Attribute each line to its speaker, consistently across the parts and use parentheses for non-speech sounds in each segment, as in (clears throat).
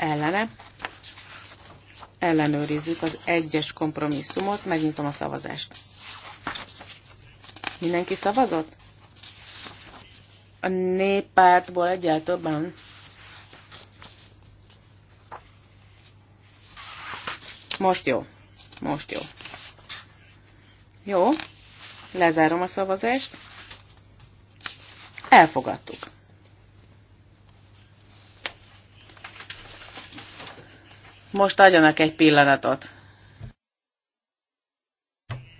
Speaker 1: ellene. Ellenőrizzük az egyes kompromisszumot, megnyitom a szavazást. Mindenki szavazott? A néppártból egyáltalán többen? Most jó. Most jó. Jó. Lezárom a szavazást. Elfogadtuk. Most adjanak egy pillanatot.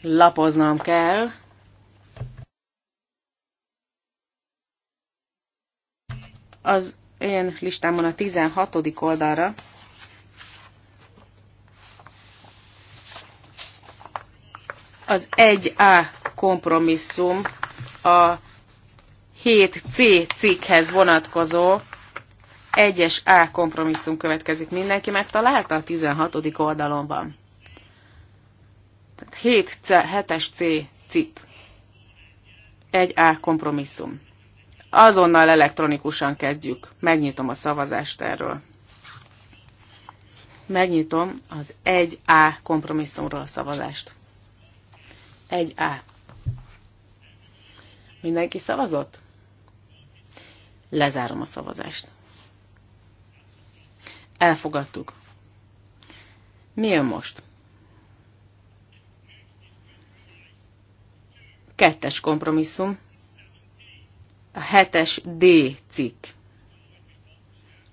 Speaker 1: Lapoznom kell. Az én listámon a 16. oldalra az 1A kompromisszum a 7C cikkhez vonatkozó egyes A kompromisszum következik. Mindenki megtalálta a 16. oldalon Tehát 7 7-es C cikk. Egy a kompromisszum. Azonnal elektronikusan kezdjük. Megnyitom a szavazást erről. Megnyitom az 1A kompromisszumról a szavazást. 1A. Mindenki szavazott? Lezárom a szavazást. Elfogadtuk. Mi jön most? Kettes kompromisszum. A hetes D cikk.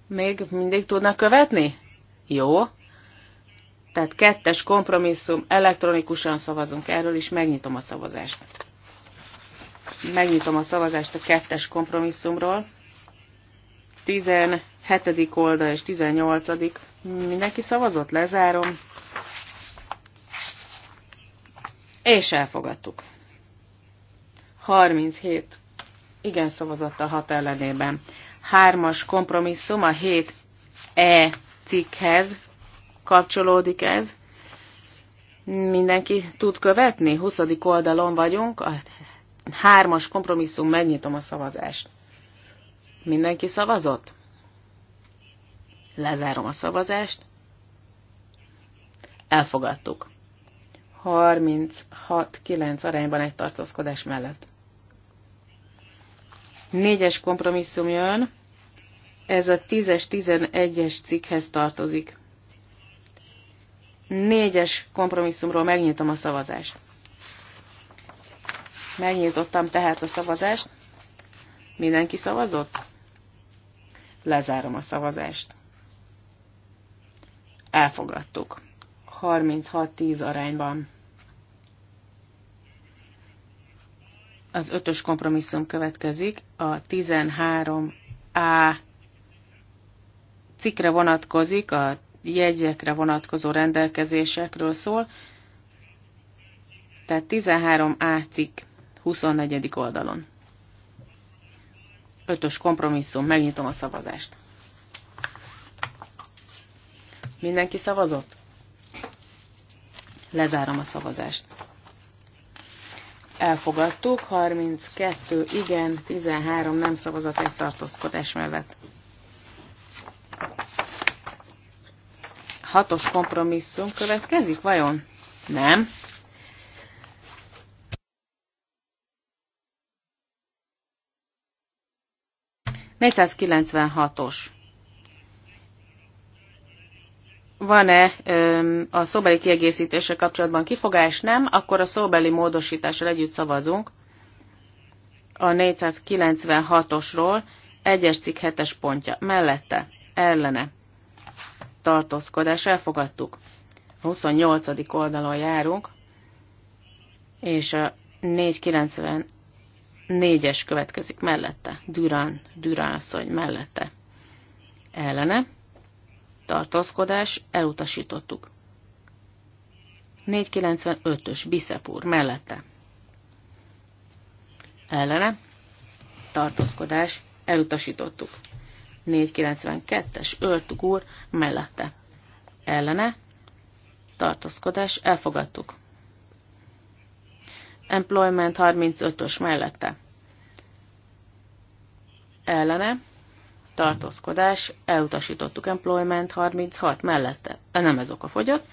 Speaker 1: Még mindig tudnak követni? Jó. Tehát kettes kompromisszum, elektronikusan szavazunk erről, és megnyitom a szavazást. Megnyitom a szavazást a kettes kompromisszumról. 17. oldal és 18. Mindenki szavazott, lezárom. És elfogadtuk. 37 igen a hat ellenében. Hármas kompromisszum a 7E cikkhez kapcsolódik ez. Mindenki tud követni? 20. oldalon vagyunk. A hármas kompromisszum, megnyitom a szavazást. Mindenki szavazott? Lezárom a szavazást. Elfogadtuk. 36-9 arányban egy tartózkodás mellett. Négyes kompromisszum jön, ez a 10-es, 11-es cikkhez tartozik. Négyes kompromisszumról megnyitom a szavazást. Megnyitottam tehát a szavazást. Mindenki szavazott? Lezárom a szavazást. Elfogadtuk. 36-10 arányban. Az ötös kompromisszum következik, a 13A cikkre vonatkozik, a jegyekre vonatkozó rendelkezésekről szól, tehát 13A cikk 24. oldalon. Ötös kompromisszum, megnyitom a szavazást. Mindenki szavazott? Lezárom a szavazást. Elfogadtuk, 32 igen, 13 nem szavazat egy tartózkodás mellett. Hatos kompromisszum következik, vajon? Nem. 496-os. Van-e a szóbeli kiegészítése kapcsolatban kifogás? Nem, akkor a szóbeli módosítással együtt szavazunk a 496-osról, egyes cikk hetes pontja, mellette, ellene, tartózkodás, elfogadtuk. A 28. oldalon járunk, és a 490 Négyes következik mellette. Durán, Durán asszony mellette. Ellene. Tartózkodás. Elutasítottuk. 495-ös Biszepúr mellette. Ellene. Tartózkodás. Elutasítottuk. 492-es Örtugúr mellette. Ellene. Tartózkodás. Elfogadtuk. Employment 35-ös mellette. Ellene. Tartózkodás. Elutasítottuk Employment 36 mellette. E, nem ez oka fogyott.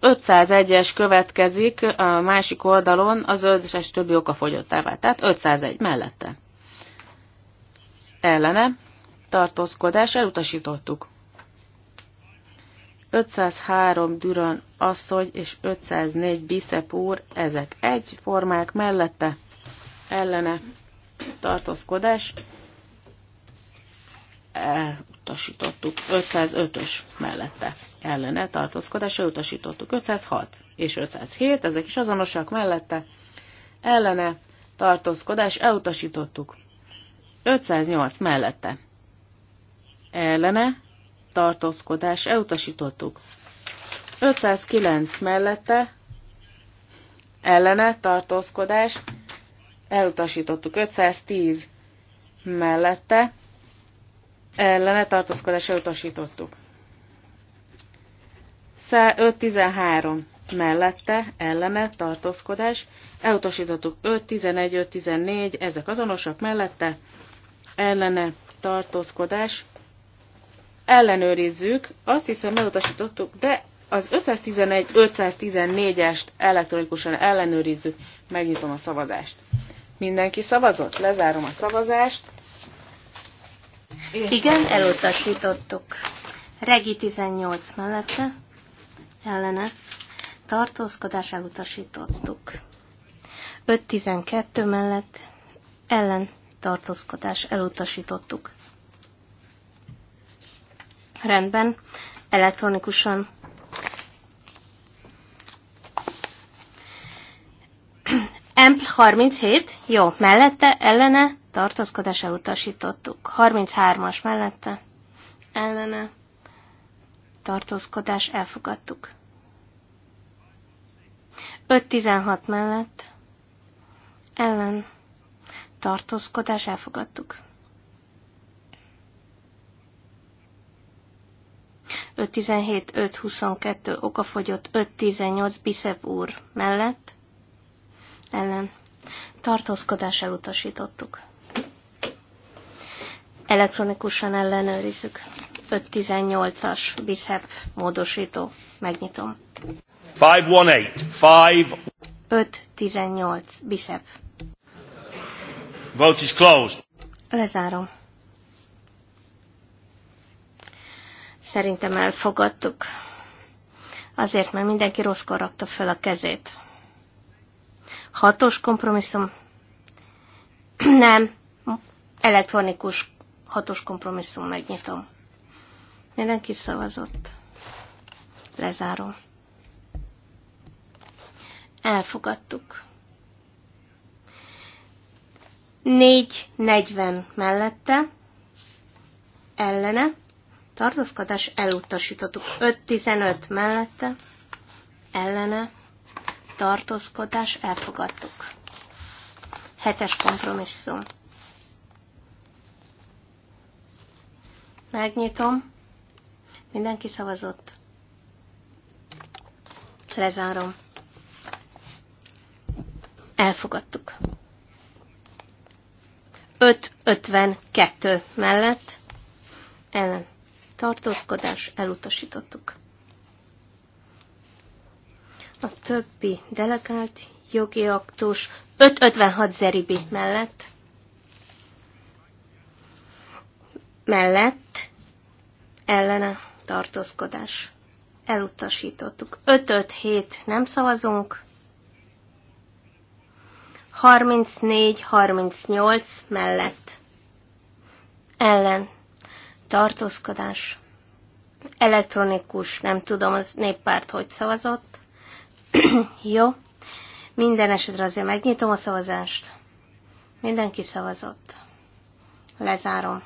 Speaker 1: Az 501-es következik a másik oldalon, az 5-es többi oka fogyottává, Tehát 501 mellette. Ellene tartózkodás elutasítottuk. 503 Düran asszony és 504 Bicep úr, ezek egy formák mellette ellene tartózkodás elutasítottuk 505-ös mellette ellene tartózkodás elutasítottuk 506 és 507, ezek is azonosak mellette ellene tartózkodás elutasítottuk 508 mellette ellene tartózkodás elutasítottuk. 509 mellette ellene tartózkodás elutasítottuk. 510 mellette ellene tartózkodás elutasítottuk. 513 mellette ellene tartózkodás elutasítottuk. 511 514 ezek azonosak mellette ellene tartózkodás ellenőrizzük, azt hiszem elutasítottuk, de az 511-514-est elektronikusan ellenőrizzük, megnyitom a szavazást. Mindenki szavazott? Lezárom a szavazást. És Igen, elutasítottuk.
Speaker 2: Regi 18 mellette, ellene, tartózkodás elutasítottuk. 5-12 mellett, ellen, tartózkodás elutasítottuk. Rendben, elektronikusan. Empl 37, jó, mellette, ellene, tartózkodás elutasítottuk. 33-as mellette, ellene, tartózkodás elfogadtuk. 5-16 mellett, ellen, tartózkodás elfogadtuk. 517, 522 okafogyott, 518 Biszep úr mellett ellen tartózkodás elutasítottuk. Elektronikusan ellenőrizzük. 518-as Biszep módosító. Megnyitom.
Speaker 3: 518.
Speaker 2: 518 Biszep.
Speaker 3: Vote is closed.
Speaker 2: Lezárom. Szerintem elfogadtuk. Azért, mert mindenki rosszkor rakta fel a kezét. Hatos kompromisszum? (clears throat) Nem. Elektronikus hatos kompromisszum megnyitom. Mindenki szavazott. Lezárom. Elfogadtuk. 4.40 mellette, ellene, tartózkodás elutasítottuk. 5-15 mellette ellene tartózkodás elfogadtuk. Hetes kompromisszum. Megnyitom. Mindenki szavazott. Lezárom. Elfogadtuk. 5-52 mellett ellen tartózkodás elutasítottuk. A többi delegált jogi aktus 556 zeribi mellett mellett ellene tartózkodás. Elutasítottuk. 5-5-7 nem szavazunk. 34-38 mellett. Ellen tartózkodás, elektronikus, nem tudom, az néppárt hogy szavazott. (clears throat) Jó. Minden esetre azért megnyitom a szavazást. Mindenki szavazott. Lezárom.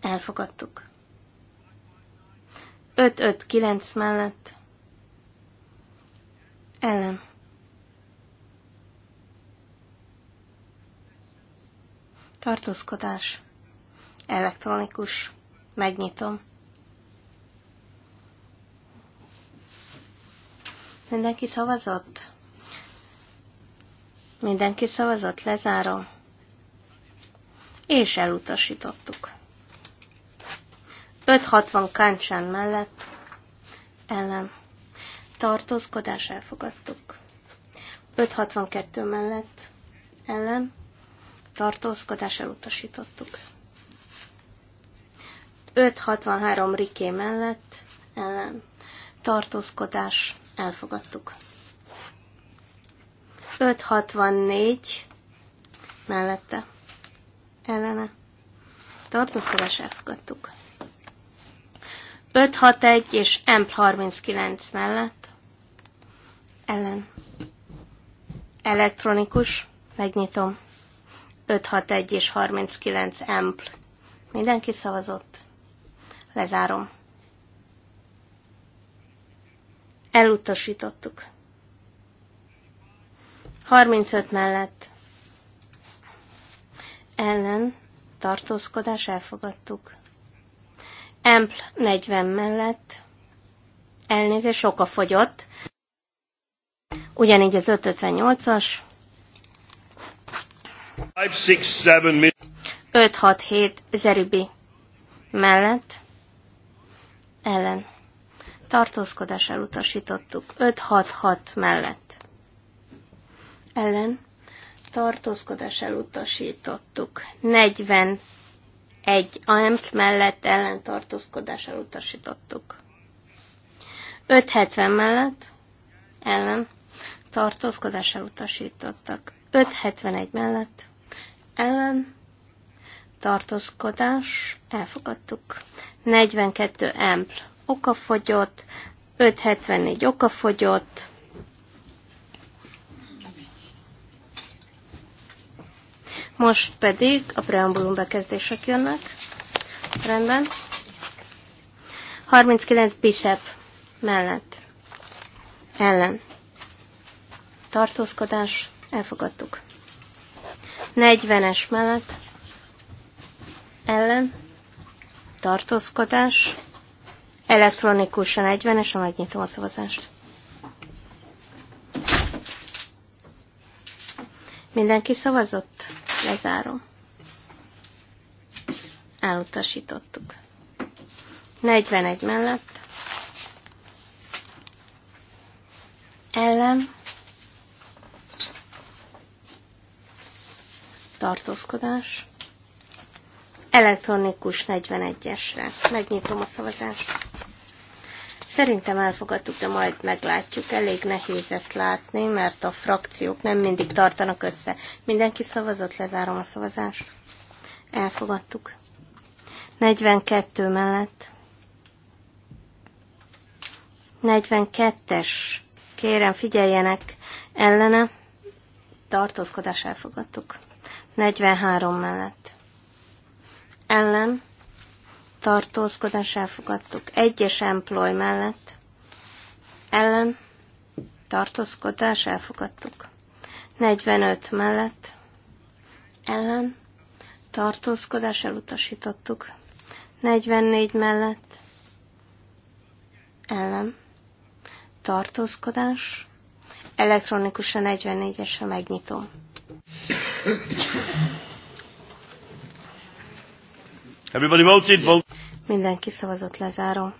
Speaker 2: Elfogadtuk. 5-5-9 mellett. Ellen. Tartózkodás elektronikus, megnyitom. Mindenki szavazott? Mindenki szavazott, lezárom. És elutasítottuk. 560 káncsán mellett ellen tartózkodás elfogadtuk. 562 mellett ellen tartózkodás elutasítottuk. 563 riké mellett ellen tartózkodás elfogadtuk. 564 mellette ellene tartózkodás elfogadtuk. 561 és M39 mellett ellen elektronikus megnyitom 561 és 39 ampl. Mindenki szavazott. Lezárom. Elutasítottuk. 35 mellett ellen tartózkodás elfogadtuk. Empl 40 mellett elnézés soka fogyott. Ugyanígy az 558-as. 5-6-7 zeribi mellett ellen. Tartózkodás elutasítottuk. 5-6-6 mellett. Ellen. Tartózkodás elutasítottuk. 41 amp mellett ellen tartózkodás elutasítottuk. 570 mellett ellen tartózkodás elutasítottak. 571 mellett ellen tartózkodás, elfogadtuk. 42 empl okafogyott, 574 okafogyott, Most pedig a preambulum bekezdések jönnek. Rendben. 39 bicep mellett. Ellen. Tartózkodás. Elfogadtuk. 40-es mellett ellen, tartózkodás, elektronikusan 40 majd nyitom a szavazást. Mindenki szavazott? Lezárom. Elutasítottuk. 41 mellett. Ellen. Tartózkodás elektronikus 41-esre. Megnyitom a szavazást. Szerintem elfogadtuk, de majd meglátjuk. Elég nehéz ezt látni, mert a frakciók nem mindig tartanak össze. Mindenki szavazott, lezárom a szavazást. Elfogadtuk. 42 mellett. 42-es. Kérem, figyeljenek ellene. Tartózkodás elfogadtuk. 43 mellett ellen tartózkodás elfogadtuk. Egyes employ mellett ellen tartózkodás elfogadtuk. 45 mellett ellen tartózkodás elutasítottuk. 44 mellett ellen tartózkodás elektronikusan 44-esre megnyitom.
Speaker 3: Everybody voted, vote.
Speaker 2: Mindenki szavazott lezáró.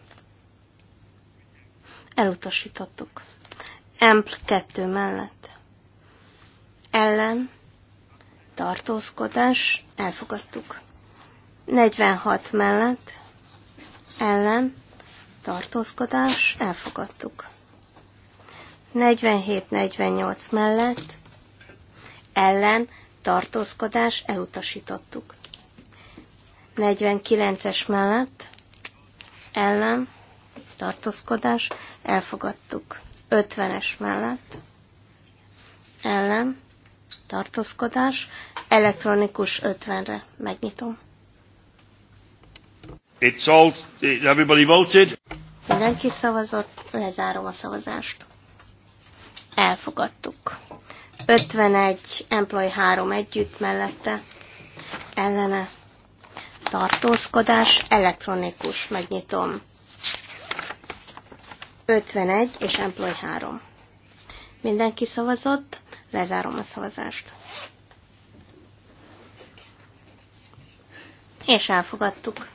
Speaker 2: Elutasítottuk. Empl 2 mellett. Ellen. Tartózkodás. Elfogadtuk. 46 mellett. Ellen. Tartózkodás. Elfogadtuk. 47-48 mellett. Ellen. Tartózkodás. Elutasítottuk. 49-es mellett ellen tartózkodás elfogadtuk. 50-es mellett ellen tartózkodás elektronikus 50-re megnyitom.
Speaker 3: It's all, everybody voted.
Speaker 2: Mindenki szavazott, lezárom a szavazást. Elfogadtuk. 51, Employ 3 együtt mellette, ellene tartózkodás, elektronikus, megnyitom. 51 és Employ 3. Mindenki szavazott, lezárom a szavazást. És elfogadtuk.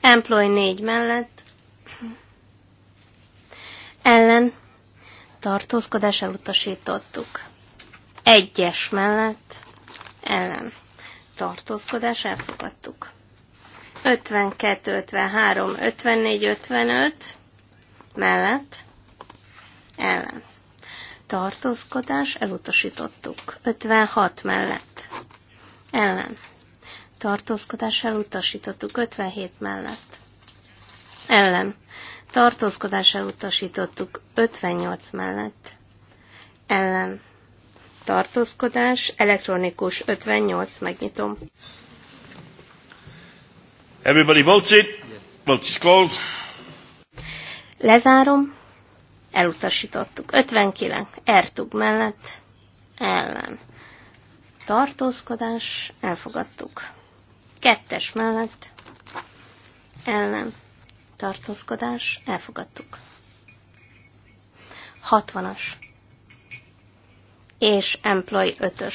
Speaker 2: Employ 4 mellett ellen tartózkodás elutasítottuk. Egyes mellett ellen tartózkodás elfogadtuk. 52, 53, 54, 55 mellett ellen. Tartózkodás elutasítottuk. 56 mellett ellen. Tartózkodás elutasítottuk. 57 mellett ellen. Tartózkodás elutasítottuk. 58 mellett ellen tartózkodás, elektronikus 58, megnyitom.
Speaker 3: Everybody it. Yes. Votes is called.
Speaker 2: Lezárom. Elutasítottuk. 59. Ertug mellett. Ellen. Tartózkodás. Elfogadtuk. Kettes mellett. Ellen. Tartózkodás. Elfogadtuk. 60-as és Employ 5-ös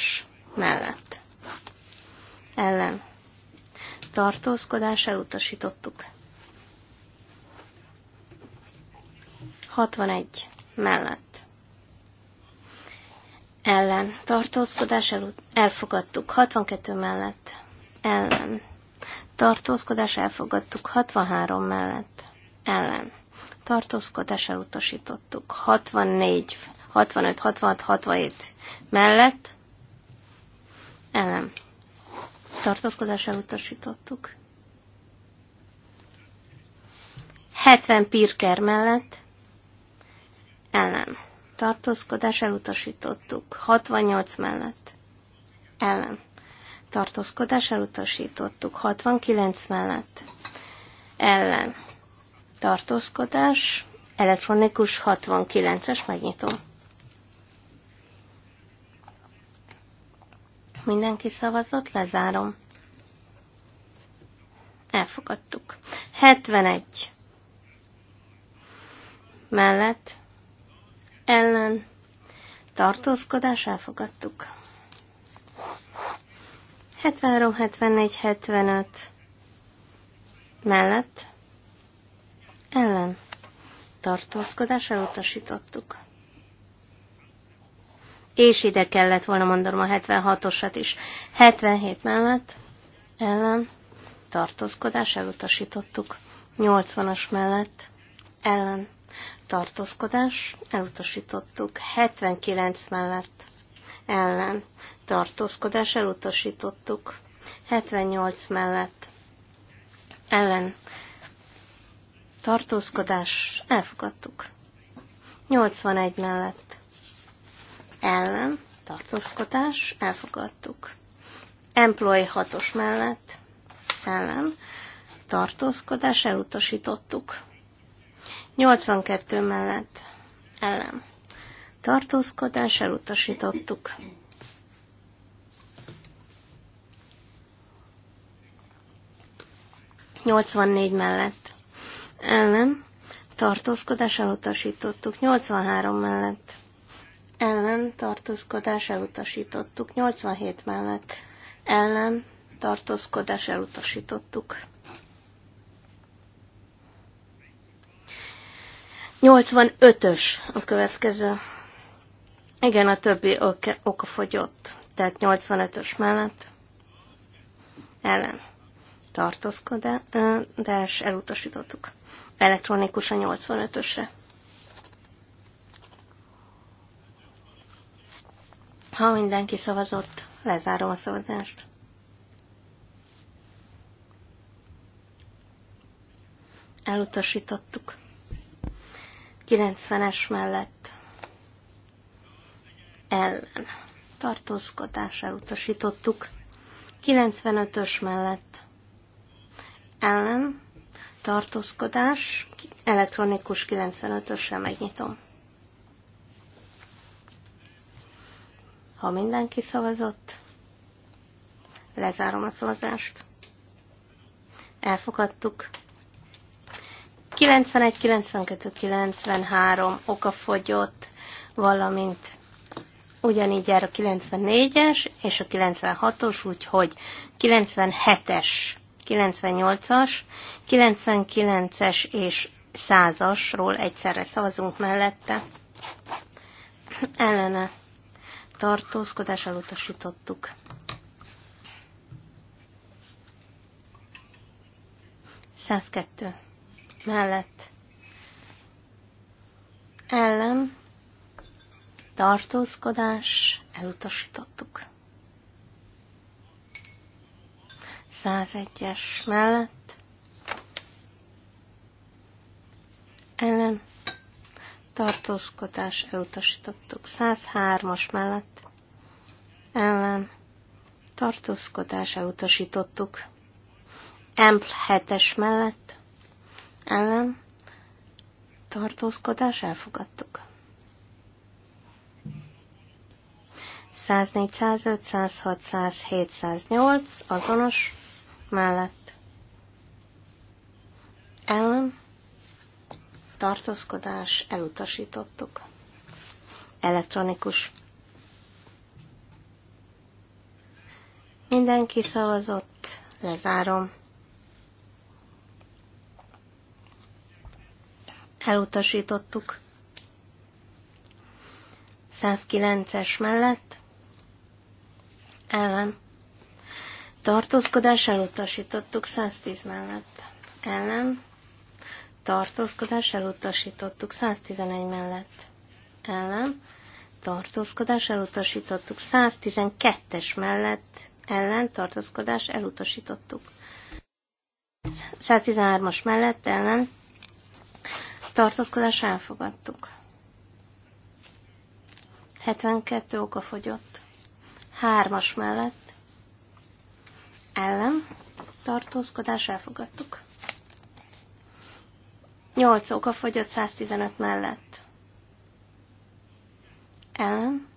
Speaker 2: mellett. Ellen. Tartózkodás elutasítottuk. 61 mellett. Ellen. Tartózkodás el elfogadtuk. 62 mellett. Ellen. Tartózkodás elfogadtuk. 63 mellett. Ellen. Tartózkodás elutasítottuk. 64 65, 66, 67 mellett ellen tartózkodás elutasítottuk. 70 pirker mellett ellen tartózkodás elutasítottuk. 68 mellett ellen tartózkodás elutasítottuk. 69 mellett ellen tartózkodás elektronikus 69-es megnyitom. Mindenki szavazott, lezárom. Elfogadtuk. 71. Mellett. Ellen. Tartózkodás, elfogadtuk. 73, 74, 75. Mellett. Ellen. Tartózkodás, elutasítottuk és ide kellett volna mondanom a 76-osat is. 77 mellett ellen tartózkodás elutasítottuk. 80-as mellett ellen tartózkodás elutasítottuk. 79 mellett ellen tartózkodás elutasítottuk. 78 mellett ellen tartózkodás elfogadtuk. 81 mellett ellen, tartózkodás, elfogadtuk. Employee 6-os mellett, ellen, tartózkodás, elutasítottuk. 82 mellett, ellen, tartózkodás, elutasítottuk. 84 mellett. Ellen. Tartózkodás elutasítottuk. 83 mellett ellen tartózkodás elutasítottuk. 87 mellett ellen tartózkodás elutasítottuk. 85-ös a következő. Igen, a többi oka fogyott. Tehát 85-ös mellett ellen tartózkodás elutasítottuk elektronikusan 85-ösre. Ha mindenki szavazott, lezárom a szavazást. Elutasítottuk. 90-es mellett ellen tartózkodás elutasítottuk. 95-ös mellett ellen tartózkodás, elektronikus 95-ösre megnyitom. Ha mindenki szavazott, lezárom a szavazást. Elfogadtuk. 91, 92, 93 okafogyott, valamint ugyanígy jár a 94-es és a 96-os, úgyhogy 97-es, 98-as, 99-es és 100-asról egyszerre szavazunk mellette. Ellene tartózkodás elutasítottuk. Százkettő. Mellett. Ellen. Tartózkodás elutasítottuk. 101-es mellett. Ellen tartózkodás elutasítottuk. 103-as mellett ellen tartózkodás elutasítottuk. Empl 7-es mellett ellen tartózkodás elfogadtuk. 104, 105, 106, 107, 108 azonos mellett ellen tartózkodás, elutasítottuk. Elektronikus. Mindenki szavazott, lezárom. Elutasítottuk. 109-es mellett ellen. Tartózkodás elutasítottuk 110 mellett ellen tartózkodás elutasítottuk 111 mellett ellen, tartózkodás elutasítottuk 112-es mellett ellen, tartózkodás elutasítottuk 113-as mellett ellen, tartózkodás elfogadtuk. 72 oka fogyott. 3-as mellett ellen tartózkodás elfogadtuk. 8 oka fogyott 115 mellett. Ellen.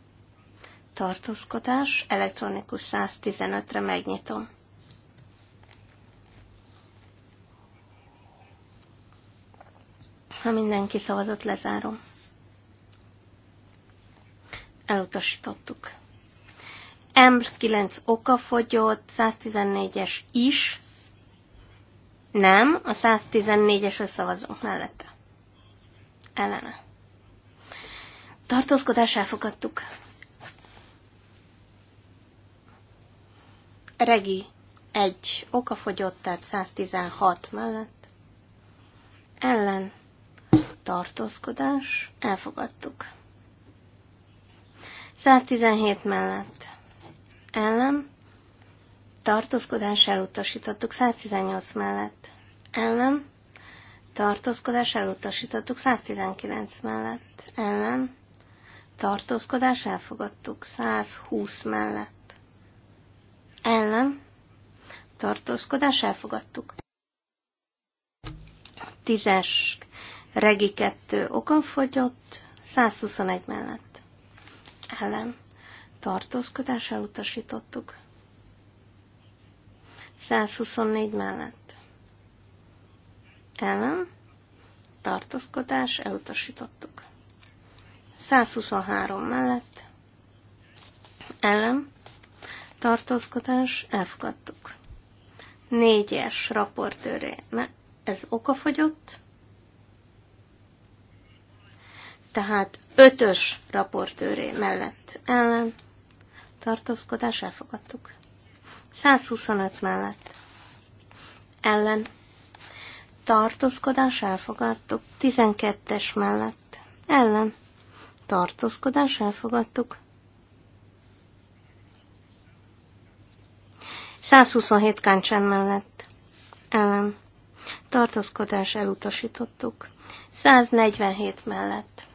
Speaker 2: Tartózkodás. Elektronikus 115-re megnyitom. Ha mindenki szavazott, lezárom. Elutasítottuk. M 9 oka fogyott, 114-es is, nem, a 114 es szavazunk mellette. Ellene. Tartózkodás elfogadtuk. Regi oka fogyott, tehát 116 mellett. Ellen tartózkodás elfogadtuk. 117 mellett. Ellen tartózkodás elutasítottuk 118 mellett. Ellen, tartózkodás elutasítottuk 119 mellett. Ellen, tartózkodás elfogadtuk 120 mellett. Ellen, tartózkodás elfogadtuk. Tízes, regi 2 okon fogyott, 121 mellett. Ellen, tartózkodás elutasítottuk. 124 mellett. Ellen. Tartózkodás elutasítottuk. 123 mellett. Ellen. Tartózkodás elfogadtuk. 4-es raportőré. Ez okafogyott. Tehát 5-ös raportőré mellett ellen tartózkodás elfogadtuk. 125 mellett. Ellen. Tartózkodás elfogadtuk. 12-es mellett. Ellen. Tartózkodás elfogadtuk. 127 káncsán mellett. Ellen. Tartózkodás elutasítottuk. 147 mellett.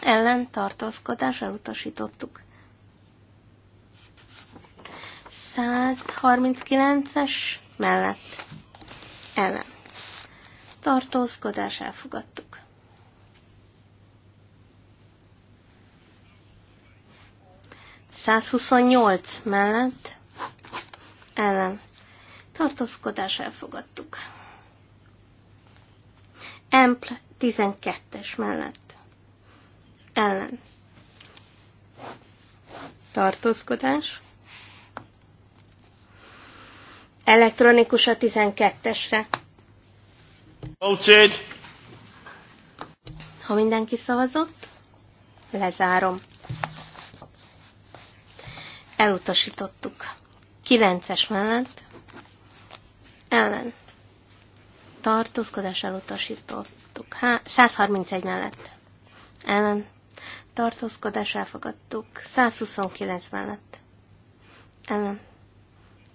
Speaker 2: Ellen tartózkodás elutasítottuk. 139-es mellett ellen. Tartózkodás elfogadtuk. Százhuszonnyolc mellett ellen. Tartózkodás elfogadtuk. Empl 12-es mellett ellen. Tartózkodás Elektronikus a 12-esre. Voted. Ha mindenki szavazott, lezárom. Elutasítottuk. 9-es mellett ellen. Tartózkodás elutasítottuk. Há 131 mellett ellen. Tartózkodás elfogadtuk. 129 mellett ellen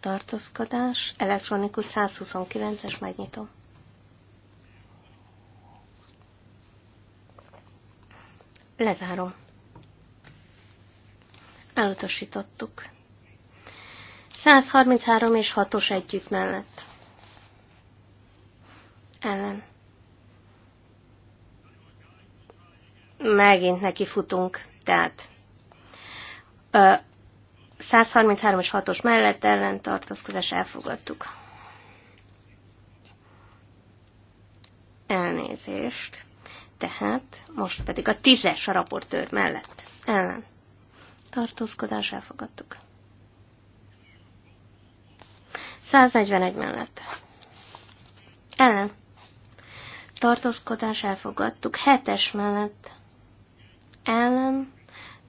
Speaker 2: tartózkodás, elektronikus 129-es megnyitom. Lezárom. Elutasítottuk. 133 és 6-os együtt mellett. Ellen. Megint neki futunk, tehát 133 és 6-os mellett ellen tartózkodás elfogadtuk. Elnézést. Tehát most pedig a 10-es a raportőr mellett ellen tartózkodás elfogadtuk. 141 mellett. Ellen. Tartózkodás elfogadtuk. 7-es mellett. Ellen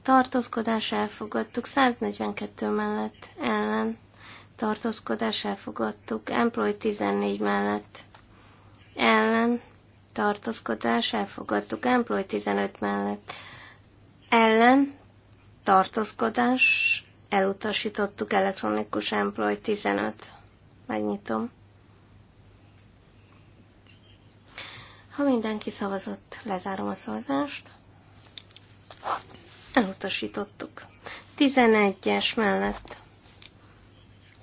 Speaker 2: tartózkodás elfogadtuk, 142 mellett ellen, tartózkodás elfogadtuk, employ 14 mellett ellen, tartózkodás elfogadtuk, employ 15 mellett ellen, tartózkodás elutasítottuk, elektronikus employ 15. Megnyitom. Ha mindenki szavazott, lezárom a szavazást. Elutasítottuk. 11-es mellett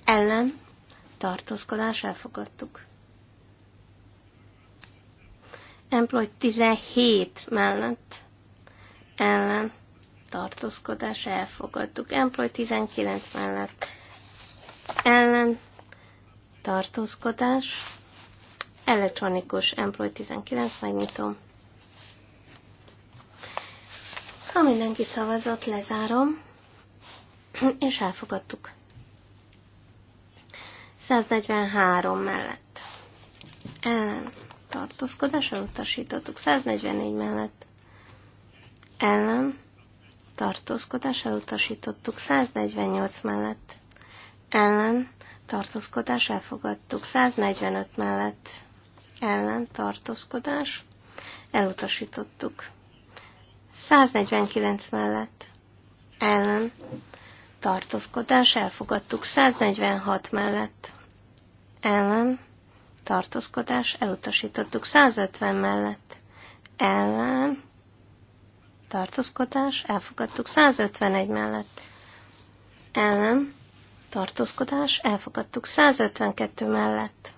Speaker 2: ellen tartózkodás elfogadtuk. Employ 17 mellett ellen tartózkodás elfogadtuk. Employ 19 mellett ellen tartózkodás elektronikus Employ 19 megnyitom. Ha mindenki szavazott, lezárom, (clears throat) és elfogadtuk. 143 mellett. Ellen tartózkodásra utasítottuk. 144 mellett. Ellen tartózkodás elutasítottuk 148 mellett. Ellen tartózkodás elfogadtuk 145 mellett. Ellen tartózkodás elutasítottuk 149 mellett ellen tartózkodás elfogadtuk. 146 mellett ellen tartózkodás elutasítottuk. 150 mellett ellen tartózkodás elfogadtuk. 151 mellett ellen tartózkodás elfogadtuk. 152 mellett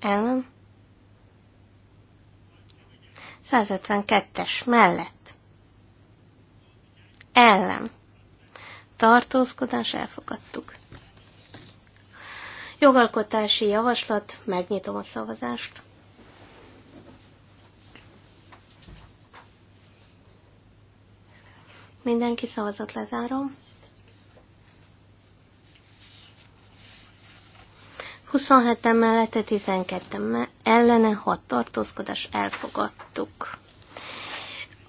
Speaker 2: ellen 152-es mellett. Ellen. Tartózkodás elfogadtuk. Jogalkotási javaslat, megnyitom a szavazást. Mindenki szavazat lezárom. 27-en mellette, 12 ellene, 6 tartózkodás elfogadtuk.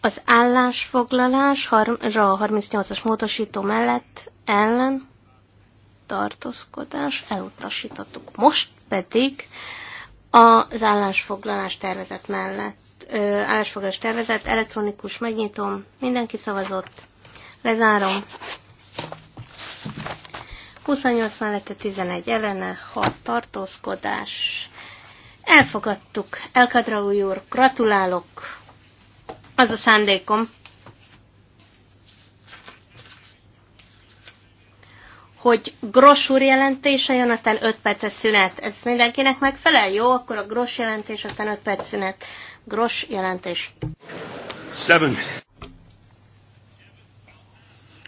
Speaker 2: Az állásfoglalás a 38-as módosító mellett ellen tartózkodás elutasítottuk. Most pedig az állásfoglalás tervezet mellett, ö, állásfoglalás tervezet, elektronikus megnyitom, mindenki szavazott, lezárom. 28 mellette 11 ellene, 6 tartózkodás. Elfogadtuk. Elkadra úr, gratulálok. Az a szándékom. hogy gross úr jelentése jön, aztán 5 perces szünet. Ez mindenkinek megfelel? Jó, akkor a gross jelentés, aztán 5 perc szünet. Gross jelentés.
Speaker 3: Seven.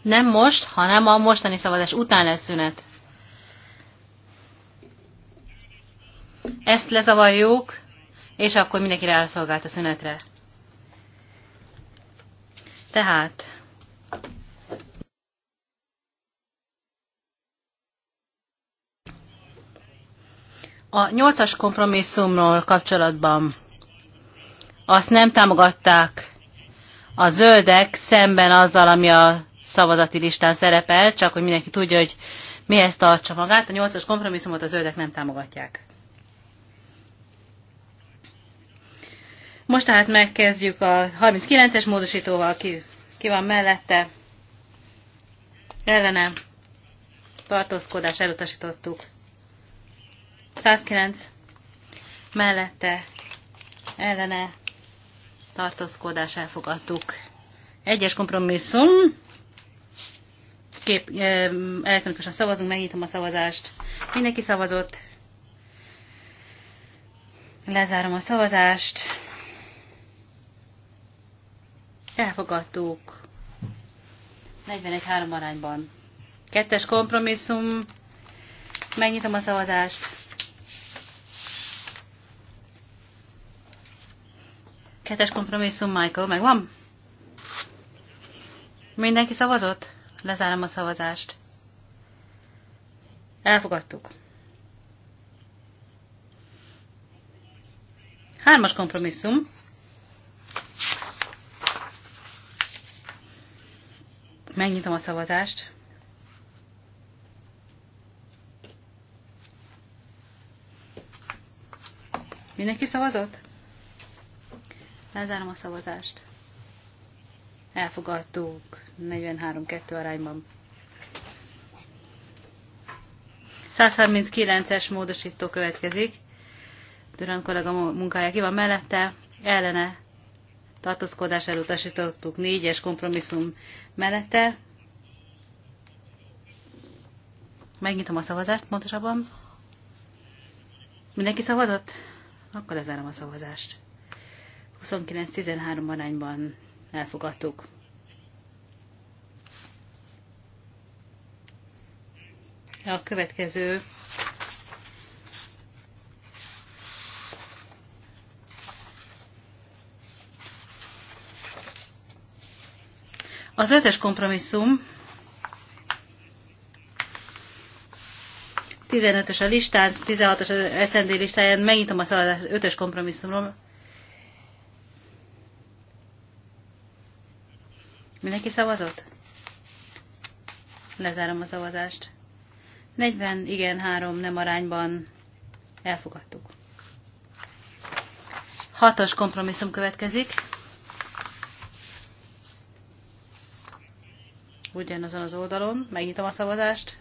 Speaker 4: Nem most, hanem a mostani szavazás után lesz szünet. Ezt lezavarjuk, és akkor mindenki rászolgált a szünetre. Tehát... A nyolcas kompromisszumról kapcsolatban azt nem támogatták a zöldek szemben azzal, ami a szavazati listán szerepel, csak hogy mindenki tudja, hogy mihez tartsa magát. A nyolcas kompromisszumot a zöldek nem támogatják. Most tehát megkezdjük a 39-es módosítóval, ki, ki van mellette. Ellene tartózkodás elutasítottuk. 109 mellette ellene tartózkodás elfogadtuk. Egyes kompromisszum kép, elektronikusan szavazunk, megnyitom a szavazást. Mindenki szavazott. Lezárom a szavazást. Elfogadtuk. 41-3 arányban. Kettes kompromisszum. Megnyitom a szavazást. Kettes kompromisszum, Michael, megvan? Mindenki szavazott? Lezárom a szavazást. Elfogadtuk. Hármas kompromisszum. Megnyitom a szavazást. Mindenki szavazott? Lezárom a szavazást elfogadtuk 43-2 arányban. 139-es módosító következik. Durán kollega munkája ki van mellette, ellene tartózkodás elutasítottuk 4-es kompromisszum mellette. Megnyitom a szavazást pontosabban. Mindenki szavazott? Akkor lezárom a szavazást. 29-13 arányban elfogadtuk. A következő Az ötös kompromisszum 15-ös a listán, 16-os az SND listáján, megnyitom a szaladás ötös ös kompromisszumról, Mindenki szavazott? Lezárom a szavazást. 40, igen, 3 nem arányban elfogadtuk. Hatos kompromisszum következik. Ugyanazon az oldalon. Megnyitom a szavazást.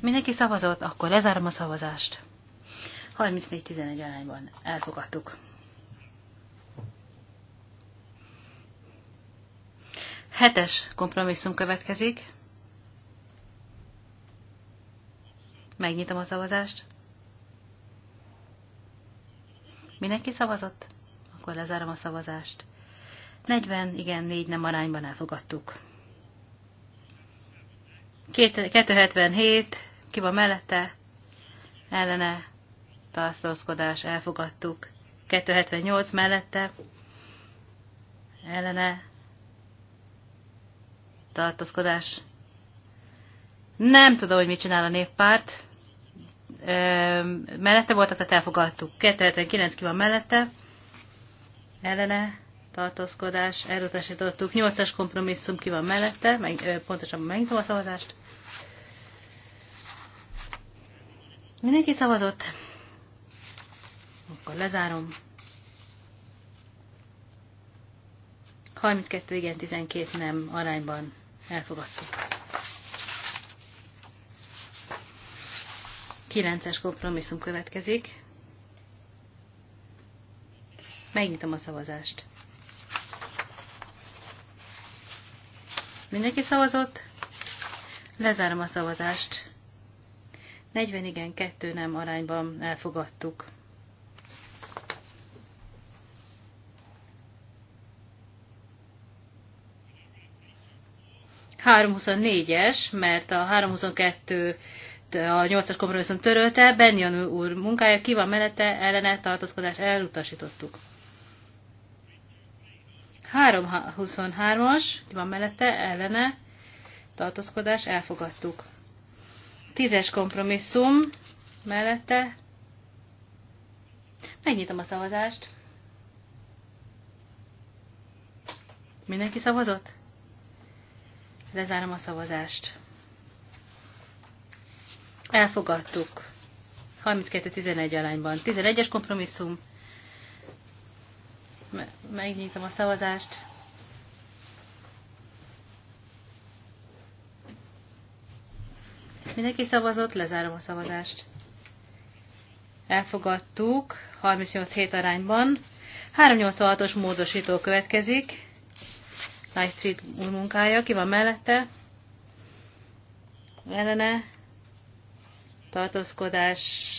Speaker 4: Mindenki szavazott, akkor lezárom a szavazást. 34-11 arányban elfogadtuk. Hetes kompromisszum következik. Megnyitom a szavazást. Mindenki szavazott? Akkor lezárom a szavazást. 40, igen, 4 nem arányban elfogadtuk. 277, ki van mellette? Ellene tartózkodás, elfogadtuk. 278 mellette, ellene tartózkodás. Nem tudom, hogy mit csinál a néppárt. Ö, mellette voltak, tehát elfogadtuk. 279 ki van mellette. Ellene tartózkodás, elutasítottuk. 8-as kompromisszum ki van mellette, meg, ö, pontosabban megnyitom a szavazást. Mindenki szavazott. Akkor lezárom. 32 igen, 12 nem arányban Elfogadtuk. Kilences kompromisszum következik. Megnyitom a szavazást. Mindenki szavazott? Lezárom a szavazást. 40 igen, 2 nem arányban elfogadtuk. 324-es, mert a 322 a 8-as kompromisszum törölte, Benjan úr munkája, ki van menete, ellene tartózkodás elutasítottuk. 323-as, ki van menete, ellene tartózkodás elfogadtuk. 10-es kompromisszum mellette. Megnyitom a szavazást. Mindenki szavazott? Lezárom a szavazást. Elfogadtuk. 32-11 alányban. 11-es kompromisszum. Megnyitom a szavazást. Mindenki szavazott, lezárom a szavazást. Elfogadtuk, 38 7 arányban. 386-os módosító következik. Nice Street új munkája. Ki van mellette? Ellene tartózkodás.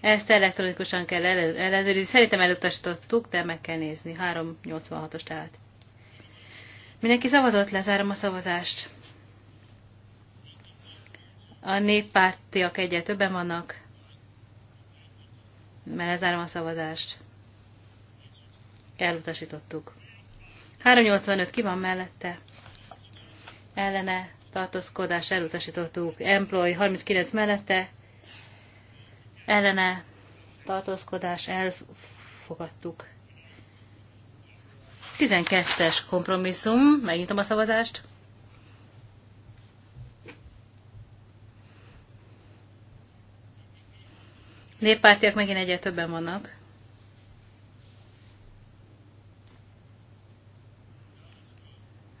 Speaker 4: Ezt elektronikusan kell ellenőrizni. Szerintem elutasítottuk, de meg kell nézni. 386-os tehát. Mindenki szavazott, lezárom a szavazást. A néppártiak egyet többen vannak, mert lezárom a szavazást. Elutasítottuk. 385 ki van mellette? Ellene tartózkodás elutasítottuk. Employ 39 mellette. Ellene tartózkodás elfogadtuk. 12-es kompromisszum. Megnyitom a szavazást. Néppártiak megint egyre többen vannak.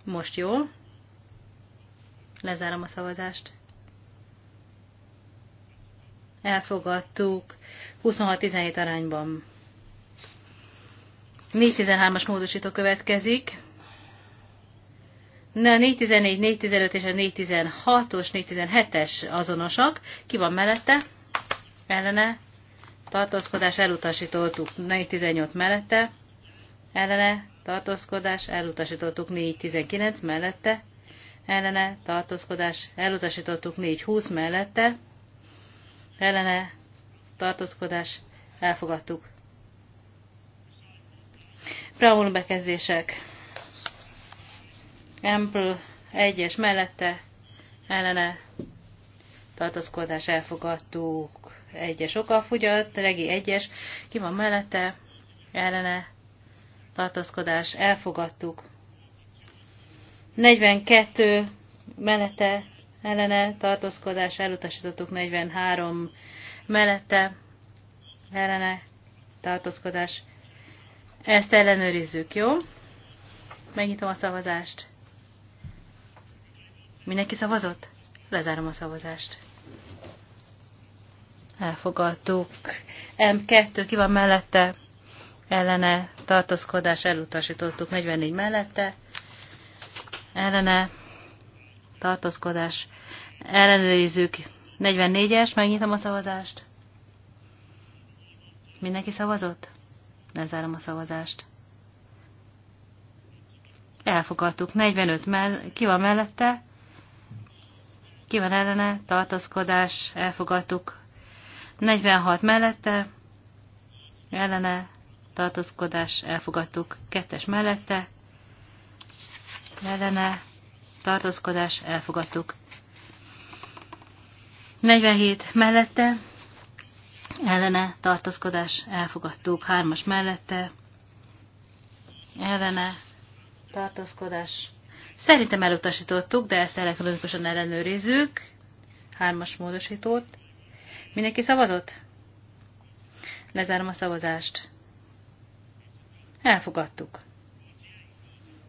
Speaker 4: Most jó. Lezárom a szavazást. Elfogadtuk 26-17 arányban. 13 as módosító következik. Na, 4-15 és a 16 os 17 es azonosak. Ki van mellette? Ellene. Tartózkodás elutasítottuk 4-18 mellette ellene tartózkodás elutasítottuk 419 mellette, ellene tartózkodás elutasítottuk 420 mellette, ellene tartózkodás elfogadtuk. Preambul bekezdések. Ample 1-es mellette, ellene tartózkodás elfogadtuk. 1-es okafugyat, regi 1-es, ki van mellette, ellene tartózkodás elfogadtuk. 42 menete ellene tartózkodás elutasítottuk, 43 mellette ellene tartózkodás. Ezt ellenőrizzük, jó? Megnyitom a szavazást. Mindenki szavazott? Lezárom a szavazást. Elfogadtuk. M2 ki van mellette? ellene tartózkodás elutasítottuk 44 mellette, ellene tartózkodás ellenőrizzük 44-es, megnyitom a szavazást. Mindenki szavazott? Lezárom a szavazást. Elfogadtuk. 45 mell ki van mellette? Ki van ellene? Tartózkodás. Elfogadtuk. 46 mellette. Ellene tartózkodás elfogadtuk. Kettes mellette ellene tartózkodás elfogadtuk. 47 mellette ellene tartózkodás elfogadtuk. Hármas mellette ellene tartózkodás. Szerintem elutasítottuk, de ezt elektronikusan ellenőrizzük. Hármas módosítót. Mindenki szavazott? Lezárom a szavazást. Elfogadtuk.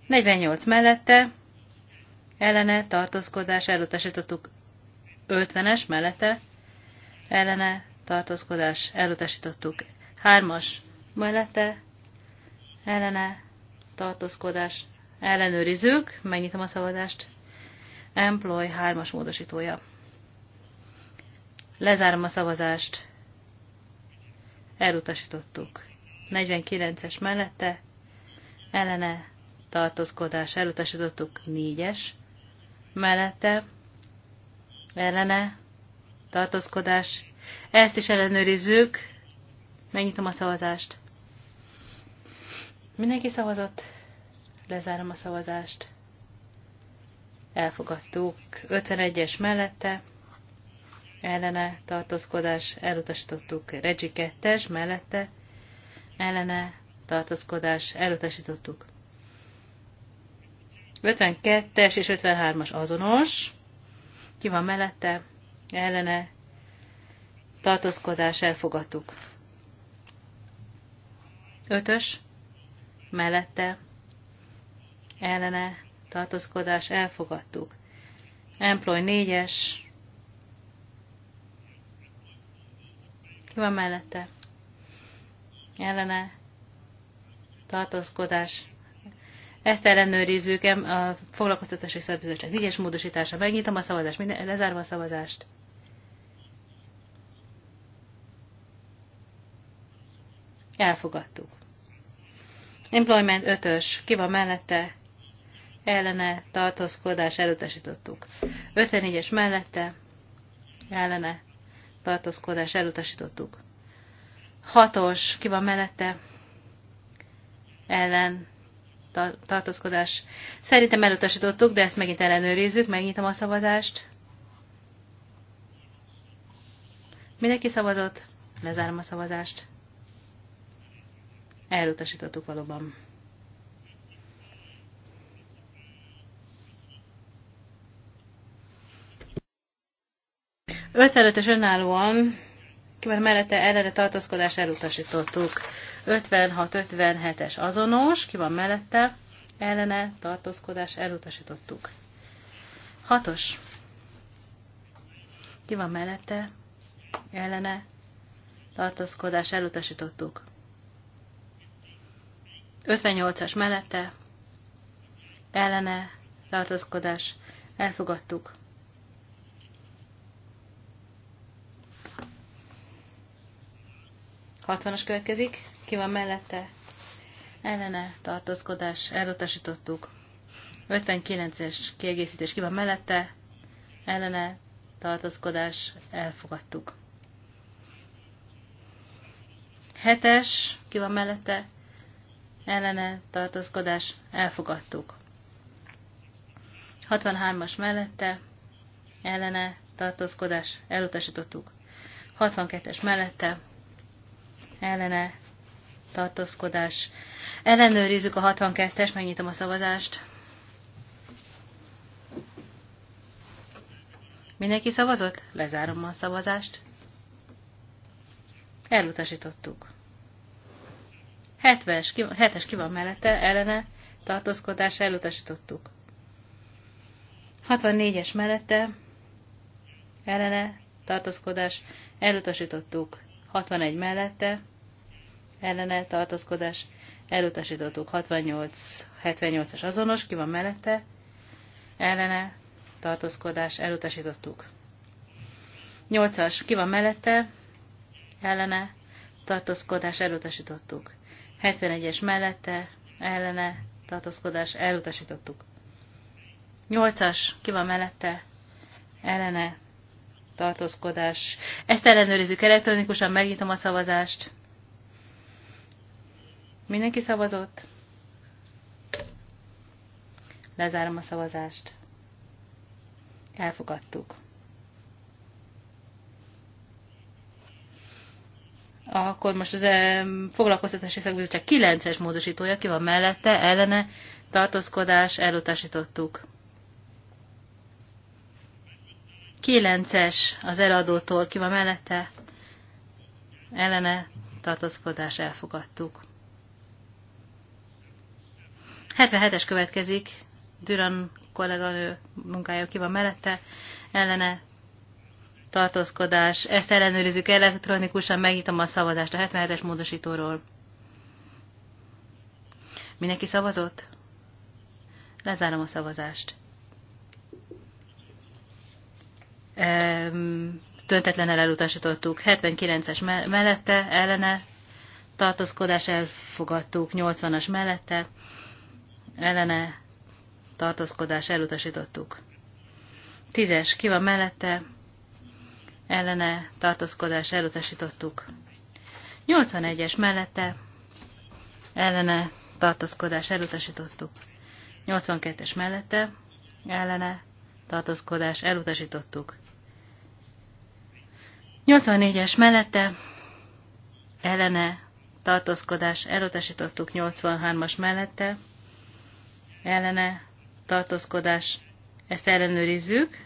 Speaker 4: 48 mellette, ellene tartózkodás elutasítottuk 50-es mellette, ellene tartózkodás elutasítottuk 3-as mellette, ellene tartózkodás ellenőrizzük, megnyitom a szavazást, employ 3-as módosítója. Lezárom a szavazást, elutasítottuk 49-es mellette ellene tartózkodás elutasítottuk 4-es mellette ellene tartózkodás. Ezt is ellenőrizzük. Megnyitom a szavazást. Mindenki szavazott? Lezárom a szavazást. Elfogadtuk. 51-es mellette ellene tartózkodás elutasítottuk. Regi 2-es mellette ellene tartozkodás elutasítottuk. 52-es és 53-as azonos. Ki van mellette? Ellene tartozkodás elfogadtuk. 5-ös mellette ellene tartózkodás elfogadtuk. Employ 4-es. Ki van mellette? ellene tartózkodás. Ezt ellenőrizzük, a foglalkoztatási szabbizottság négyes módosítása. Megnyitom a szavazást, minden, lezárva a szavazást. Elfogadtuk. Employment 5-ös, ki van mellette? Ellene tartózkodás elutasítottuk. 54-es mellette, ellene tartózkodás elutasítottuk. Hatos, ki van mellette? Ellen tartózkodás. Szerintem elutasítottuk, de ezt megint ellenőrizzük, megnyitom a szavazást. Mindenki szavazott, lezárom a szavazást. Elutasítottuk valóban. Ötszerötös önállóan mellette ellene tartózkodás elutasítottuk. 56-57-es azonos, ki van mellette, ellene tartózkodás elutasítottuk. 6-os, ki van mellette, ellene tartózkodás elutasítottuk. 58-as mellette, ellene tartózkodás elfogadtuk. 60-as következik. Ki van mellette? Ellene tartózkodás. Elutasítottuk. 59-es kiegészítés. Ki van mellette? Ellene tartózkodás. Elfogadtuk. 7-es. Ki van mellette? Ellene tartózkodás. Elfogadtuk. 63-as mellette. Ellene tartózkodás. Elutasítottuk. 62-es mellette ellene tartózkodás. Ellenőrizzük a 62-es, megnyitom a szavazást. Mindenki szavazott? Lezárom a szavazást. Elutasítottuk. 70-es, 7-es ki van mellette, ellene, tartózkodás, elutasítottuk. 64-es mellette, ellene, tartózkodás, elutasítottuk. 61 mellette, ellene tartózkodás elutasítottuk 68-78-as azonos, ki van mellette, ellene tartózkodás elutasítottuk. 8-as, ki van mellette, ellene tartózkodás elutasítottuk. 71-es mellette, ellene tartózkodás elutasítottuk. 8-as, ki van mellette, ellene tartózkodás. Ezt ellenőrizzük elektronikusan, megnyitom a szavazást. Mindenki szavazott? Lezárom a szavazást. Elfogadtuk. Akkor most az foglalkoztatási szakbizottság 9-es módosítója, ki van mellette, ellene, tartózkodás, elutasítottuk. 9-es az eladótól, ki van mellette, ellene tartozkodás elfogadtuk. 77-es következik, Düran kolléganő munkája ki van mellette, ellene tartózkodás. Ezt ellenőrizzük elektronikusan, megnyitom a szavazást a 77-es módosítóról. Mindenki szavazott? Lezárom a szavazást. Töntetlen elutasítottuk, 79-es mellette, ellene, tartózkodás elfogadtuk, 80-as mellette, ellene, tartózkodás elutasítottuk. 10-es, ki van mellette, ellene, tartózkodás elutasítottuk. 81-es mellette, ellene, tartózkodás elutasítottuk. 82-es mellette, ellene, tartózkodás elutasítottuk. 84-es mellette ellene tartózkodás elutasítottuk 83-as mellette, ellene tartózkodás, ezt ellenőrizzük.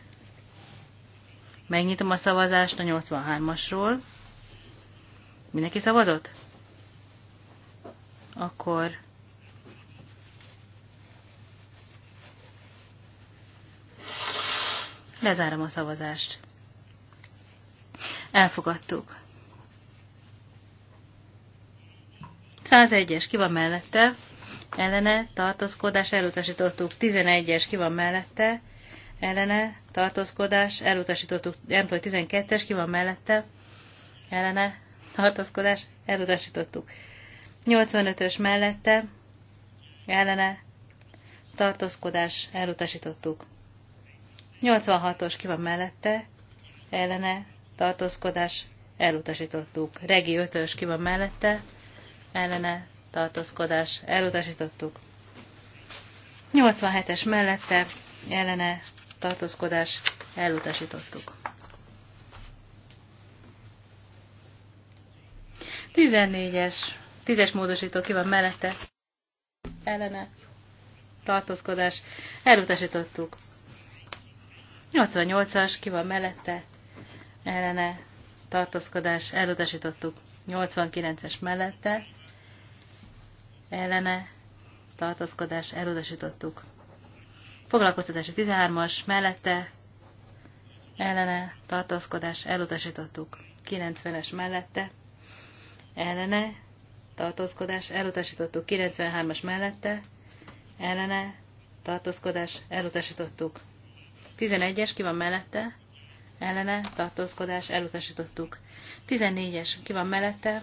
Speaker 4: Megnyitom a szavazást a 83-asról. Mindenki szavazott? Akkor lezárom a szavazást. Elfogadtuk. 101-es ki van mellette, ellene tartózkodás elutasítottuk. 11-es ki van mellette, ellene tartózkodás elutasítottuk. Employ 12-es ki van mellette, ellene tartózkodás elutasítottuk. 85-ös mellette, ellene tartózkodás elutasítottuk. 86-os ki van mellette, ellene tartózkodás, elutasítottuk. Regi ötös ki van mellette, ellene tartózkodás, elutasítottuk. 87-es mellette, ellene tartózkodás, elutasítottuk. 14-es, 10-es módosító ki van mellette, ellene tartózkodás, elutasítottuk. 88-as ki van mellette, ellene tartózkodás elutasítottuk 89-es mellette, ellene tartózkodás elutasítottuk. Foglalkoztatási 13-as mellette, ellene tartózkodás elutasítottuk. 90-es mellette, ellene tartózkodás elutasítottuk. 93-as mellette, ellene tartózkodás elutasítottuk. 11-es ki van mellette, ellene tartózkodás elutasítottuk. 14-es ki van mellette,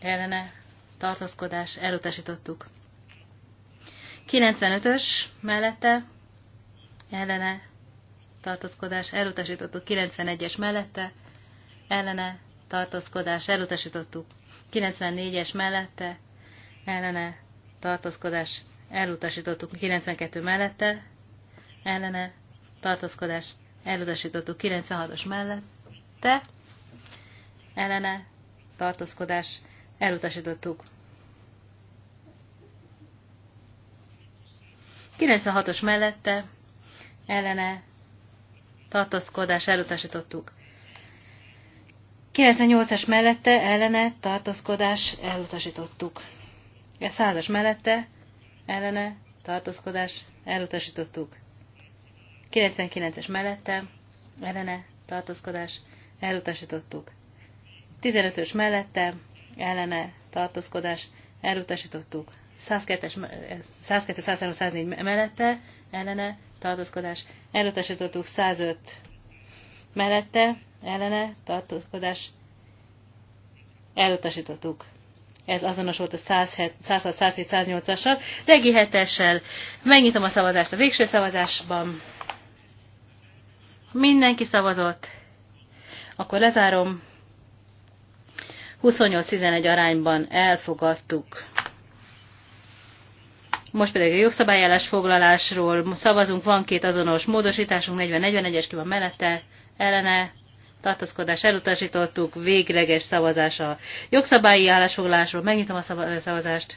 Speaker 4: ellene tartózkodás elutasítottuk. 95-ös mellette, ellene tartózkodás elutasítottuk. 91-es mellette, ellene tartózkodás elutasítottuk. 94-es mellette, ellene tartózkodás elutasítottuk. 92 mellette, ellene tartózkodás elutasítottuk 96-os mellette, ellene tartózkodás elutasítottuk. 96-os mellette ellene tartózkodás elutasítottuk. 98-as mellette ellene tartózkodás elutasítottuk. 100-as mellette ellene tartózkodás elutasítottuk. 99-es mellette, ellene, tartózkodás, elutasítottuk. 15-ös mellette, ellene, tartózkodás, elutasítottuk. 102-es, 102-103-104 eh, mellette, ellene, tartózkodás, elutasítottuk 105 mellette, ellene, tartózkodás, elutasítottuk. Ez azonos volt a 106-107-108-assal. Regi 7 megnyitom a szavazást a végső szavazásban. Mindenki szavazott. Akkor lezárom. 28-11 arányban elfogadtuk. Most pedig a jogszabályállás foglalásról szavazunk, van két azonos módosításunk, 40-41-es ki van mellette, ellene, tartozkodás elutasítottuk, végleges szavazás a jogszabályi állásfoglalásról. Megnyitom a szavazást.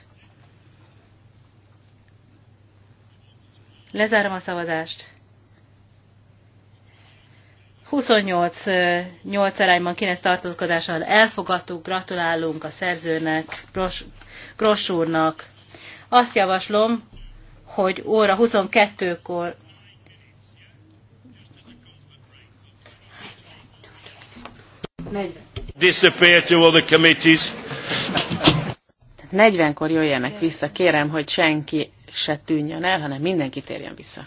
Speaker 4: Lezárom a szavazást. 28-8 arányban 9 tartózkodással elfogadtuk, gratulálunk a szerzőnek, Gross, úrnak. Azt javaslom, hogy óra 22-kor
Speaker 3: Disappear to other committees.
Speaker 1: 40-kor jöjjenek vissza, kérem, hogy senki se tűnjön el, hanem mindenki térjen vissza.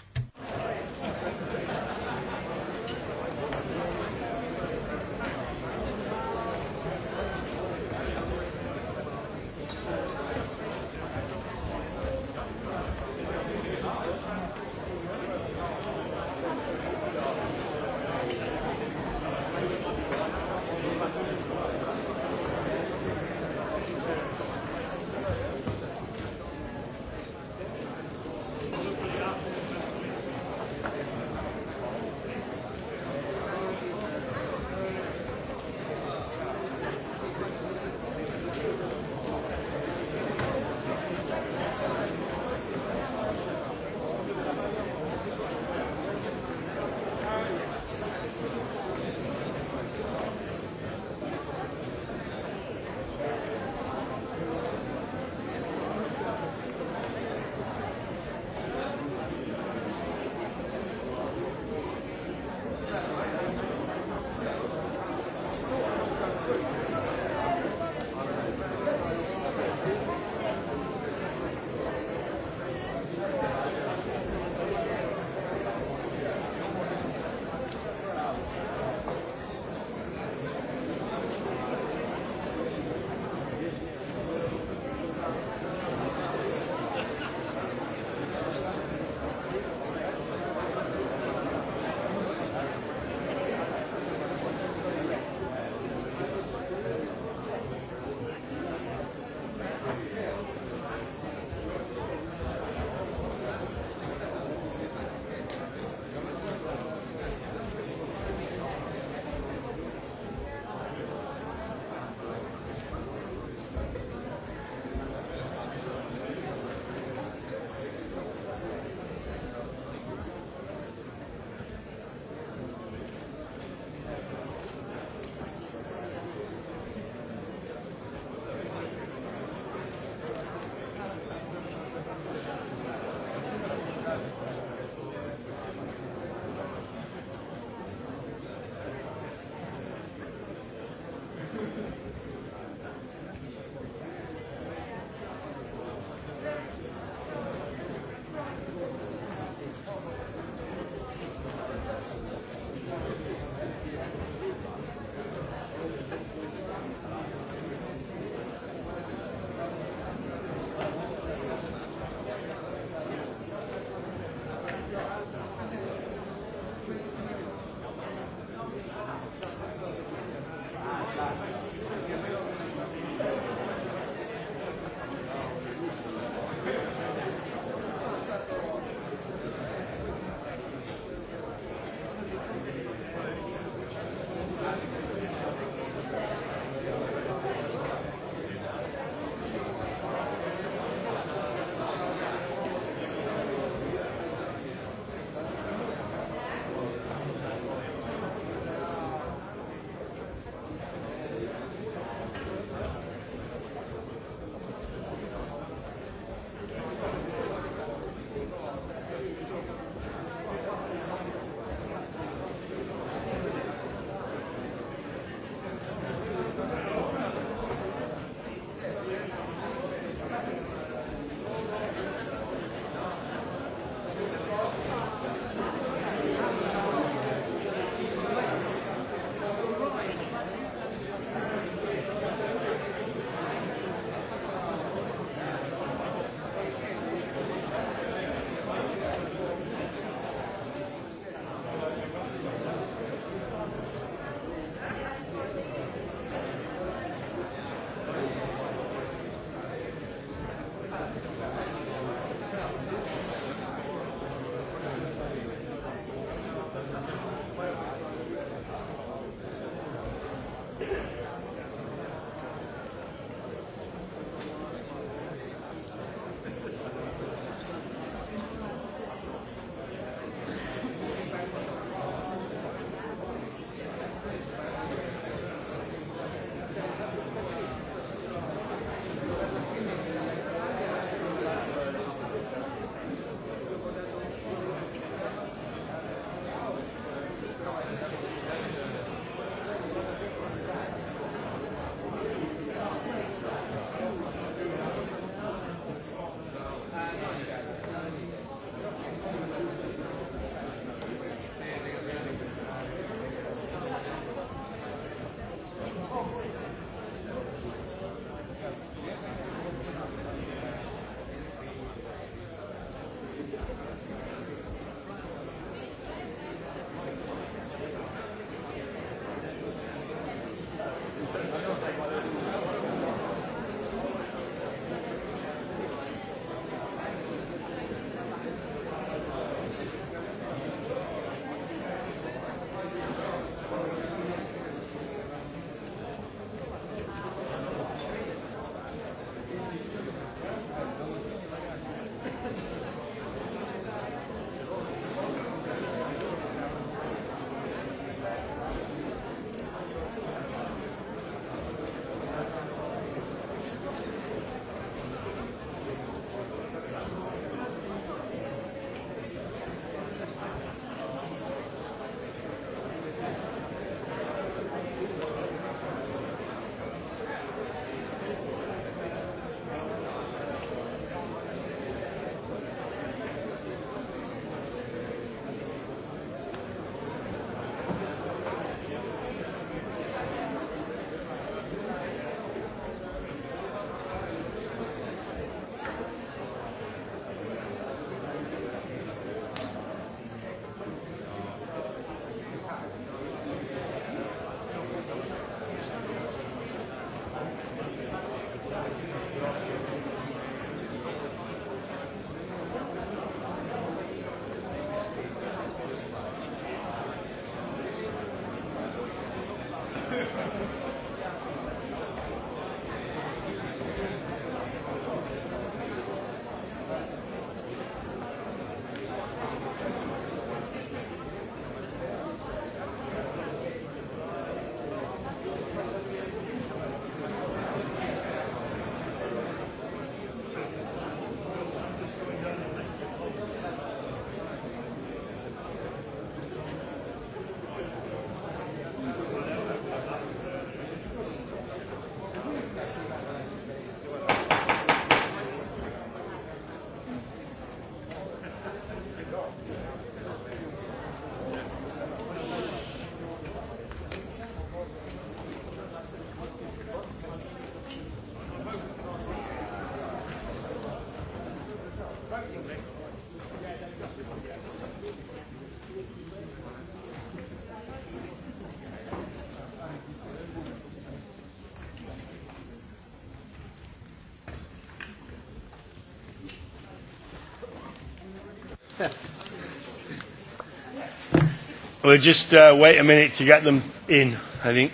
Speaker 3: We'll just uh, wait a minute to get them in, I think.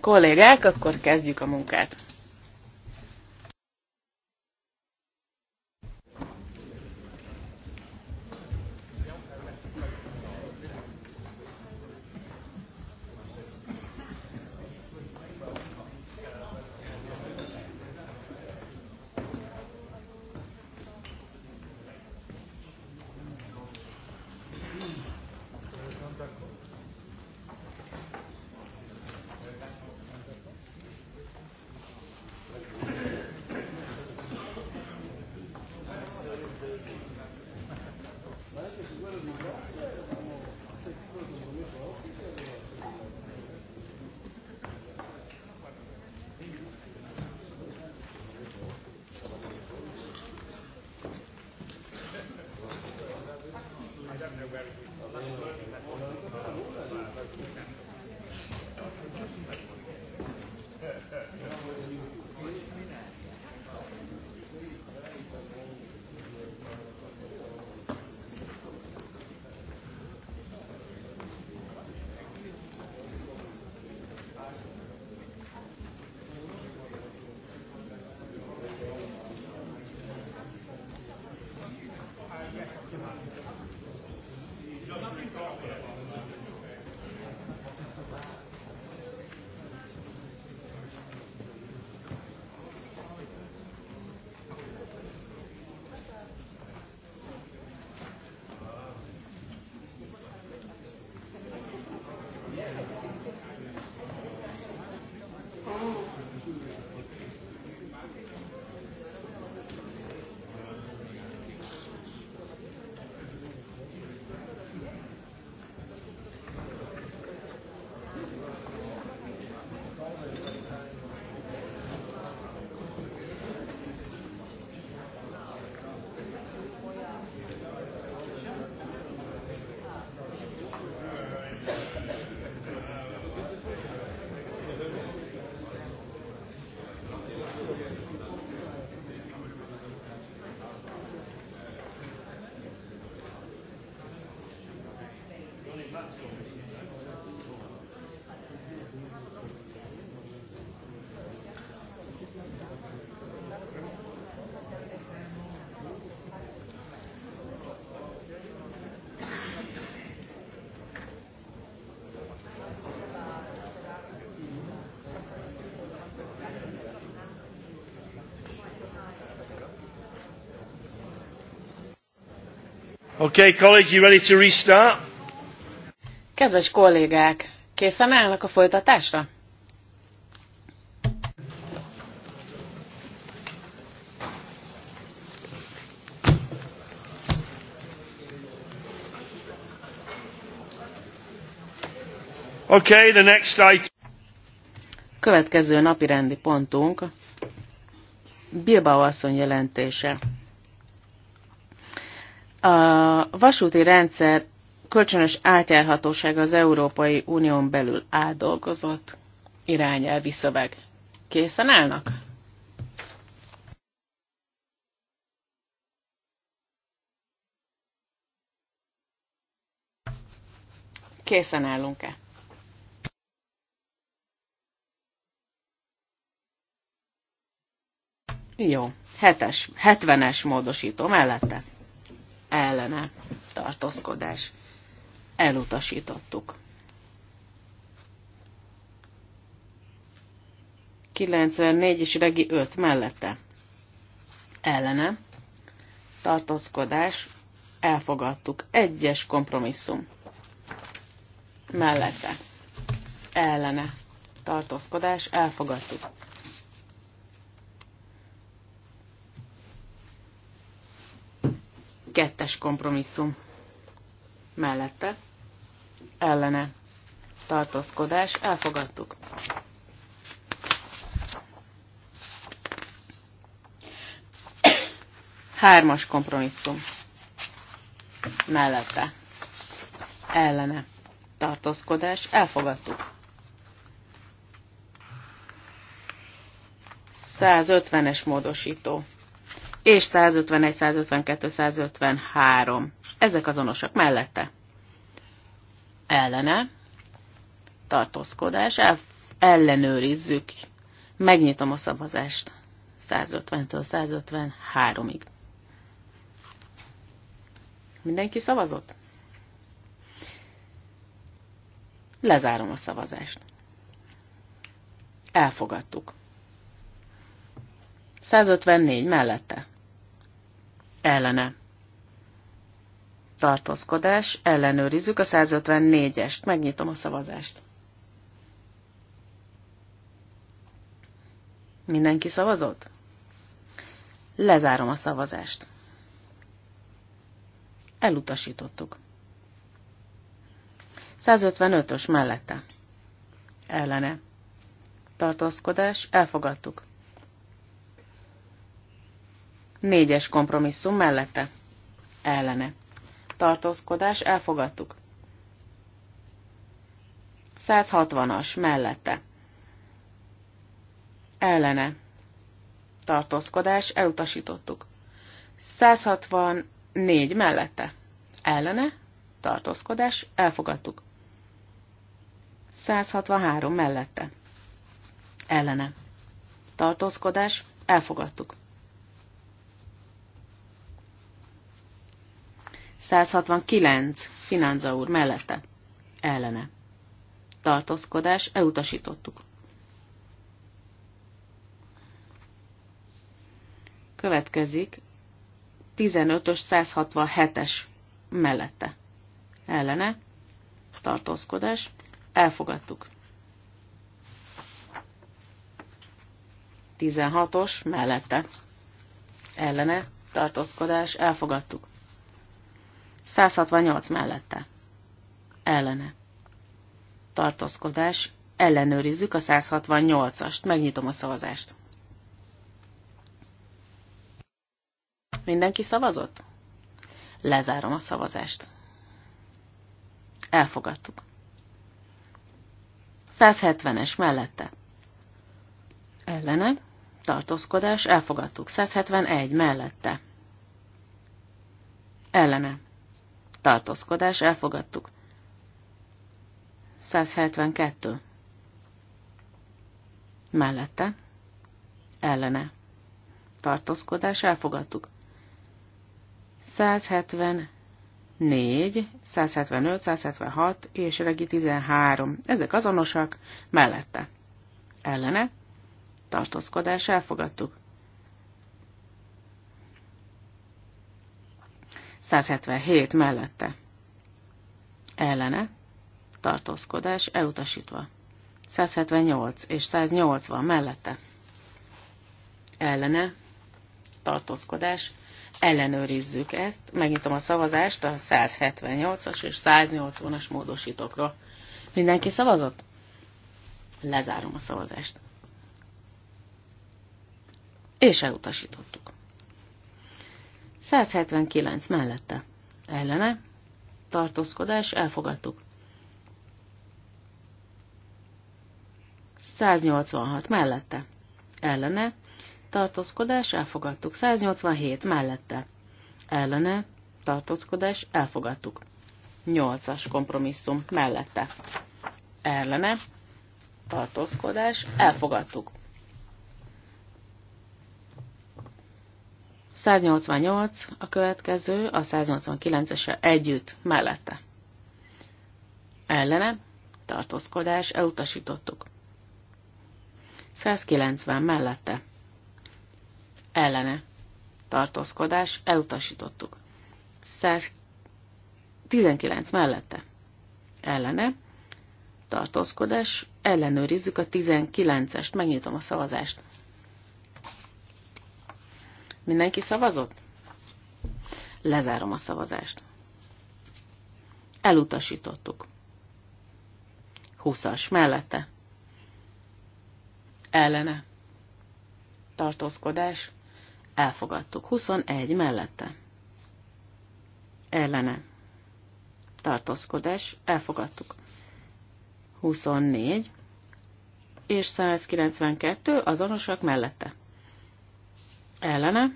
Speaker 1: Kollégák, akkor kezdjük a munkát.
Speaker 3: Okay, college, you ready to restart?
Speaker 1: Kedves kollégák, készen állnak a folytatásra?
Speaker 3: Okay, the next item.
Speaker 1: Következő napi rendi pontunk Bilbao asszony jelentése. A vasúti rendszer kölcsönös átjárhatóság az Európai Unión belül átdolgozott irányelvi szöveg. Készen állnak? Készen állunk-e? Jó, hetes, hetvenes módosító mellette ellene tartózkodás. Elutasítottuk. 94 és regi 5 mellette ellene tartózkodás. Elfogadtuk. Egyes kompromisszum mellette ellene tartózkodás. Elfogadtuk. kettes kompromisszum mellette ellene tartózkodás elfogadtuk. Hármas kompromisszum mellette ellene tartózkodás elfogadtuk. 150-es módosító és 151, 152, 153. Ezek azonosak mellette. Ellene, tartózkodás, el, ellenőrizzük. Megnyitom a szavazást 150-től 153-ig. Mindenki szavazott? Lezárom a szavazást. Elfogadtuk. 154 mellette ellene. Tartózkodás, ellenőrizzük a 154-est. Megnyitom a szavazást. Mindenki szavazott? Lezárom a szavazást. Elutasítottuk. 155-ös mellette. Ellene. Tartózkodás, elfogadtuk. Négyes kompromisszum mellette. Ellene. Tartózkodás elfogadtuk. 160-as mellette. Ellene. Tartózkodás elutasítottuk. 164 mellette. Ellene. Tartózkodás elfogadtuk. 163 mellette. Ellene. Tartózkodás elfogadtuk. 169. Finanza úr mellette. Ellene. Tartózkodás. Elutasítottuk. Következik 15-ös 167-es mellette. Ellene. Tartózkodás. Elfogadtuk. 16-os mellette. Ellene. Tartózkodás. Elfogadtuk. 168 mellette. Ellene. Tartózkodás. Ellenőrizzük a 168-ast. Megnyitom a szavazást. Mindenki szavazott? Lezárom a szavazást. Elfogadtuk. 170-es mellette. Ellene. Tartózkodás. Elfogadtuk. 171 mellette. Ellene tartózkodás, elfogadtuk. 172. Mellette, ellene, tartózkodás, elfogadtuk. 174, 175, 176 és regi 13. Ezek azonosak, mellette, ellene, tartózkodás, elfogadtuk. 177 mellette. Ellene. Tartózkodás elutasítva. 178 és 180 mellette. Ellene. Tartózkodás. Ellenőrizzük ezt. Megnyitom a szavazást a 178-as és 180-as módosítókról. Mindenki szavazott? Lezárom a szavazást. És elutasítottuk. 179 mellette. Ellene. Tartózkodás. Elfogadtuk. 186 mellette. Ellene. Tartózkodás. Elfogadtuk. 187 mellette. Ellene. Tartózkodás. Elfogadtuk. 8-as kompromisszum mellette. Ellene. Tartózkodás. Elfogadtuk. 188 a következő, a 189-ese együtt, mellette. Ellene, tartózkodás, elutasítottuk. 190 mellette. Ellene, tartózkodás, elutasítottuk. 119 mellette. Ellene, tartózkodás, ellenőrizzük a 19-est, megnyitom a szavazást. Mindenki szavazott? Lezárom a szavazást. Elutasítottuk. 20 mellette. Ellene. Tartózkodás. Elfogadtuk. 21 mellette. Ellene. Tartózkodás. Elfogadtuk. 24 és 192 azonosak mellette ellene,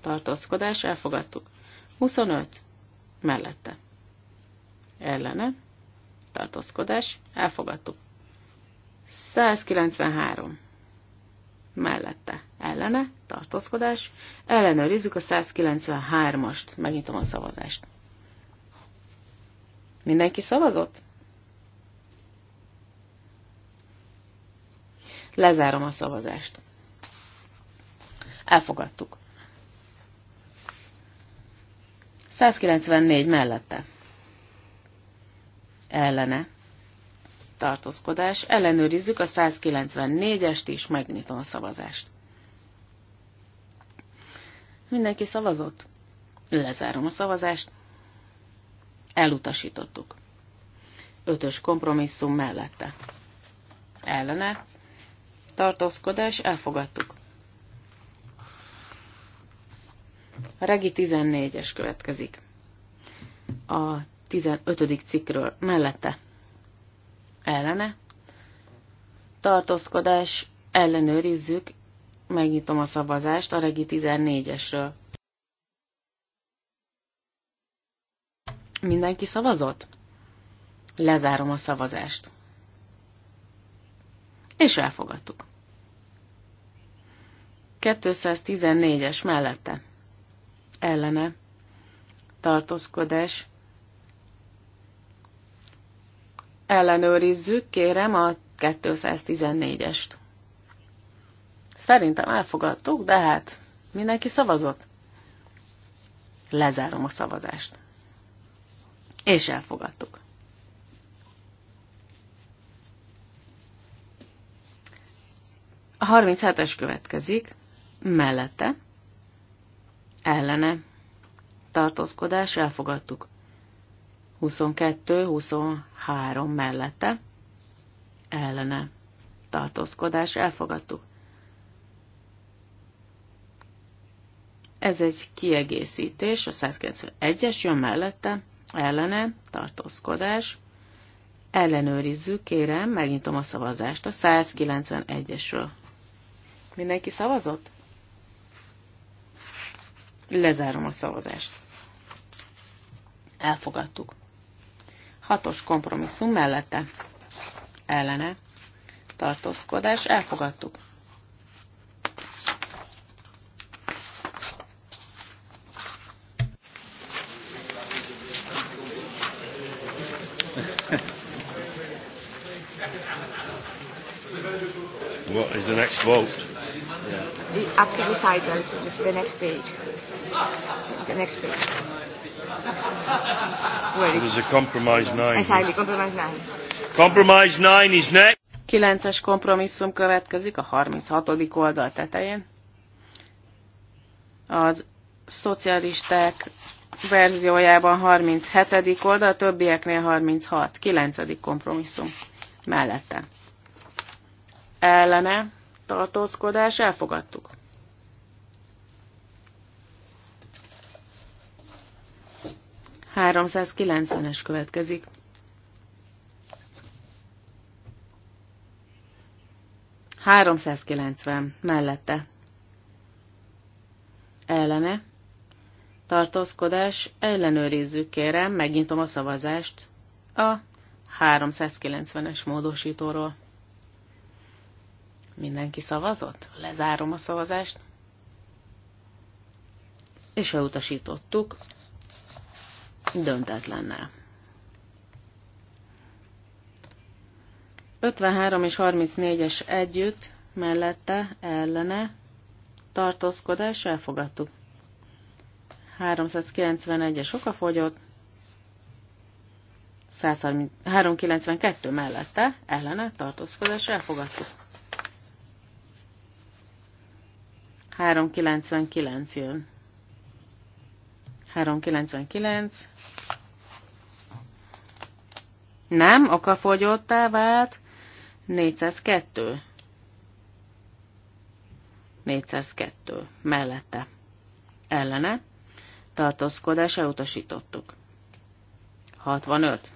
Speaker 1: tartózkodás, elfogadtuk. 25 mellette, ellene, tartózkodás, elfogadtuk. 193 mellette, ellene, tartózkodás, ellenőrizzük a 193-ast, megnyitom a szavazást. Mindenki szavazott? Lezárom a szavazást. Elfogadtuk. 194 mellette. Ellene. Tartózkodás. Ellenőrizzük a 194-est és megnyitom a szavazást. Mindenki szavazott? Lezárom a szavazást. Elutasítottuk. Ötös kompromisszum mellette. Ellene. Tartózkodás. Elfogadtuk. A regi 14-es következik. A 15. cikkről mellette ellene. Tartózkodás ellenőrizzük, megnyitom a szavazást a regi 14-esről. Mindenki szavazott? Lezárom a szavazást. És elfogadtuk. 214-es mellette ellene tartózkodás. Ellenőrizzük, kérem, a 214-est. Szerintem elfogadtuk, de hát mindenki szavazott. Lezárom a szavazást. És elfogadtuk. A 37-es következik, mellette, ellene tartózkodás elfogadtuk. 22-23 mellette ellene tartózkodás elfogadtuk. Ez egy kiegészítés, a 191-es jön mellette, ellene, tartózkodás. Ellenőrizzük, kérem, megnyitom a szavazást a 191-esről. Mindenki szavazott? Lezárom a szavazást. Elfogadtuk. Hatos kompromisszum mellette. Ellene. Tartózkodás. Elfogadtuk.
Speaker 3: What is the next vote? Yeah.
Speaker 5: The, after recitals, the next page. The next page.
Speaker 3: Where is it? a compromise nine. Exactly,
Speaker 1: compromise nine.
Speaker 3: Compromise nine is next.
Speaker 1: Kilences kompromisszum következik a 36. oldal tetején. Az szocialisták verziójában 37. oldal, többieknél 36. 9. kompromisszum mellette. Ellene tartózkodás elfogadtuk. 390-es következik. Háromszázkilencven. Mellette. Ellene. Tartózkodás. Ellenőrizzük kérem. Megintom a szavazást. A 390-es módosítóról. Mindenki szavazott? Lezárom a szavazást. És elutasítottuk döntetlenné. 53 és 34-es együtt, mellette, ellene, tartózkodás, elfogadtuk. 391-es okafogyott, 392 mellette, ellene, tartózkodás, elfogadtuk. 399 jön. 399. Nem, okafogyottá vált. 402. 402. Mellette. Ellene. Tartózkodás elutasítottuk. 65.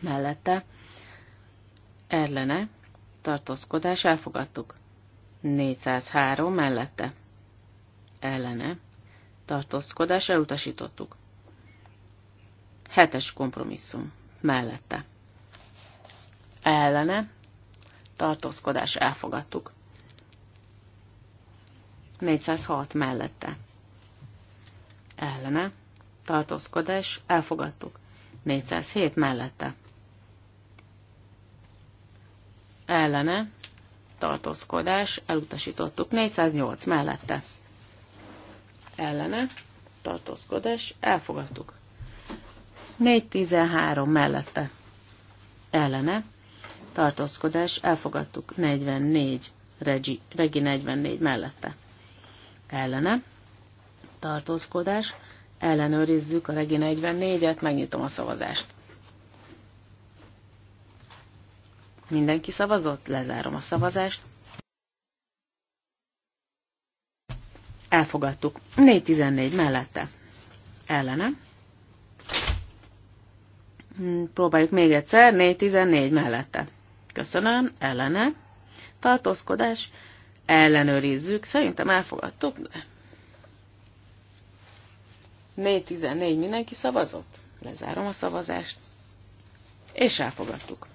Speaker 1: Mellette. Ellene. Tartózkodás elfogadtuk. 403 mellette. Ellene tartózkodás elutasítottuk. Hetes kompromisszum mellette. Ellene tartózkodás elfogadtuk. 406 mellette. Ellene tartózkodás elfogadtuk. 407 mellette. Ellene tartózkodás elutasítottuk. 408 mellette ellene, tartózkodás, elfogadtuk. 413 mellette, ellene, tartózkodás, elfogadtuk. 44, Regi, Regi 44 mellette, ellene, tartózkodás, ellenőrizzük a Regi 44-et, megnyitom a szavazást. Mindenki szavazott, lezárom a szavazást. Elfogadtuk. 4-14 mellette. Ellene. Próbáljuk még egyszer. 4-14 mellette. Köszönöm. Ellene. Tartózkodás. Ellenőrizzük. Szerintem elfogadtuk, 4-14 mindenki szavazott. Lezárom a szavazást. És elfogadtuk.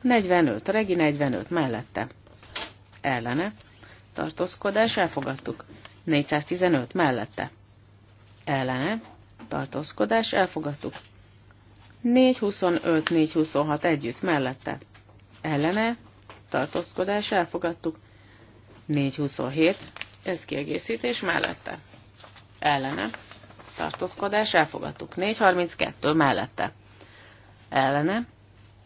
Speaker 1: 45, Regi 45 mellette. Ellene tartózkodás elfogadtuk. 415 mellette. Ellene, tartózkodás elfogadtuk. 425-426 együtt mellette. Ellene, tartózkodás elfogadtuk. 427, ez kiegészítés mellette. Ellene, tartózkodás elfogadtuk. 432 mellette. Ellene,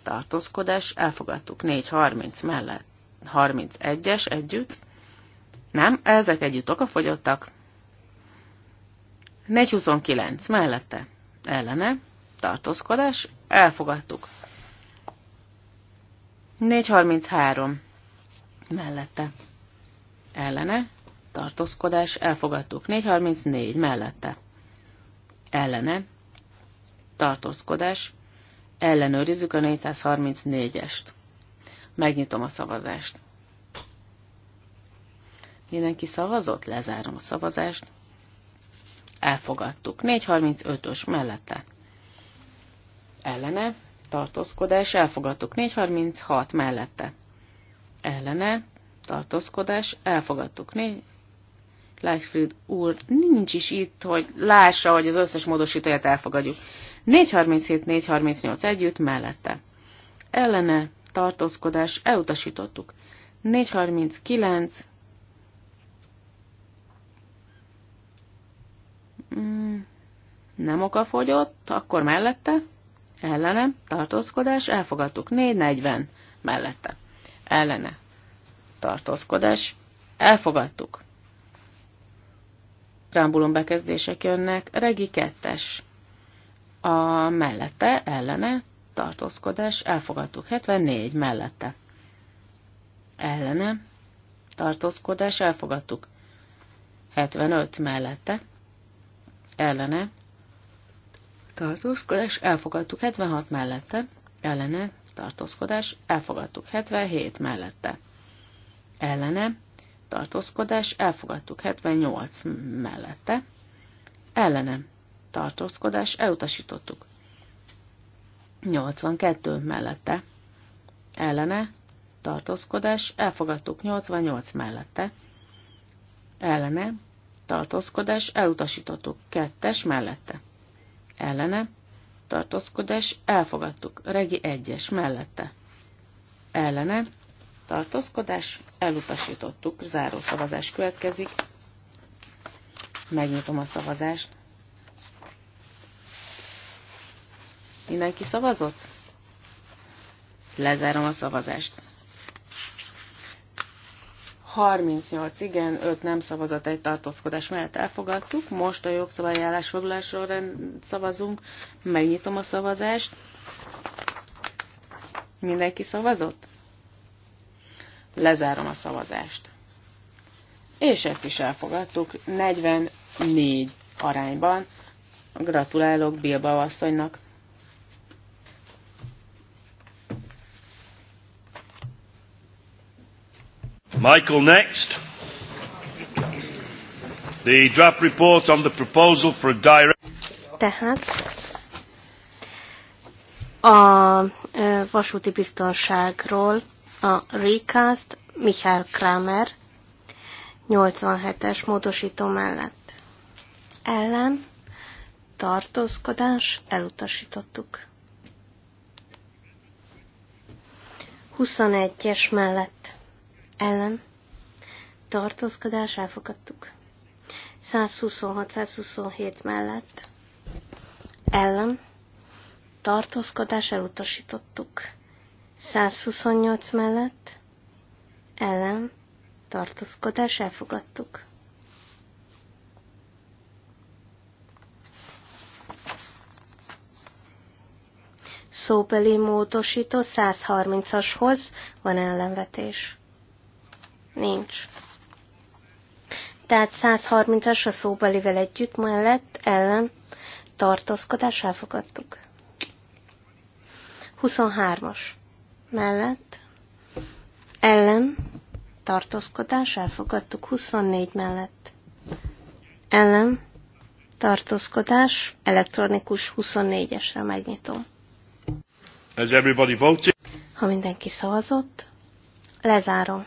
Speaker 1: tartózkodás elfogadtuk. 430 mellett. 31-es együtt nem, ezek együtt okafogyottak. 429 mellette ellene tartózkodás, elfogadtuk. 433 mellette ellene tartózkodás, elfogadtuk. 434 mellette ellene tartózkodás, ellenőrizzük a 434-est. Megnyitom a szavazást. Mindenki szavazott? Lezárom a szavazást. Elfogadtuk. 435-ös mellette. Ellene. Tartózkodás. Elfogadtuk. 436 mellette. Ellene. Tartózkodás. Elfogadtuk. 4... Leichfried úr nincs is itt, hogy lássa, hogy az összes módosítóját elfogadjuk. 437-438 együtt mellette. Ellene tartózkodás elutasítottuk. 439 nem fogyott, akkor mellette, ellene, tartózkodás, elfogadtuk 440 mellette, ellene, tartózkodás, elfogadtuk. Rámbulum bekezdések jönnek, regi kettes. A mellette, ellene, tartózkodás, elfogadtuk 74 mellette. Ellene, tartózkodás, elfogadtuk 75 mellette. Ellene, tartózkodás, elfogadtuk 76 mellette, ellene, tartózkodás, elfogadtuk 77 mellette, ellene, tartózkodás, elfogadtuk 78 mellette, ellene, tartózkodás, elutasítottuk 82 mellette, ellene, tartózkodás, elfogadtuk 88 mellette, ellene, tartózkodás, elutasítottuk 2 mellette ellene, tartózkodás, elfogadtuk. Regi egyes mellette, ellene, tartózkodás, elutasítottuk. Záró szavazás következik. Megnyitom a szavazást. Mindenki szavazott? Lezárom a szavazást. 38 igen, 5 nem szavazat, egy tartózkodás mellett elfogadtuk. Most a jogszabályi állásfoglalásról szavazunk. Megnyitom a szavazást. Mindenki szavazott? Lezárom a szavazást. És ezt is elfogadtuk 44 arányban. Gratulálok Bilba asszonynak.
Speaker 3: Michael next. The draft report on the proposal for a direct... Tehát
Speaker 2: a vasúti biztonságról a recast Michael Kramer 87-es módosító mellett. Ellen tartózkodás elutasítottuk. 21-es mellett ellen tartózkodás elfogadtuk. 126-127 mellett ellen tartózkodás elutasítottuk. 128 mellett ellen tartózkodás elfogadtuk. Szóbeli módosító 130-ashoz van ellenvetés. Nincs. Tehát 130-as a szóbelivel együtt mellett ellen tartózkodás elfogadtuk. 23-as mellett ellen tartózkodás elfogadtuk. 24 mellett ellen tartózkodás elektronikus 24-esre megnyitom.
Speaker 3: Has everybody voted?
Speaker 2: Ha mindenki szavazott, lezárom.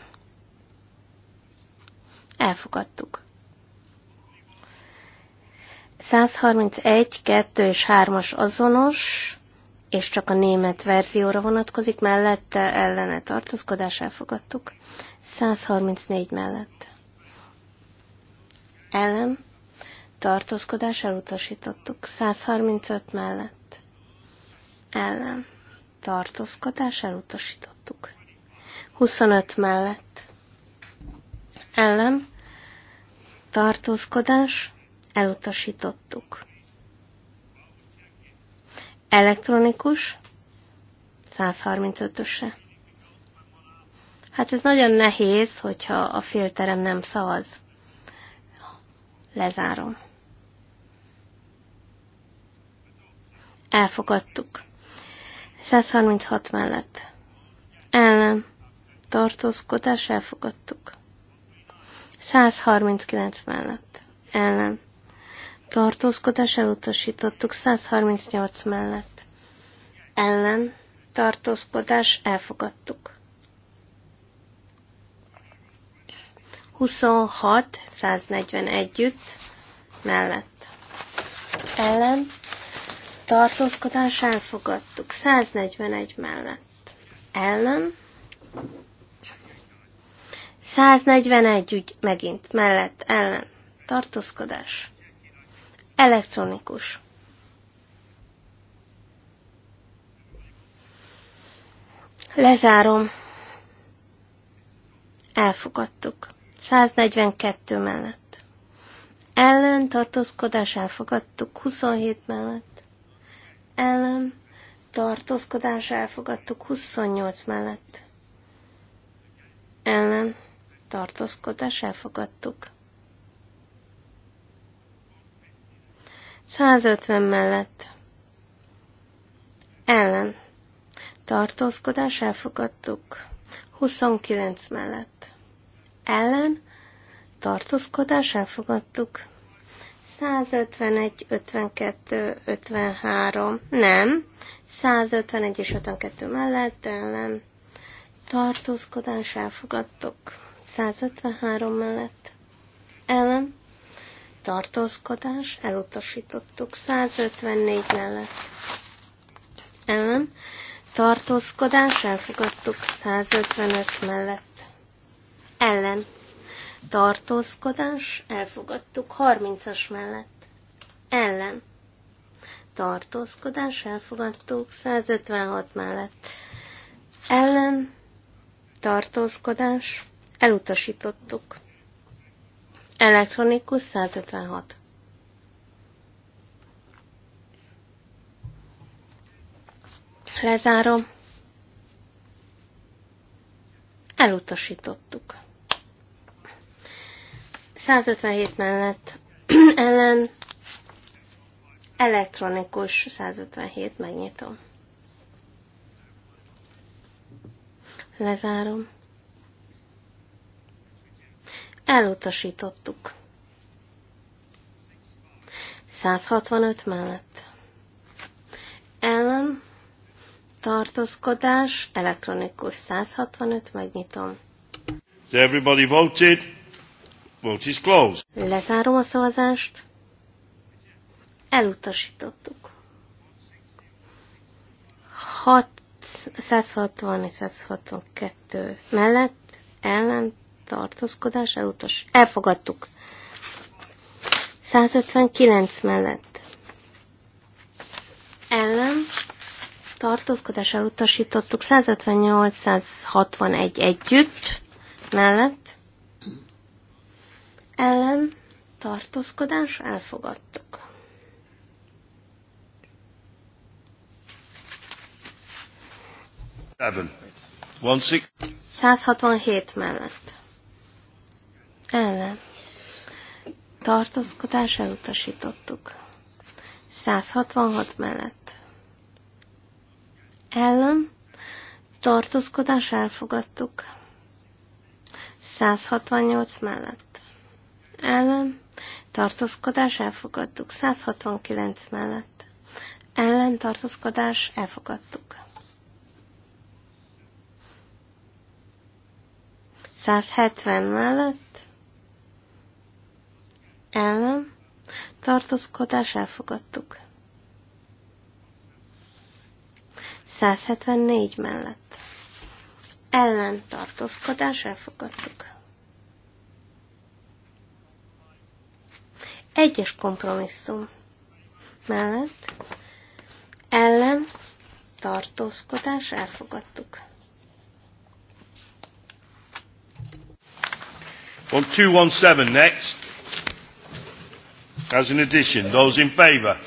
Speaker 2: Elfogadtuk. 131, 2 és 3-as azonos, és csak a német verzióra vonatkozik, mellette ellene tartózkodás elfogadtuk. 134 mellett. Ellen tartózkodás elutasítottuk. 135 mellett. Ellen tartózkodás elutasítottuk. 25 mellett. Ellen tartózkodás, elutasítottuk. Elektronikus, 135-öse. Hát ez nagyon nehéz, hogyha a félterem nem szavaz. Lezárom. Elfogadtuk. 136 mellett. Ellen. Tartózkodás elfogadtuk. 139 mellett ellen. Tartózkodás elutasítottuk 138 mellett ellen. Tartózkodás elfogadtuk. 26, 140 együtt, mellett. Ellen, tartózkodás elfogadtuk, 141 mellett. Ellen, 141 ügy megint mellett ellen. Tartózkodás. Elektronikus. Lezárom. Elfogadtuk. 142 mellett. Ellen tartózkodás elfogadtuk. 27 mellett. Ellen tartózkodás elfogadtuk. 28 mellett tartózkodás elfogadtuk. 150 mellett ellen tartózkodás elfogadtuk. 29 mellett ellen tartózkodás elfogadtuk. 151, 52, 53, nem, 151 és 52 mellett ellen tartózkodás elfogadtuk. 153 mellett ellen tartózkodás, elutasítottuk 154 mellett ellen tartózkodás, elfogadtuk 155 mellett ellen tartózkodás, elfogadtuk 30-as mellett ellen tartózkodás, elfogadtuk 156 mellett ellen tartózkodás, Elutasítottuk. Elektronikus 156. Lezárom. Elutasítottuk. 157 mellett (clears throat) ellen elektronikus 157 megnyitom. Lezárom. Elutasítottuk. 165 mellett. Ellen tartózkodás, elektronikus 165, megnyitom.
Speaker 3: Everybody voted. Vote is closed.
Speaker 2: Lezárom a szavazást. Elutasítottuk. 6, 160 és 162 mellett ellen tartózkodás elutas. Elfogadtuk. 159 mellett. Ellen tartózkodás elutasítottuk. 158-161 együtt mellett. Ellen tartózkodás elfogadtuk. Seven. 167 mellett ellen tartózkodás elutasítottuk. 166 mellett ellen tartózkodás elfogadtuk. 168 mellett ellen tartózkodás elfogadtuk. 169 mellett ellen tartózkodás elfogadtuk. 170 mellett el, tartózkodás elfogadtuk. 174 mellett. Ellen tartózkodás elfogadtuk. Egyes kompromisszum mellett. Ellen tartózkodás elfogadtuk.
Speaker 3: On 217 next. As an addition, those in favour?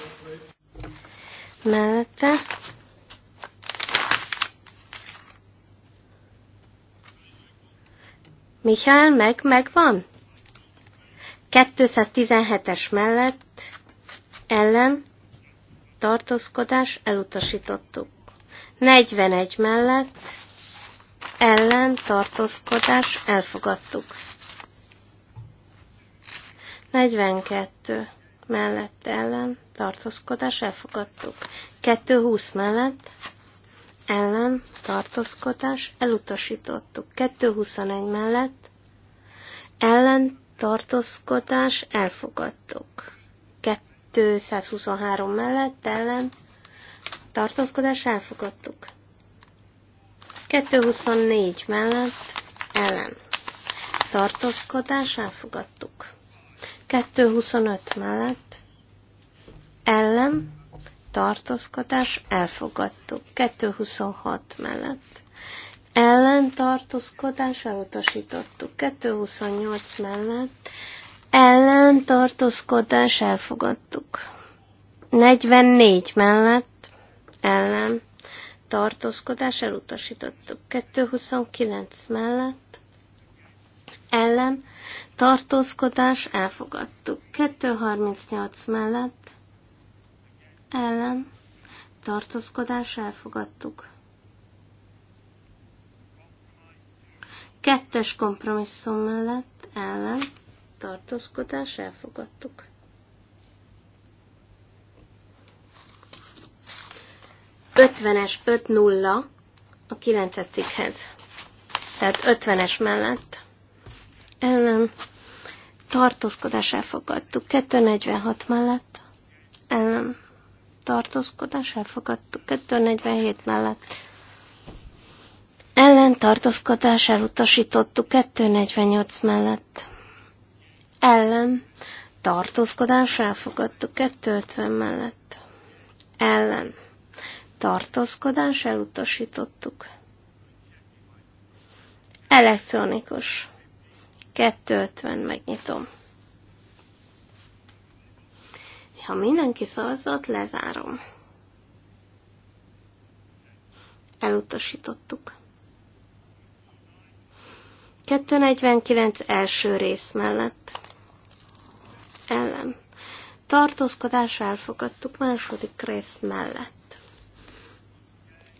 Speaker 2: Mellette. Michael meg, megvan? 217-es mellett ellen tartózkodás elutasítottuk. 41 mellett ellen tartózkodás elfogadtuk. 42 mellett ellen tartózkodás elfogadtuk. 220 mellett ellen tartózkodás elutasítottuk. 221 mellett ellen tartózkodás elfogadtuk. 223 mellett ellen tartózkodás elfogadtuk. 224 mellett ellen tartózkodás elfogadtuk. 225 mellett ellen tartózkodás elfogadtuk. 226 mellett ellen tartózkodás elutasítottuk. 228 mellett ellen tartózkodás elfogadtuk. 44 mellett ellen tartózkodás elutasítottuk. 229 mellett ellen tartózkodás elfogadtuk. 238 mellett ellen tartózkodás elfogadtuk. Kettes kompromisszum mellett ellen tartózkodás elfogadtuk. Ötvenes 5 nulla a 9 cikkhez. Tehát 50-es mellett ellen tartózkodás elfogadtuk. 246 mellett ellen tartózkodás elfogadtuk. 247 mellett ellen tartózkodás elutasítottuk. 248 mellett ellen tartózkodás elfogadtuk. 250 mellett ellen tartózkodás elutasítottuk. Elektronikus. 250 megnyitom. Ha mindenki szavazott, lezárom. Elutasítottuk. 249 első rész mellett. Ellen. Tartózkodás elfogadtuk második rész mellett.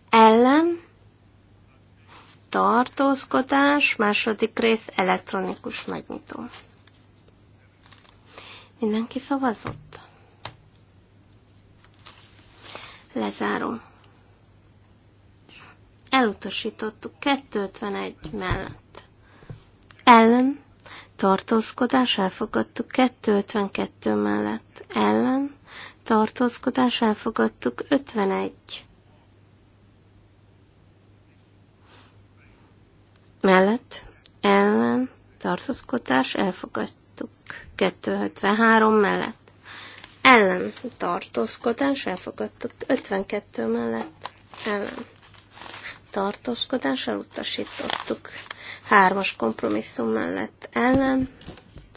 Speaker 2: Ellen tartózkodás, második rész elektronikus megnyitó. Mindenki szavazott? Lezárom. Elutasítottuk 251 mellett. Ellen, tartózkodás, elfogadtuk 252 mellett. Ellen, tartózkodás, elfogadtuk 51 mellett ellen tartózkodás elfogadtuk 273 mellett. Ellen tartózkodás elfogadtuk 52 mellett. Ellen tartózkodás elutasítottuk. Hármas kompromisszum mellett ellen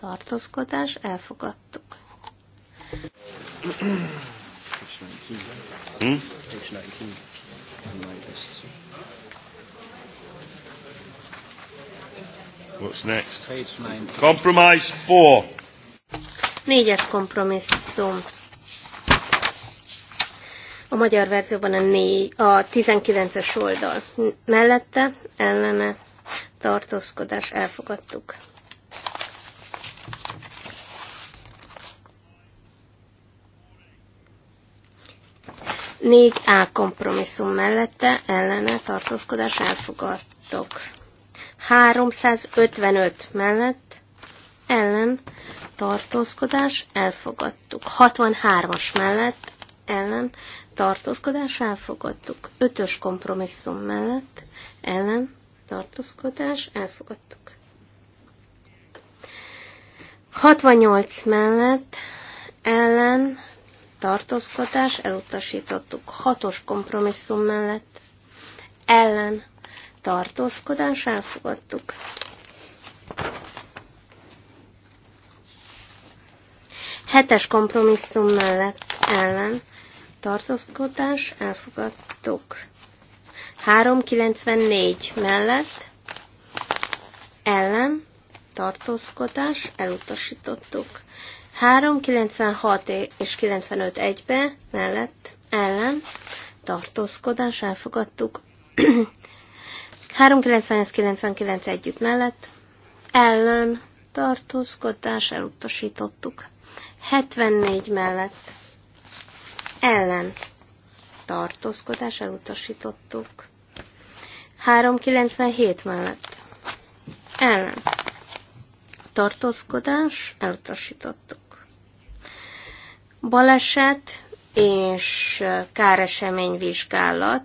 Speaker 2: tartózkodás elfogadtuk.
Speaker 5: Hmm?
Speaker 3: What's next? Compromise four.
Speaker 2: Négyes kompromisszum. A magyar verzióban a, négy, a 19-es oldal. Mellette ellene tartózkodás elfogadtuk. Négy A kompromisszum mellette ellene tartózkodás elfogadtuk. 355 mellett ellen tartózkodás elfogadtuk. 63-as mellett ellen tartózkodás elfogadtuk. 5-ös kompromisszum mellett ellen tartózkodás elfogadtuk. 68 mellett ellen tartózkodás elutasítottuk. 6-os kompromisszum mellett ellen tartózkodás elfogadtuk. Hetes kompromisszum mellett ellen tartózkodás elfogadtuk. 394 mellett ellen tartózkodás elutasítottuk. 396 és 95 egybe mellett ellen tartózkodás elfogadtuk. 399 együtt mellett ellen tartózkodás elutasítottuk. 74 mellett ellen tartózkodás elutasítottuk. 397 mellett ellen tartózkodás elutasítottuk. Baleset és káresemény vizsgálat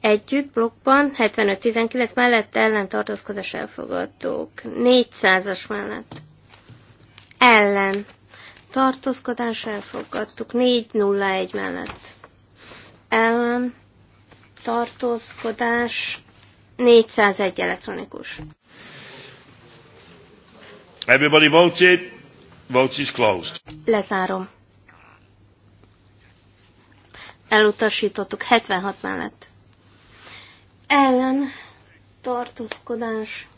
Speaker 2: Együtt blokkban 75-19 mellett ellen tartózkodás elfogadtuk. 400-as mellett ellen tartózkodás elfogadtuk. 401 mellett ellen tartózkodás 401 elektronikus.
Speaker 3: Everybody voted. Votes is closed.
Speaker 2: Lezárom. Elutasítottuk 76 mellett ellen tartózkodás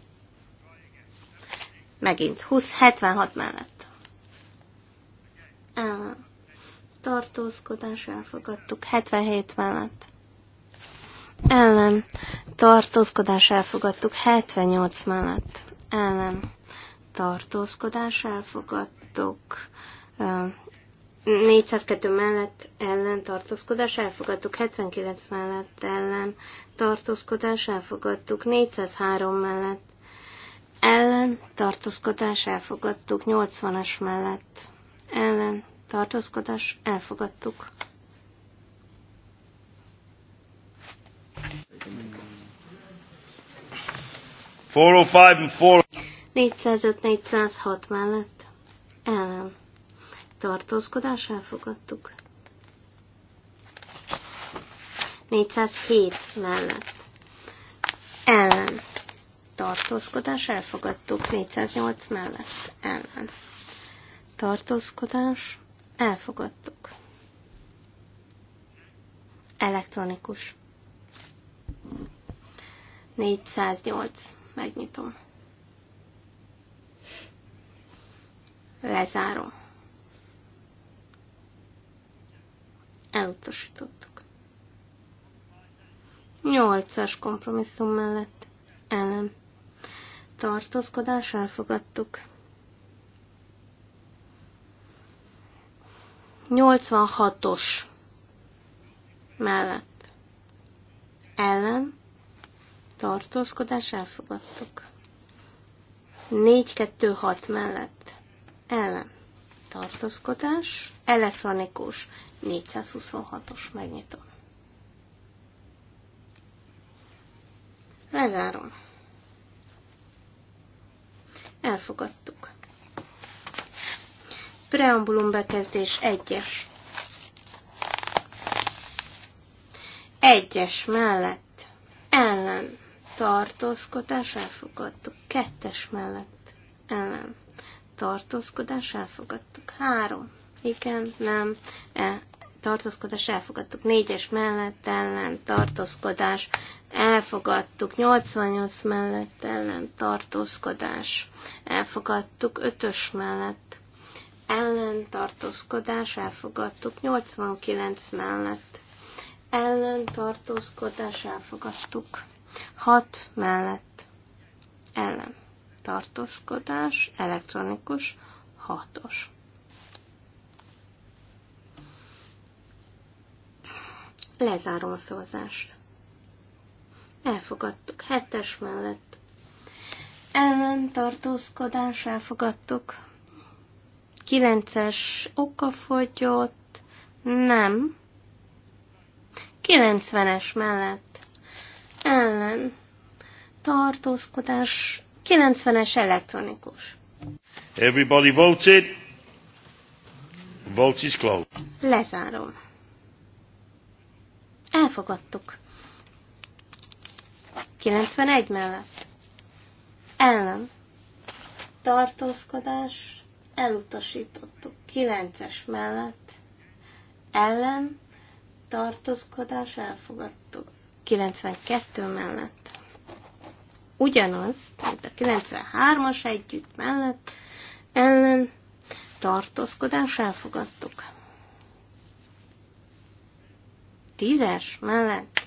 Speaker 2: megint 20-76 mellett ellen tartózkodás elfogadtuk 77 mellett ellen tartózkodás elfogadtuk 78 mellett ellen tartózkodás elfogadtuk 402 mellett ellen tartózkodás elfogadtuk, 79 mellett ellen tartózkodás elfogadtuk, 403 mellett ellen tartózkodás elfogadtuk, 80-as mellett ellen tartózkodás elfogadtuk.
Speaker 3: Four oh five and four.
Speaker 2: 405-406 mellett ellen tartózkodás elfogadtuk. 407 mellett ellen tartózkodás elfogadtuk. 408 mellett ellen tartózkodás elfogadtuk. Elektronikus. 408. Megnyitom. Lezárom. elutasítottuk. Nyolcas kompromisszum mellett ellen tartózkodás elfogadtuk. 86-os mellett ellen tartózkodás elfogadtuk. 4-2-6 mellett ellen tartózkodás, elektronikus 426-os, megnyitom. Lezárom. Elfogadtuk. Preambulum bekezdés 1-es. 1-es mellett ellen tartózkodás elfogadtuk. 2-es mellett ellen tartózkodás elfogadtuk. 3 igen, nem, e, tartózkodás elfogadtuk. Négyes mellett ellen tartózkodás elfogadtuk. 88 mellett ellen tartózkodás elfogadtuk. Ötös mellett ellen tartózkodás elfogadtuk. 89 mellett ellen tartózkodás elfogadtuk. 6 mellett ellen tartózkodás elektronikus 6-os. Lezárom a szavazást. Elfogadtuk. Hetes mellett. Ellen tartózkodás elfogadtuk. Kilences okafogyott. Nem. Kilencvenes mellett. Ellen. Tartózkodás. Kilencvenes elektronikus.
Speaker 3: Everybody voted. Vote is closed.
Speaker 2: Lezárom. Elfogadtuk. 91 mellett. Ellen. Tartózkodás. Elutasítottuk. 9-es mellett. Ellen. Tartózkodás. Elfogadtuk. 92 mellett. Ugyanaz, mint a 93-as együtt mellett. Ellen. Tartózkodás. Elfogadtuk. Tízes mellett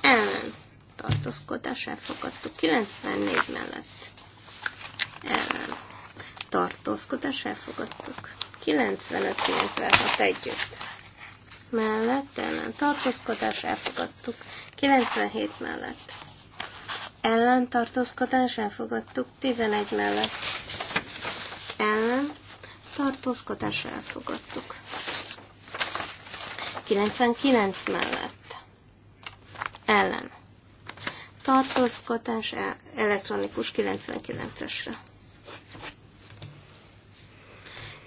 Speaker 2: ellen tartózkodás elfogadtuk. 94 mellett ellen tartózkodás elfogadtuk. 95-96 együtt mellett ellen tartózkodás elfogadtuk. 97 mellett ellen tartózkodás elfogadtuk. 11 mellett ellen tartózkodás elfogadtuk. 99 mellett. Ellen. Tartózkodás e- elektronikus 99-esre.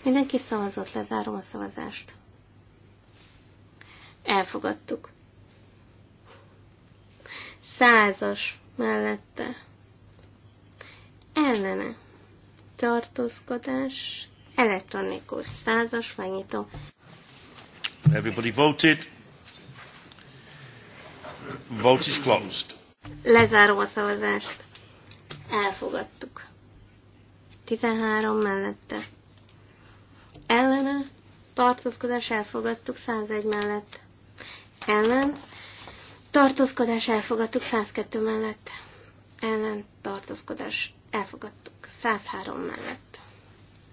Speaker 2: Mindenki szavazott, lezárom a szavazást. Elfogadtuk. Százas mellette. Ellene. Tartózkodás. Elektronikus százas, megnyitom.
Speaker 3: Everybody voted. Vote is closed.
Speaker 2: Lezárom a szavazást. Elfogadtuk. 13 mellette. Ellene tartózkodás elfogadtuk 101 mellett. Ellen tartózkodás elfogadtuk 102 mellett. Ellen tartózkodás elfogadtuk 103 mellett.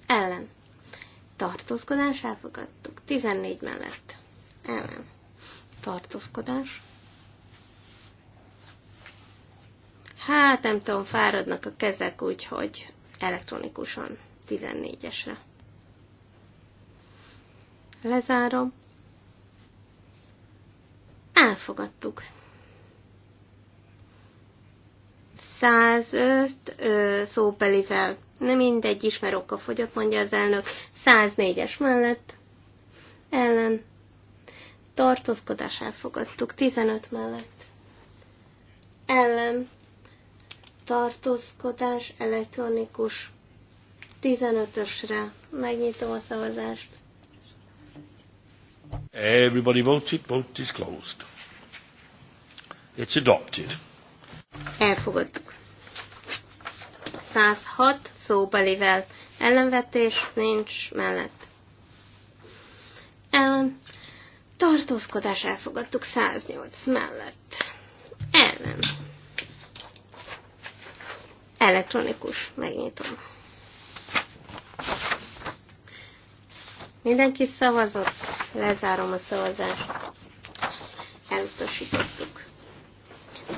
Speaker 2: Ellen tartózkodás elfogadtuk 14 mellett. Ellen. Tartózkodás. Hát nem tudom, fáradnak a kezek, úgy, hogy elektronikusan 14-esre. Lezárom. Elfogadtuk. 105 ö, szóbelivel. Nem mindegy, ismerok a fogyott, mondja az elnök. 104-es mellett ellen tartózkodás elfogadtuk 15 mellett ellen tartózkodás elektronikus 15-ösre. Megnyitom a szavazást.
Speaker 3: Everybody voted, vote is closed. It's adopted.
Speaker 2: Elfogadtuk. 106 szóbelivel ellenvetés nincs mellett ellen, tartózkodás elfogadtuk 108 mellett, ellen, elektronikus, megnyitom. Mindenki szavazott, lezárom a szavazást, elutasítottuk.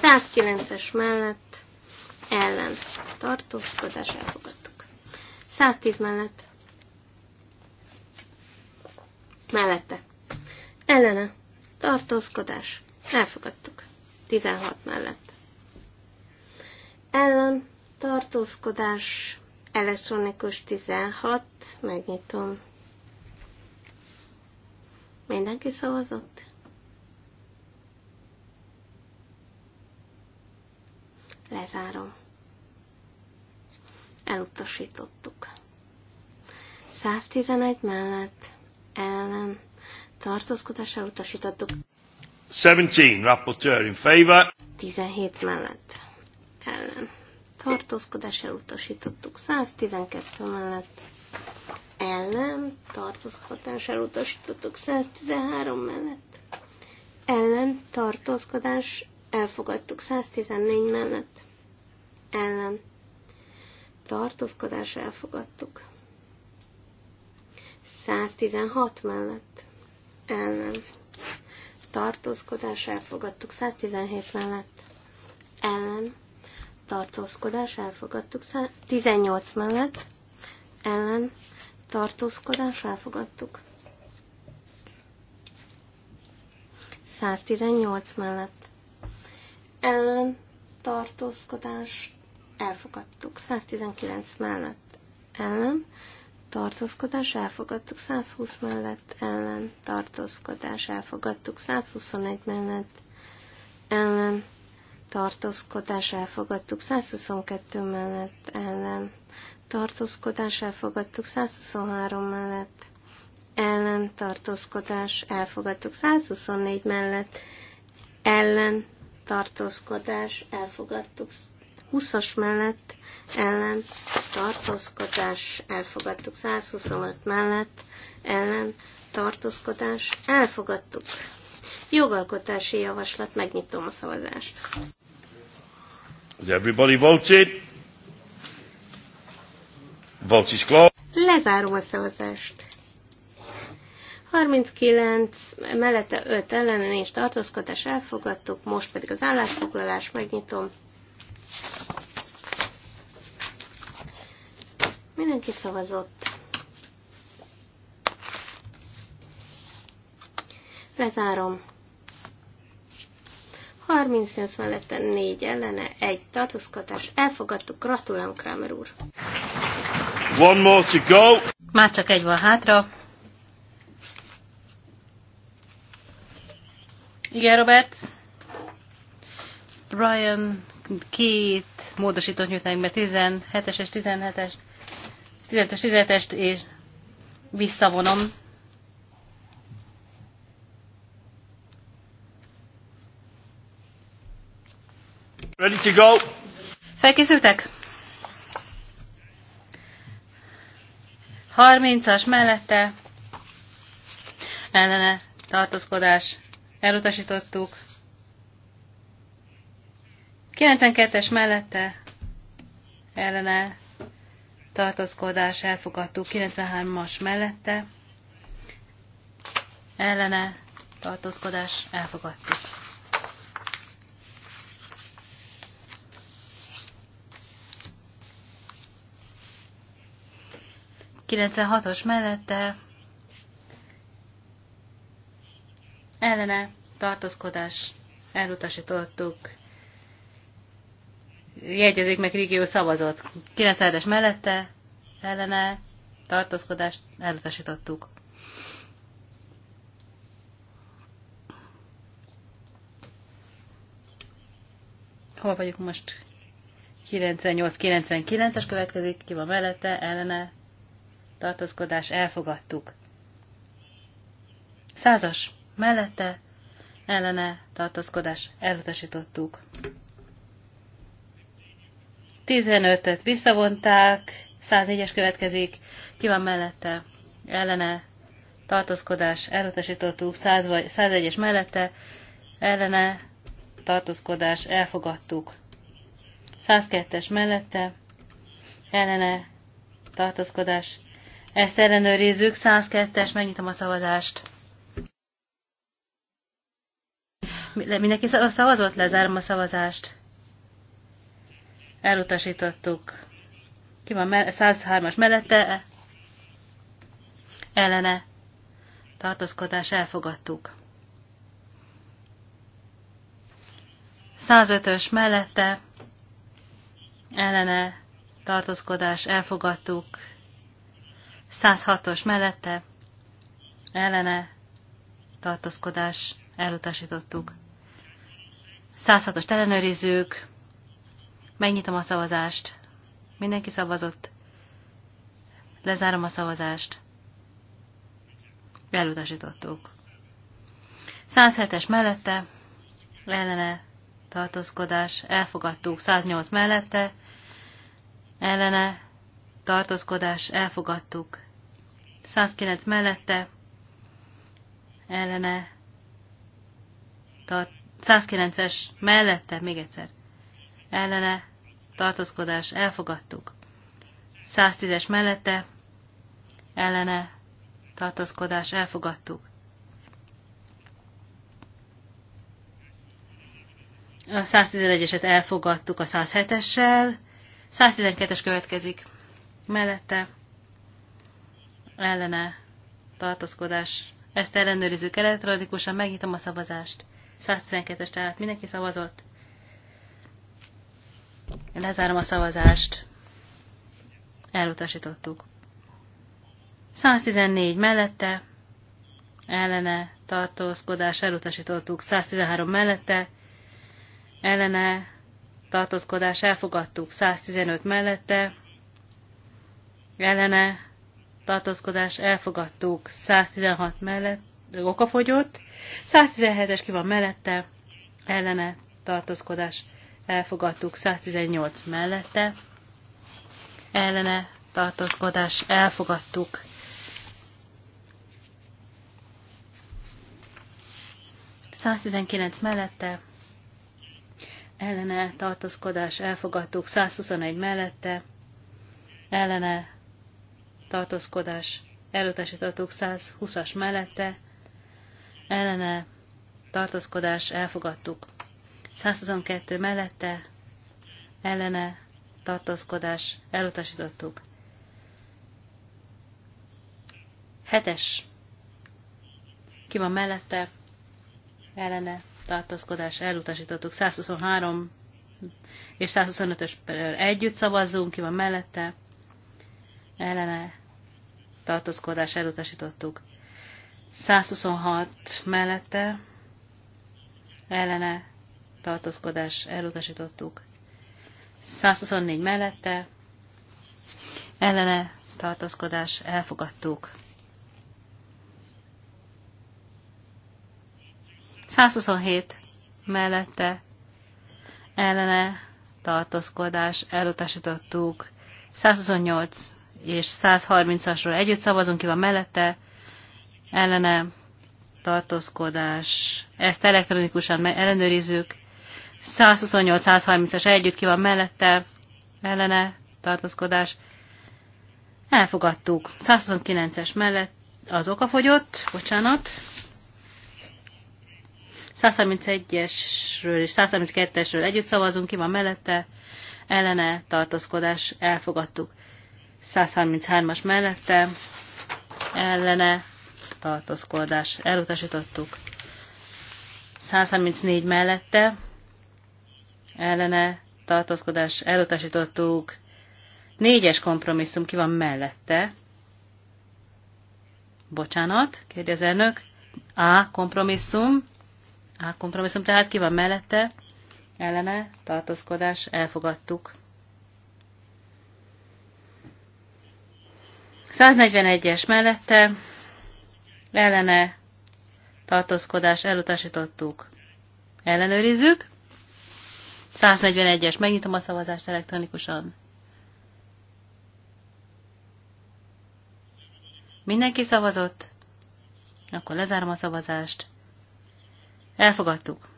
Speaker 2: 109-es mellett, ellen, tartózkodás elfogadtuk. 110 mellett, mellette. Ellene. Tartózkodás. Elfogadtuk. 16 mellett. Ellen. Tartózkodás. Elektronikus 16. Megnyitom. Mindenki szavazott? Lezárom. Elutasítottuk. 111 mellett ellen tartózkodás utasítottuk.
Speaker 3: 17 rapporteur in favor.
Speaker 2: 17 mellett ellen tartózkodás utasítottuk. 112 mellett ellen tartózkodás utasítottuk. 113 mellett ellen tartózkodás elfogadtuk. 114 mellett ellen tartózkodás elfogadtuk. 116 mellett ellen tartózkodás elfogadtuk 117 mellett ellen tartózkodás elfogadtuk 18 mellett ellen tartózkodás elfogadtuk 118 mellett ellen tartózkodás elfogadtuk 119 mellett ellen tartózkodás elfogadtuk 120 mellett, ellen tartózkodás elfogadtuk 121 mellett, ellen tartózkodás elfogadtuk 122 mellett, ellen tartózkodás elfogadtuk 123 mellett, ellen tartózkodás elfogadtuk 124 mellett, ellen tartózkodás elfogadtuk 20-as mellett, ellen tartózkodás elfogadtuk. 125 mellett ellen tartózkodás elfogadtuk. Jogalkotási javaslat, megnyitom a szavazást.
Speaker 3: Is everybody voted? Vote is closed.
Speaker 2: Lezárom a szavazást. 39, mellette 5 ellen és tartózkodás elfogadtuk, most pedig az állásfoglalás, megnyitom. Mindenki szavazott. Lezárom. 38 mellette 4 ellene, 1 tartózkodás. Elfogadtuk. Gratulálom, Kramer úr.
Speaker 3: One more to go.
Speaker 4: Már csak egy van hátra. Igen, Robert. Brian két módosított nyújtanak be, 17-es és 17-est 15-ös, és visszavonom.
Speaker 3: Ready to go?
Speaker 4: Felkészültek? 30-as mellette ellene tartózkodás elutasítottuk. 92-es mellette ellene tartózkodás elfogadó 93-as mellette, ellene tartózkodás elfogadó. os mellette ellene tartózkodás elutasítottuk jegyezik meg Rigió szavazott. 90-es mellette, ellene, tartózkodást elutasítottuk. Hol vagyunk most? 98-99-es következik, ki van mellette, ellene, tartózkodás, elfogadtuk. Százas, mellette, ellene, tartózkodás, elutasítottuk. 15-öt visszavonták, 104-es következik, ki van mellette, ellene, tartózkodás, elutasítottuk, 101-es mellette, ellene, tartózkodás, elfogadtuk. 102-es mellette, ellene, tartózkodás. Ezt ellenőrizzük, 102-es, megnyitom a szavazást. Mindenki szavazott, lezárom a szavazást elutasítottuk. Ki van 103-as mellette? Ellene tartozkodás elfogadtuk. 105-ös mellette ellene tartózkodás elfogadtuk. 106-os mellette ellene tartózkodás elutasítottuk. 106 os ellenőrizzük, Megnyitom a szavazást. Mindenki szavazott. Lezárom a szavazást. Elutasítottuk. 107-es mellette, ellene tartózkodás, elfogadtuk. 108 mellette, ellene tartózkodás, elfogadtuk. 109 mellette, ellene, tart, 109-es mellette, még egyszer, ellene, tartózkodás, elfogadtuk. 110-es mellette, ellene, tartózkodás, elfogadtuk. A 111-eset elfogadtuk a 107-essel, 112-es következik mellette, ellene, tartózkodás. Ezt ellenőrizzük elektronikusan, megnyitom a szavazást. 112-es tehát mindenki szavazott.
Speaker 6: Lezárom a szavazást.
Speaker 4: Elutasítottuk. 114 mellette, ellene tartózkodás elutasítottuk. 113 mellette, ellene tartózkodás elfogadtuk. 115 mellette, ellene tartózkodás elfogadtuk. 116 mellett, okafogyott. 117-es ki van mellette, ellene tartózkodás elfogadtuk 118 mellette, ellene tartózkodás elfogadtuk. ...119 mellette, ellene tartózkodás elfogadtuk, 121 mellette, ellene tartózkodás elutasítottuk, 120-as mellette, ellene tartózkodás elfogadtuk. 122 mellette ellene tartózkodás elutasítottuk. Hetes. Ki van mellette? Ellene tartózkodás elutasítottuk. 123 és 125-ös együtt szavazzunk, ki van mellette? Ellene tartózkodás elutasítottuk. 126 mellette ellene tartózkodás elutasítottuk. 124 mellette ellene tartózkodás elfogadtuk. 127 mellette ellene tartózkodás elutasítottuk. 128 és 130-asról együtt szavazunk, ki van mellette, ellene tartózkodás. Ezt elektronikusan ellenőrizzük. 128-130-as együtt ki van mellette, ellene, tartózkodás. Elfogadtuk. 129-es mellett az oka fogyott, bocsánat. 131-esről és 132-esről együtt szavazunk, ki van mellette, ellene, tartózkodás, elfogadtuk. 133-as mellette, ellene, tartózkodás, elutasítottuk. 134 mellette, ellene tartózkodás elutasítottuk. Négyes kompromisszum ki van mellette? Bocsánat, kérdi az elnök. A kompromisszum. A kompromisszum tehát ki van mellette? Ellene tartózkodás elfogadtuk. 141-es mellette ellene tartózkodás elutasítottuk. Ellenőrizzük. 141-es, megnyitom a szavazást elektronikusan. Mindenki szavazott? Akkor lezárom a szavazást. Elfogadtuk.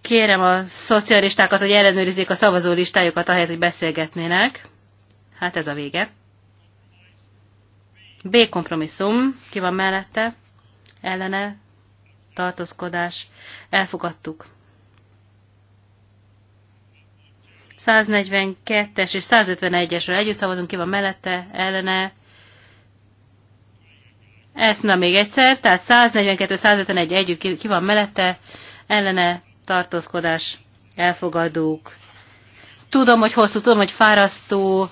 Speaker 4: Kérem a szocialistákat, hogy ellenőrizzék a szavazó listájukat ahelyett, hogy beszélgetnének. Hát ez a vége. B kompromisszum. Ki van mellette? ellene tartózkodás elfogadtuk. 142-es és 151-esről együtt szavazunk, ki van mellette, ellene. Ezt na még egyszer, tehát 142-151 együtt ki, van mellette, ellene tartózkodás elfogadók. Tudom, hogy hosszú, tudom, hogy fárasztó,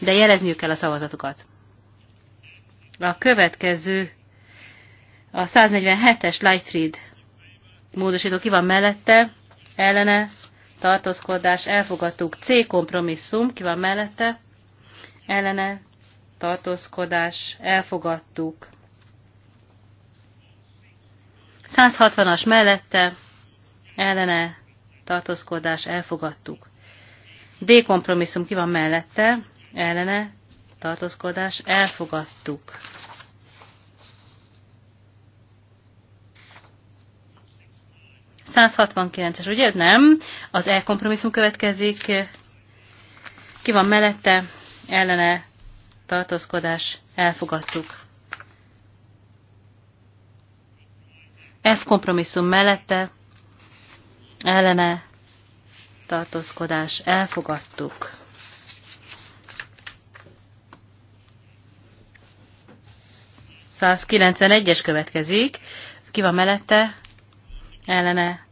Speaker 4: de jelezniük kell a szavazatukat. A következő a 147-es Lightread módosító ki van mellette, ellene, tartózkodás, elfogadtuk. C kompromisszum ki van mellette, ellene, tartózkodás, elfogadtuk. 160-as mellette, ellene, tartózkodás, elfogadtuk. D kompromisszum ki van mellette, ellene, tartózkodás, elfogadtuk. 169-es, ugye? Nem. Az elkompromisszum következik. Ki van mellette? Ellene tartózkodás. Elfogadtuk. F kompromisszum mellette ellene tartózkodás. Elfogadtuk. 191-es következik. Ki van mellette? ellene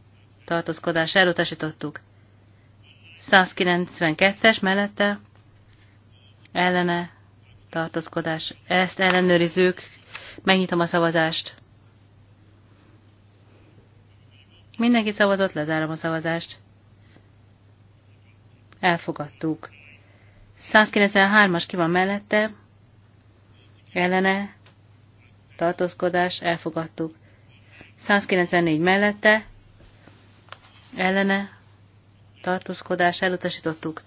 Speaker 4: tartózkodás elutasítottuk. 192-es mellette ellene tartózkodás. Ezt ellenőrizzük. Megnyitom a szavazást. Mindenki szavazott, lezárom a szavazást. Elfogadtuk. 193-as ki van mellette, ellene, tartózkodás, elfogadtuk. 194 mellette, ellene, tartózkodás elutasítottuk.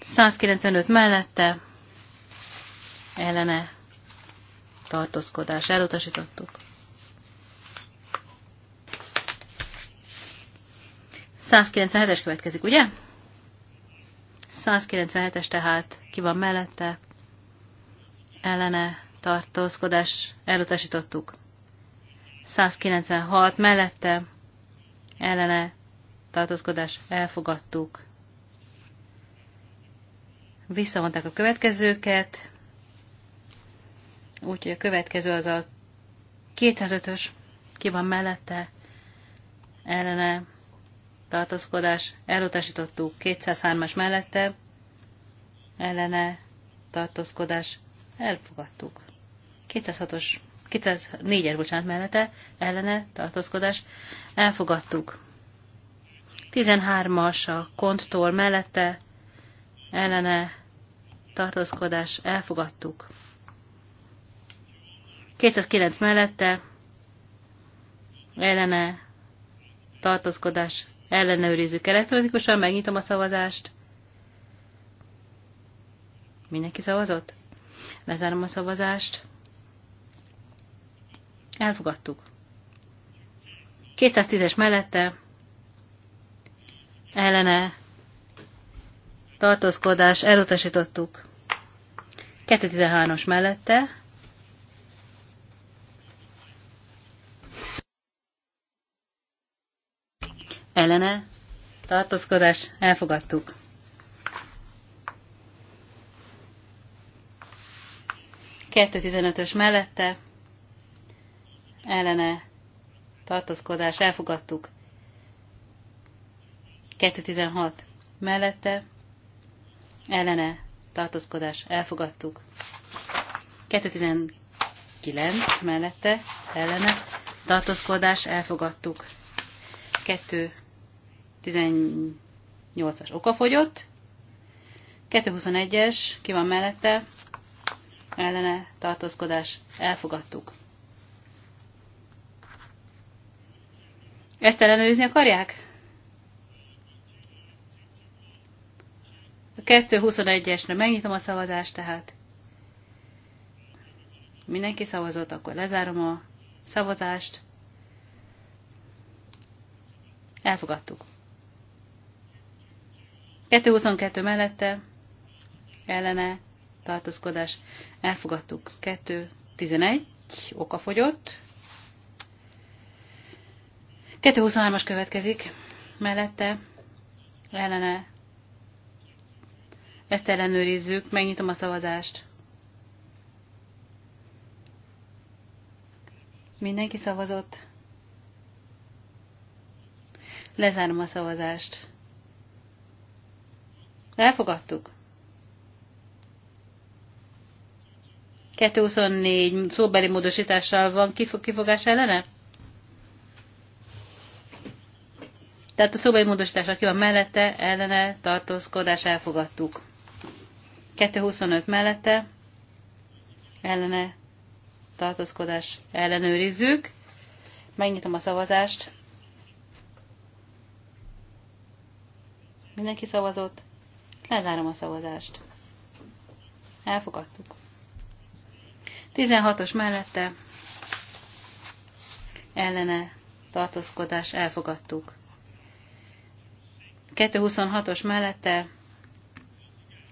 Speaker 4: 195 mellette, ellene, tartózkodás elutasítottuk. 197-es következik, ugye? 197-es tehát ki van mellette, ellene, tartózkodás elutasítottuk. 196 mellette ellene tartózkodás elfogadtuk. Visszavonták a következőket, úgyhogy a következő az a 205-ös, ki van mellette, ellene tartózkodás elutasítottuk 203-as mellette, ellene tartózkodás elfogadtuk. 206-os, 204-es, bocsánat, mellette, ellene, tartózkodás, elfogadtuk. 13-as a konttól mellette, ellene, tartózkodás, elfogadtuk. 209 mellette, ellene, tartózkodás, ellenőrizzük elektronikusan, megnyitom a szavazást. Mindenki szavazott? Lezárom a szavazást. Elfogadtuk. 210-es mellette ellene tartózkodás elutasítottuk. 213 os mellette ellene tartózkodás elfogadtuk. Kettő ös mellette ellene tartozkodás elfogadtuk. 216 mellette ellene tartozkodás elfogadtuk. 219 mellette ellene tartózkodás elfogadtuk. 218-as okafogyott. 221-es ki van mellette ellene tartózkodás elfogadtuk. Ezt ellenőrizni akarják? A 2.21-esre megnyitom a szavazást, tehát mindenki szavazott, akkor lezárom a szavazást. Elfogadtuk. 2.22 mellette ellene tartózkodás. Elfogadtuk. 2.11 okafogyott. 223-as következik, mellette ellene. Ezt ellenőrizzük, megnyitom a szavazást. Mindenki szavazott. Lezárom a szavazást. Elfogadtuk. 224 szóbeli módosítással van kifogás ellene? Tehát a szobai módosítás, aki van mellette, ellene tartózkodás elfogadtuk. 225 mellette, ellene tartózkodás ellenőrizzük. Megnyitom a szavazást. Mindenki szavazott. Lezárom a szavazást. Elfogadtuk. 16-os mellette ellene tartózkodás elfogadtuk. 226-os mellette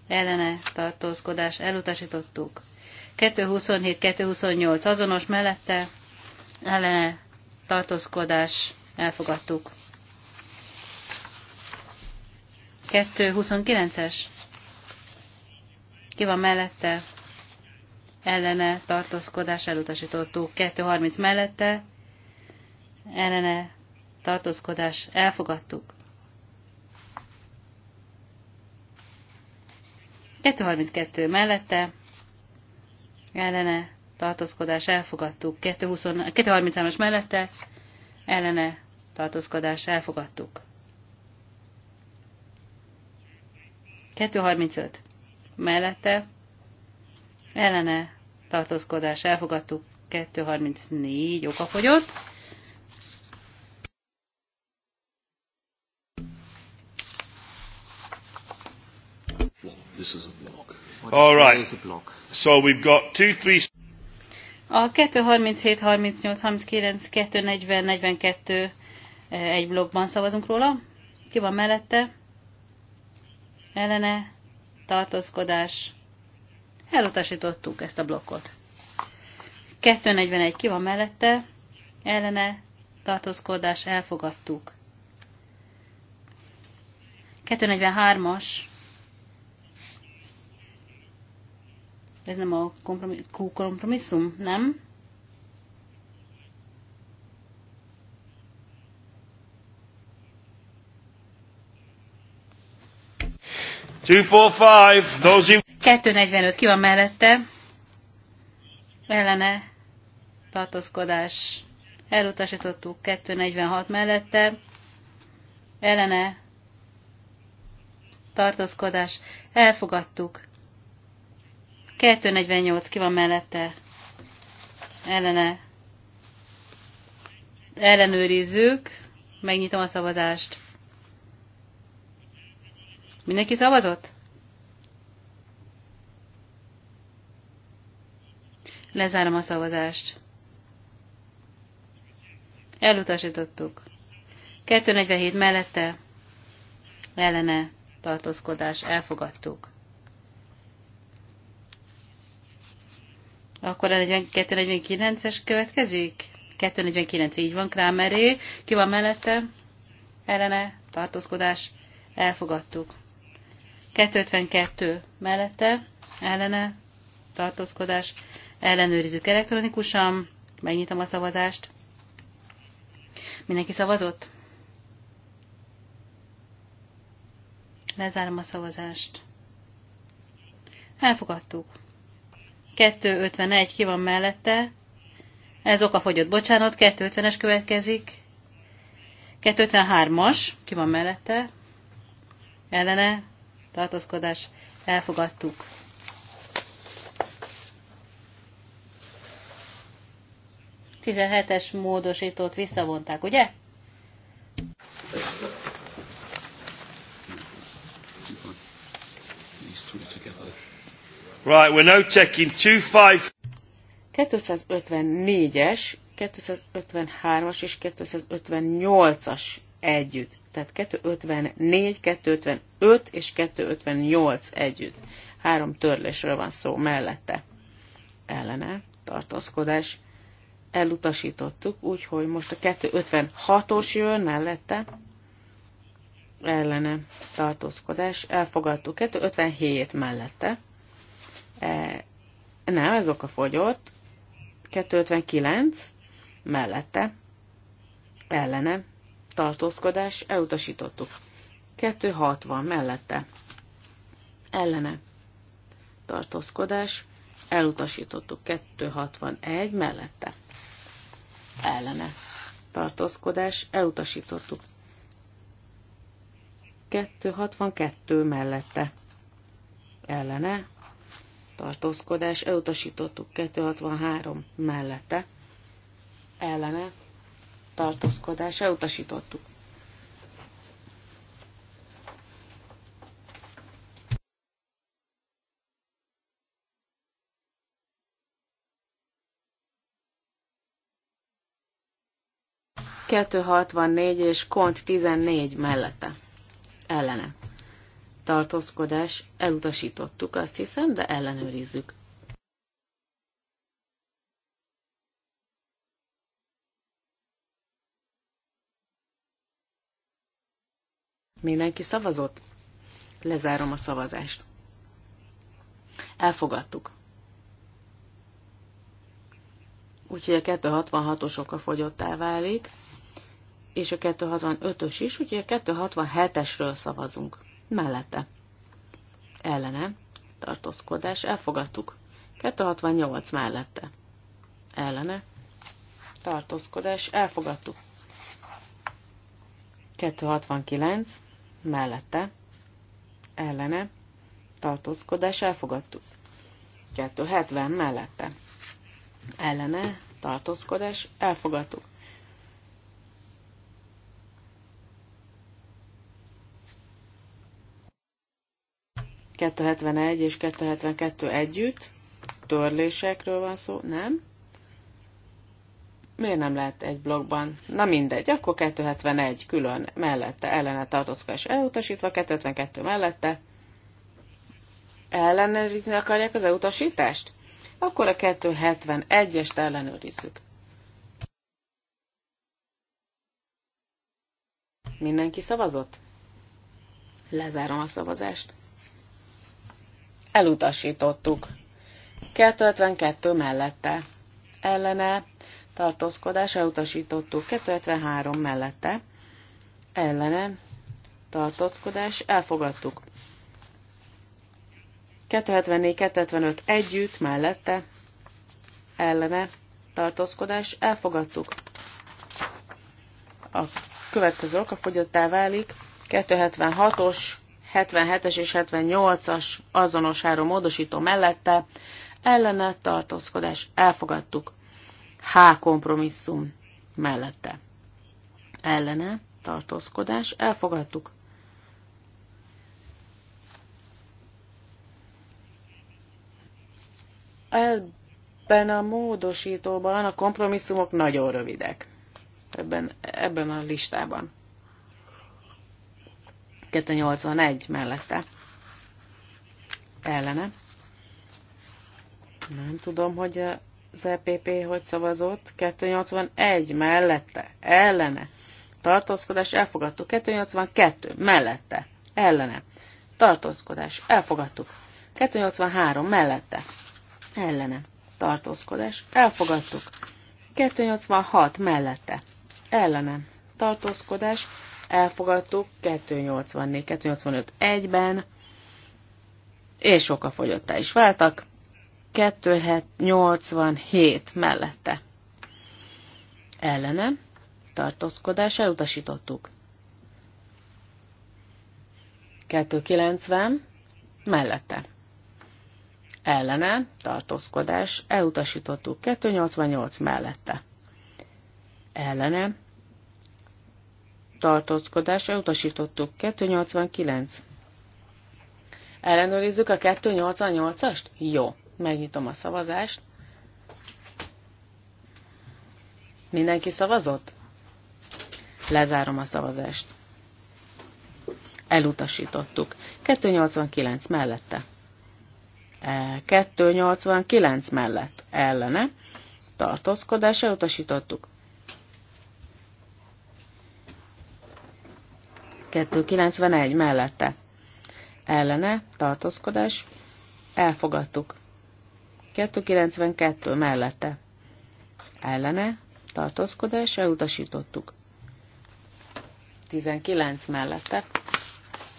Speaker 4: ellene tartózkodás elutasítottuk. 227-228 azonos mellette ellene tartózkodás elfogadtuk. 229-es. Ki van mellette? Ellene tartózkodás elutasítottuk. 230 mellette ellene tartózkodás elfogadtuk. 232 mellette ellene tartózkodás elfogadtuk. 233-as mellette ellene tartózkodás elfogadtuk. 235 mellette ellene tartózkodás elfogadtuk. 234 okafogyott.
Speaker 3: this as a block. All right. Is a block. So we've got two, three...
Speaker 4: A 237, 38, 39, 240, 42 egy blokkban szavazunk róla. Ki van mellette? Ellene tartózkodás. Elutasítottuk ezt a blokkot. 241 ki van mellette, ellene tartózkodás elfogadtuk. 243-as Ez nem a kompromisszum, nem?
Speaker 3: Two, four, five,
Speaker 4: those ki van mellette. Ellene tartózkodás. Elutasítottuk 246 mellette. Ellene tartózkodás. Elfogadtuk 248 ki van mellette, ellene ellenőrizzük, megnyitom a szavazást. Mindenki szavazott? Lezárom a szavazást. Elutasítottuk. 247 mellette ellene tartózkodás elfogadtuk. Akkor a 249-es következik? 249 így van, Krámeré. Ki van mellette? Ellene, tartózkodás, elfogadtuk. 252 mellette, ellene, tartózkodás, ellenőrizzük elektronikusan, megnyitom a szavazást. Mindenki szavazott? Lezárom a szavazást. Elfogadtuk. 251 ki van mellette, ez fogyott bocsánat, 250-es következik, 253-as, ki van mellette, ellene, tartozkodás elfogadtuk. Tizenhetes módosítót visszavonták, ugye?
Speaker 3: Right, we're now checking 25...
Speaker 1: 254-es, 253-as és 258-as együtt. Tehát 254, 255 és 258 együtt. Három törlésről van szó mellette. Ellene tartózkodás elutasítottuk, úgyhogy most a 256-os jön mellette ellene tartózkodás, elfogadtuk 257 mellette, E, nem, ez oka fogyott. 259 mellette ellene tartózkodás elutasítottuk. 260 mellette ellene tartózkodás elutasítottuk. 261 mellette ellene tartózkodás elutasítottuk. 262 mellette ellene tartózkodás, elutasítottuk 263 mellette, ellene, tartózkodás, elutasítottuk. Kettő és kont 14 mellette. Ellene tartózkodás elutasítottuk, azt hiszem, de ellenőrizzük. Mindenki szavazott? Lezárom a szavazást. Elfogadtuk. Úgyhogy a 266-osok a fogyottá válik, és a 265-ös is, úgyhogy a 267-esről szavazunk mellette. Ellene, tartózkodás, elfogadtuk. 268 mellette. Ellene, tartózkodás, elfogadtuk. 269 mellette. Ellene, tartózkodás, elfogadtuk. 270 mellette. Ellene, tartózkodás, elfogadtuk. 271 és 272 együtt. Törlésekről van szó, nem? Miért nem lehet egy blogban? Na mindegy, akkor 271 külön mellette ellene tartózkodás elutasítva, 252 mellette ellenőrizni akarják az elutasítást? Akkor a 271-est ellenőrizzük. Mindenki szavazott? Lezárom a szavazást elutasítottuk. 252 mellette ellene tartózkodás elutasítottuk. 253 mellette ellene tartózkodás elfogadtuk. 274-255 együtt mellette ellene tartózkodás elfogadtuk. A következő a fogyottá válik 276-os 77-es és 78-as azonosára módosító mellette ellene tartózkodás elfogadtuk. H kompromisszum mellette. Ellene tartózkodás elfogadtuk. Ebben a módosítóban a kompromisszumok nagyon rövidek. Ebben, ebben a listában. 281 mellette. Ellene. Nem tudom, hogy az EPP hogy szavazott. 281 mellette. Ellene. Tartózkodás elfogadtuk. 282 mellette. Ellene. Tartózkodás elfogadtuk. 283 mellette. Ellene. Tartózkodás elfogadtuk. 286 mellette. Ellene. Tartózkodás elfogadtuk 284, 285 egyben, és a fogyottá is váltak, 287 mellette. Ellene tartózkodás elutasítottuk. 290 mellette. Ellene tartózkodás elutasítottuk 288 mellette. Ellene tartózkodásra elutasítottuk. 289. Ellenőrizzük a 288-ast? Jó. Megnyitom a szavazást. Mindenki szavazott? Lezárom a szavazást. Elutasítottuk. 289 mellette. 289 e, mellett ellene. Tartózkodás elutasítottuk. 291 mellette. Ellene, tartózkodás, elfogadtuk. 292 mellette. Ellene, tartózkodás, elutasítottuk. 19 mellette.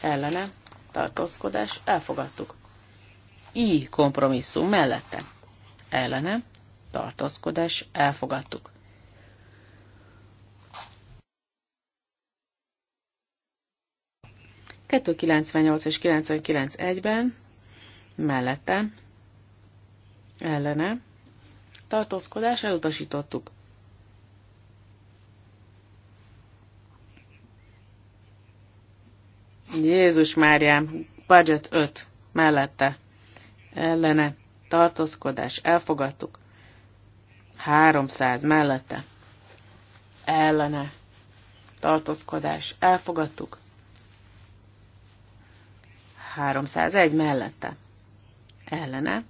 Speaker 1: Ellene, tartózkodás, elfogadtuk. I kompromisszum mellette. Ellene, tartózkodás, elfogadtuk. 298 és 99 egyben, mellette, ellene, tartózkodás elutasítottuk. Jézus Máriám, budget 5, mellette, ellene, tartózkodás, elfogadtuk. 300 mellette, ellene, tartózkodás, elfogadtuk. 301 mellette. Ellene.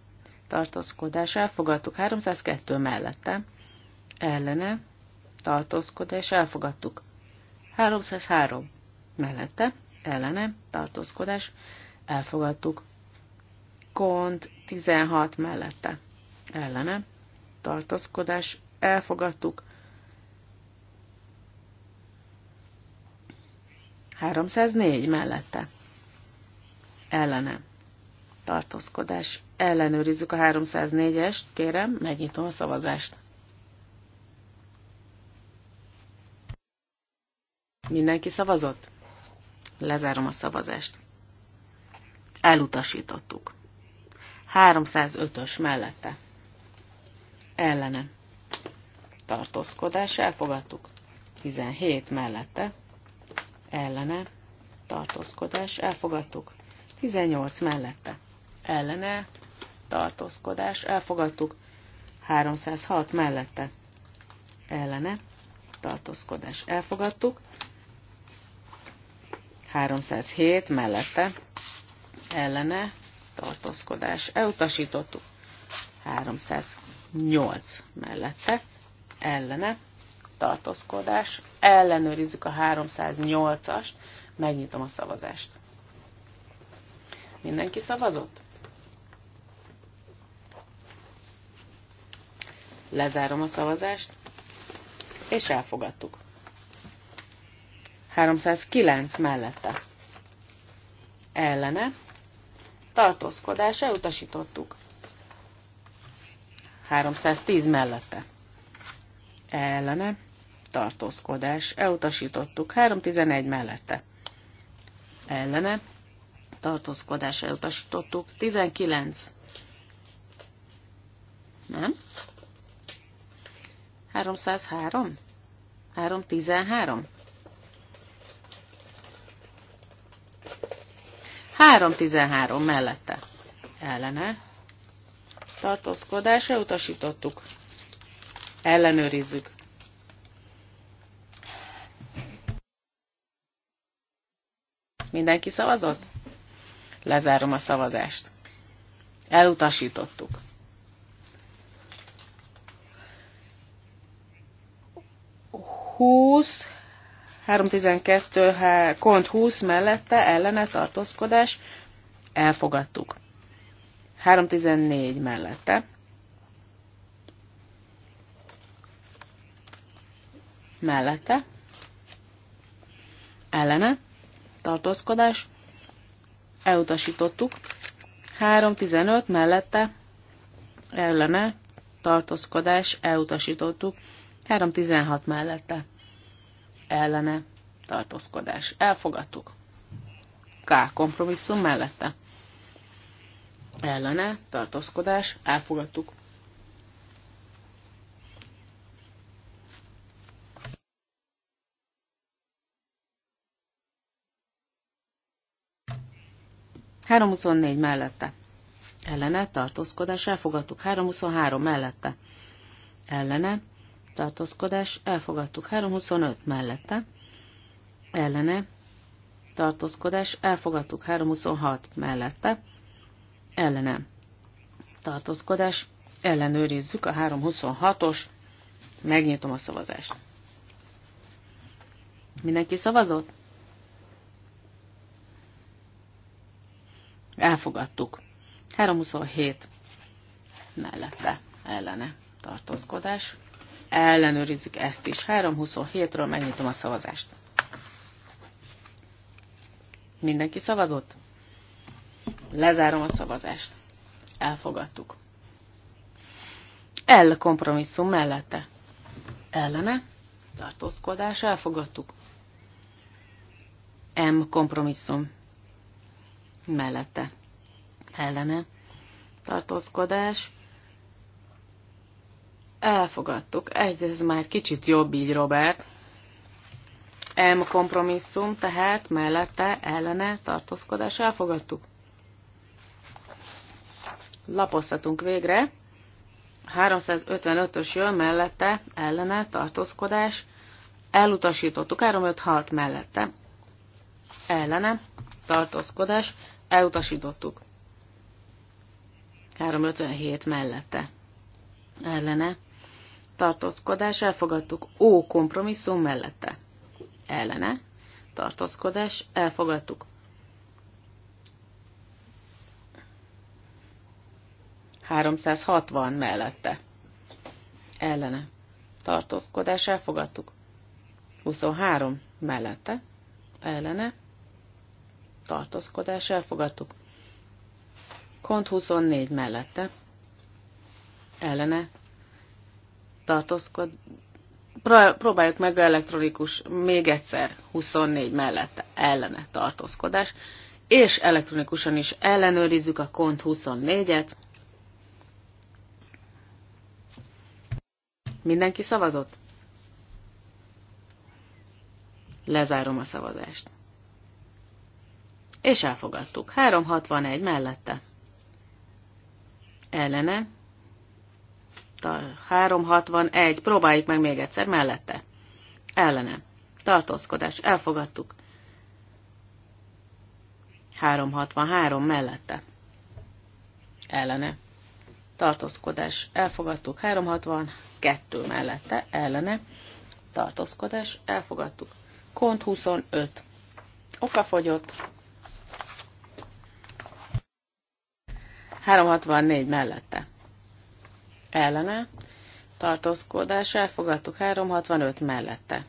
Speaker 1: Tartózkodás elfogadtuk. 302 mellette. Ellene. Tartózkodás elfogadtuk. 303 mellette. Ellene. Tartózkodás elfogadtuk. Kont 16 mellette. Ellene. Tartózkodás elfogadtuk. 304 mellette ellene tartózkodás. Ellenőrizzük a 304-est, kérem, megnyitom a szavazást. Mindenki szavazott? Lezárom a szavazást. Elutasítottuk. 305-ös mellette. Ellene. Tartózkodás elfogadtuk. 17 mellette. Ellene. Tartózkodás elfogadtuk. 18 mellette. Ellene tartózkodás elfogadtuk. 306 mellette. Ellene tartózkodás elfogadtuk. 307 mellette. Ellene tartózkodás elutasítottuk. 308 mellette. Ellene tartózkodás. Ellenőrizzük a 308-ast. Megnyitom a szavazást. Mindenki szavazott? Lezárom a szavazást, és elfogadtuk. 309 mellette. Ellene. Tartózkodás elutasítottuk. 310 mellette. Ellene. Tartózkodás elutasítottuk. 311 mellette. Ellene tartózkodás elutasítottuk. 19. Nem? 303? 313? 313 mellette. Ellene. Tartózkodás elutasítottuk. Ellenőrizzük. Mindenki szavazott? Lezárom a szavazást. Elutasítottuk. Húsz, 312, kont 20 mellette ellene tartózkodás, elfogadtuk. 314 mellette. Mellette. Ellene. Tartózkodás elutasítottuk. 3.15 mellette ellene tartózkodás elutasítottuk. 3.16 mellette ellene tartózkodás. Elfogadtuk. K. Kompromisszum mellette. Ellene tartózkodás. Elfogadtuk. 324 mellette. Ellene tartózkodás elfogadtuk. 323 mellette. Ellene tartózkodás elfogadtuk. 325 mellette. Ellene tartózkodás elfogadtuk. 326 mellette. Ellene tartózkodás ellenőrizzük a 326-os. Megnyitom a szavazást. Mindenki szavazott? Elfogadtuk. 327 mellette ellene tartózkodás. Ellenőrizzük ezt is. 327-ről megnyitom a szavazást. Mindenki szavazott? Lezárom a szavazást. Elfogadtuk. El kompromisszum mellette. Ellene. Tartózkodás. Elfogadtuk. M kompromisszum mellette ellene tartózkodás. Elfogadtuk. Egy, ez már kicsit jobb így, Robert. M kompromisszum, tehát mellette ellene tartózkodás elfogadtuk. Lapozhatunk végre. 355-ös jön mellette ellene tartózkodás. Elutasítottuk 356 mellette ellene tartózkodás Elutasítottuk. 357 mellette. Ellene. Tartózkodás elfogadtuk. Ó kompromisszum mellette. Ellene. Tartózkodás elfogadtuk. 360 mellette. Ellene. Tartózkodás elfogadtuk. 23 mellette. Ellene tartózkodás elfogadtuk. Kont 24 mellette ellene tartózkod. Próbáljuk meg elektronikus még egyszer 24 mellette ellene tartózkodás, és elektronikusan is ellenőrizzük a kont 24-et. Mindenki szavazott? Lezárom a szavazást. És elfogadtuk. 361 mellette. Ellene. 361. Próbáljuk meg még egyszer mellette. Ellene. Tartózkodás. Elfogadtuk. 363 mellette. Ellene. Tartózkodás. Elfogadtuk. 362 mellette. Ellene. Tartózkodás. Elfogadtuk. Kont 25. Okafogyott. 364 mellette. Ellene. Tartózkodás elfogadtuk 365 mellette.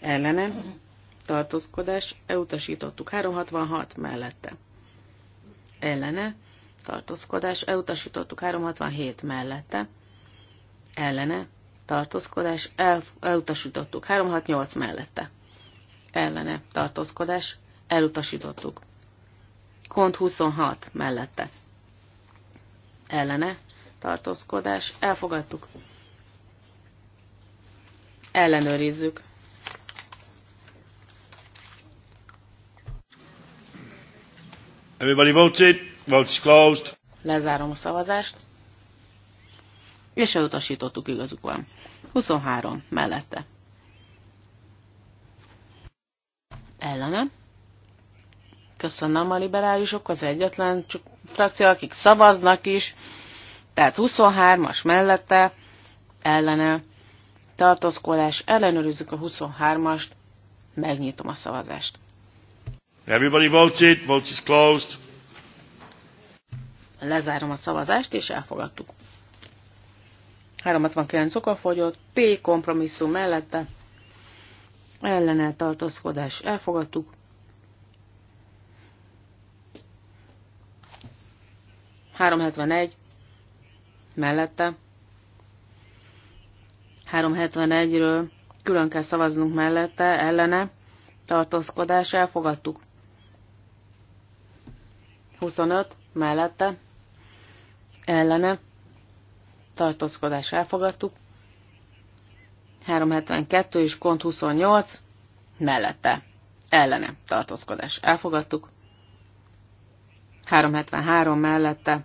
Speaker 1: Ellene. Tartózkodás elutasítottuk 366 mellette. Ellene. Tartózkodás elutasítottuk 367 mellette. Ellene. Tartózkodás elutasítottuk 368 mellette. Ellene. Tartózkodás elutasítottuk Kont 26 mellette. Ellene tartózkodás. Elfogadtuk. Ellenőrizzük.
Speaker 3: Everybody voted. Vote is closed.
Speaker 1: Lezárom a szavazást. És elutasítottuk igazuk van. 23 mellette. Ellenem Köszönöm, a liberálisok az egyetlen csak frakció, akik szavaznak is. Tehát 23-as mellette ellene tartózkodás, ellenőrizzük a 23-ast, megnyitom a szavazást.
Speaker 3: Everybody votes it, votes is closed.
Speaker 1: Lezárom a szavazást, és elfogadtuk. 369 fogyott. P kompromisszum mellette, ellene tartózkodás elfogadtuk, 371 mellette. 371-ről külön kell szavaznunk mellette, ellene. Tartózkodás elfogadtuk. 25 mellette. Ellene. Tartózkodás elfogadtuk. 372 és kont 28 mellette. Ellene. Tartózkodás elfogadtuk. 373 mellette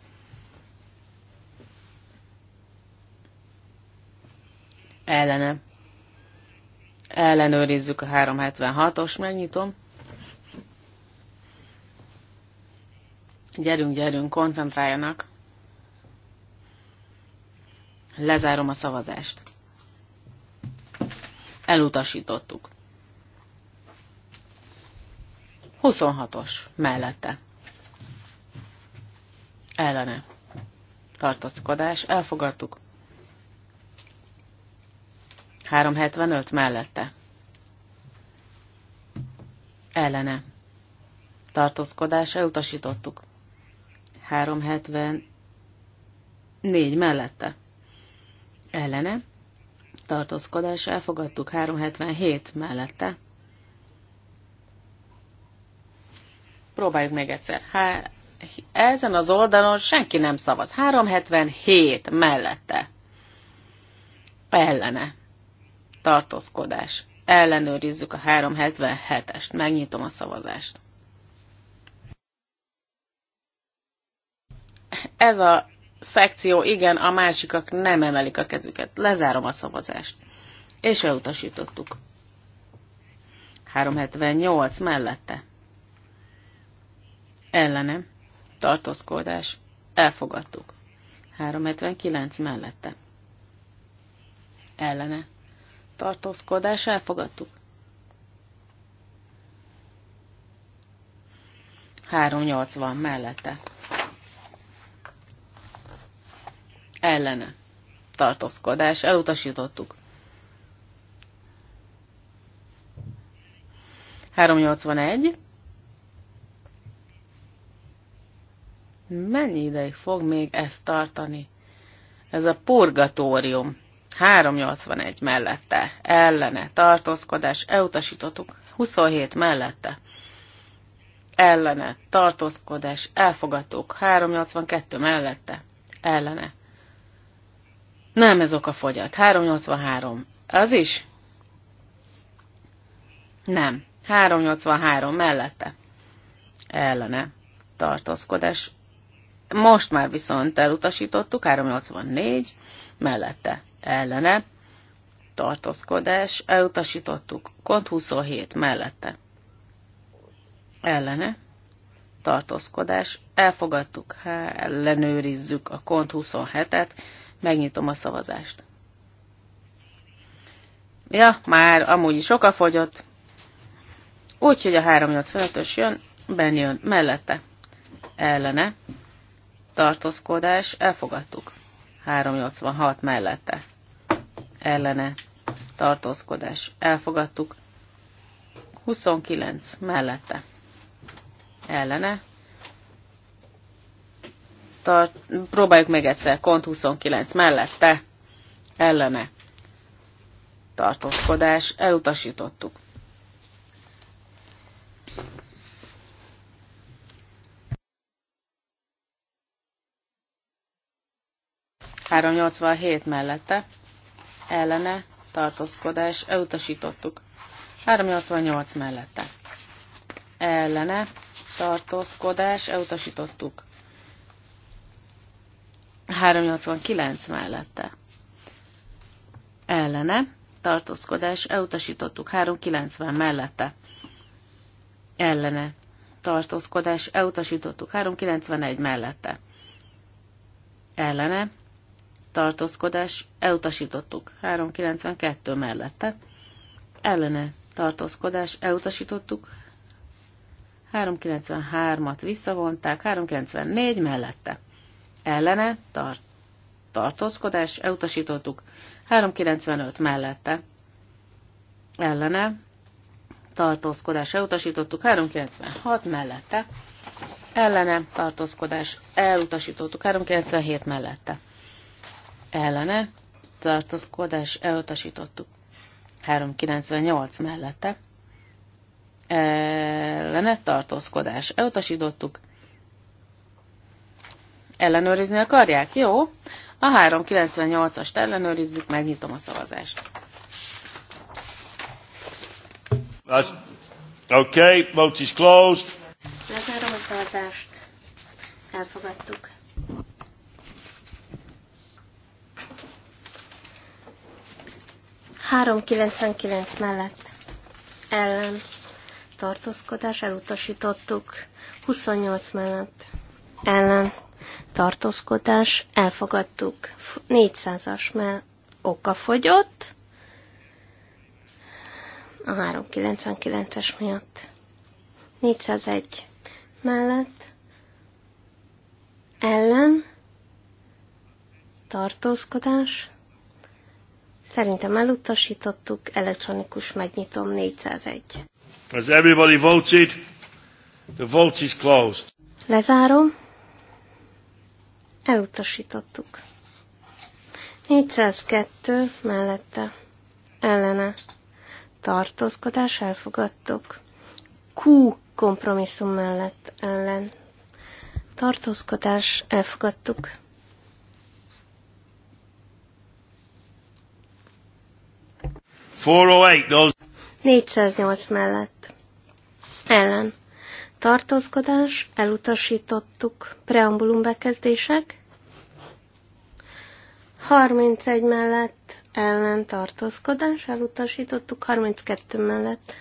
Speaker 1: ellene. Ellenőrizzük a 376-os, megnyitom. Gyerünk, gyerünk, koncentráljanak. Lezárom a szavazást. Elutasítottuk. 26-os mellette. Ellene. Tartózkodás. Elfogadtuk. 375 mellette. Ellene. Tartózkodás elutasítottuk. 374 mellette. Ellene. Tartózkodás elfogadtuk. 377 mellette. Próbáljuk még egyszer. Há, ezen az oldalon senki nem szavaz. 377 mellette. Ellene tartózkodás. Ellenőrizzük a 377-est. Megnyitom a szavazást. Ez a szekció igen, a másikak nem emelik a kezüket. Lezárom a szavazást. És elutasítottuk. 378 mellette. Ellenem. Tartózkodás. Elfogadtuk. 379 mellette. Ellene tartózkodás elfogadtuk. 380 mellette. Ellene. Tartózkodás. Elutasítottuk. 381. Mennyi ideig fog még ezt tartani? Ez a purgatórium. 381 mellette, ellene, tartózkodás, elutasítottuk. 27 mellette, ellene, tartózkodás, elfogadtuk. 382 mellette, ellene. Nem ez oka fogyat. 383. Az is? Nem. 383 mellette. Ellene. Tartózkodás. Most már viszont elutasítottuk. 384 mellette ellene, tartózkodás, elutasítottuk, kont 27 mellette, ellene, tartózkodás, elfogadtuk, ha ellenőrizzük a kont 27-et, megnyitom a szavazást. Ja, már amúgy is fogyott, úgyhogy a 385-ös jön, benjön mellette, ellene, tartózkodás, elfogadtuk. 386 mellette ellene tartózkodás. Elfogadtuk. 29 mellette ellene. Tart, próbáljuk meg egyszer. Kont 29 mellette ellene tartózkodás. Elutasítottuk. Három nyolcvan mellette ellene tartózkodás elutasítottuk. 388 mellette ellene tartózkodás elutasítottuk. 389 mellette ellene tartózkodás elutasítottuk. 390 mellette ellene tartózkodás elutasítottuk. 391 mellette ellene tartózkodás elutasítottuk. 392 mellette ellene tartózkodás elutasítottuk. 393-at visszavonták, 394 mellette ellene tar tartózkodás elutasítottuk. 395 mellette ellene tartózkodás elutasítottuk, 396 mellette, ellene tartózkodás elutasítottuk, 397 mellette, ellene tartózkodás elutasítottuk. 398 mellette ellene tartózkodás elutasítottuk. Ellenőrizni akarják? Jó. A 398-ast ellenőrizzük, megnyitom a szavazást.
Speaker 3: That's... Okay, vote is closed.
Speaker 2: Lezárom a szavazást. Elfogadtuk. 399 mellett ellen tartózkodás elutasítottuk. 28 mellett ellen tartózkodás elfogadtuk. 400-as mell oka fogyott a 399-es miatt. 401 mellett ellen tartózkodás Szerintem elutasítottuk, elektronikus megnyitom 401.
Speaker 3: Has everybody voted? The vote is closed.
Speaker 2: Lezárom. Elutasítottuk. 402 mellette ellene tartózkodás elfogadtuk. Q kompromisszum mellett ellen tartózkodás elfogadtuk.
Speaker 3: 408,
Speaker 2: mellett. Ellen. Tartózkodás, elutasítottuk. Preambulum bekezdések. 31 mellett ellen tartózkodás, elutasítottuk. 32 mellett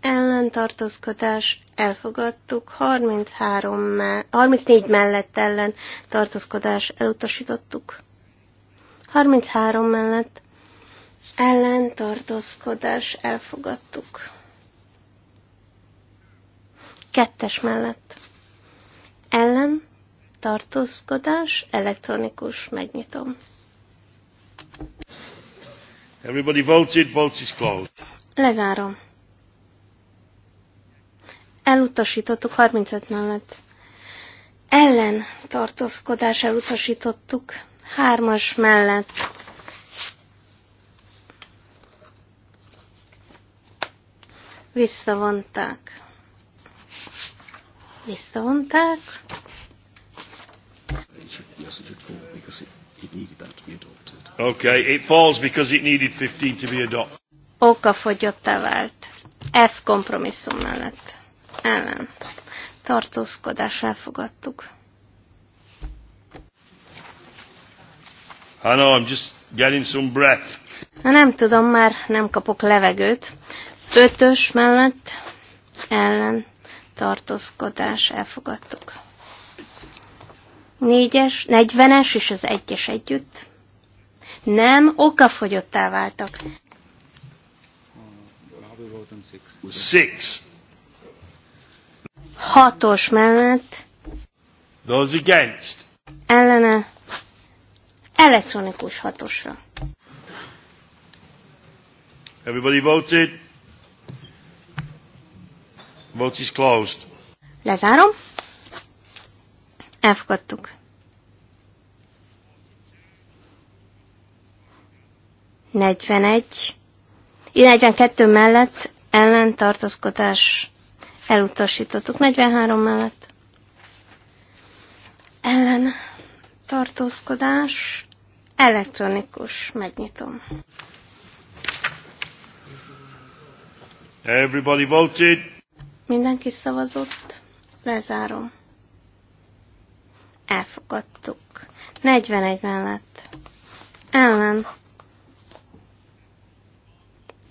Speaker 2: ellen tartózkodás, elfogadtuk. 33 me- 34 mellett ellen tartózkodás, elutasítottuk. 33 mellett ellentartózkodás elfogadtuk. Kettes mellett. Ellen, tartózkodás, elektronikus, megnyitom.
Speaker 3: Everybody votes it, votes is closed.
Speaker 2: Lezárom. Elutasítottuk 35 mellett. Ellen tartózkodás elutasítottuk. Hármas mellett Visszavonták. Visszavonták.
Speaker 3: Okay, it falls because it needed 15 to be adopted.
Speaker 2: Oka Okafogyottá vált. F kompromisszum mellett. Ellen. Tartózkodás elfogadtuk.
Speaker 3: I know, I'm just getting some breath.
Speaker 2: Na nem tudom, már nem kapok levegőt. Ötös mellett ellen tartózkodás elfogadtuk. Négyes, negyvenes és az egyes együtt. Nem, okafogyottá váltak.
Speaker 3: Six.
Speaker 2: Hatos mellett.
Speaker 3: Those against.
Speaker 2: Ellene. Elektronikus hatosra.
Speaker 3: Everybody voted. Vote is closed.
Speaker 2: Lezárom. Elfogadtuk. Negyvenegy. 42 mellett ellen tartózkodás elutasítottuk. 43 mellett ellen tartózkodás elektronikus. Megnyitom.
Speaker 3: Everybody voted.
Speaker 2: Mindenki szavazott. Lezárom. Elfogadtuk. 41 mellett. Ellen.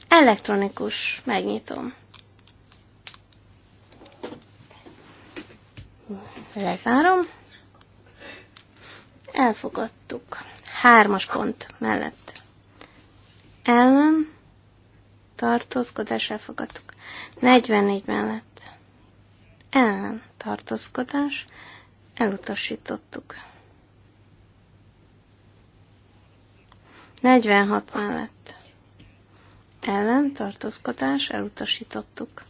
Speaker 2: Elektronikus. Megnyitom. Lezárom. Elfogadtuk. Hármas pont mellett. Ellen. Tartózkodás elfogadtuk. 44 mellett ellen tartózkodás elutasítottuk. 46 mellett ellen tartózkodás elutasítottuk.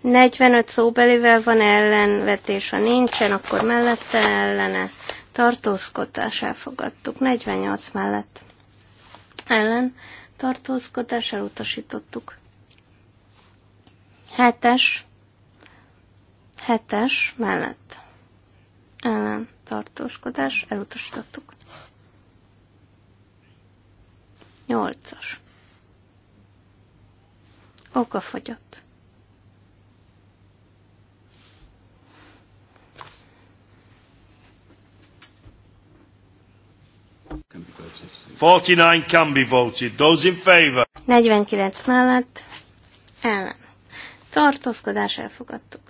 Speaker 2: 45 szóbelivel van ellenvetés, ha nincsen, akkor mellette ellene tartózkodás elfogadtuk. 48 mellett ellen tartózkodás elutasítottuk. Hetes, hetes mellett ellen tartózkodás, elutasítottuk. Nyolcas. Oka fogyott.
Speaker 3: Forty-nine can be voted. Those in favor.
Speaker 2: 49 mellett ellen tartózkodás elfogadtuk.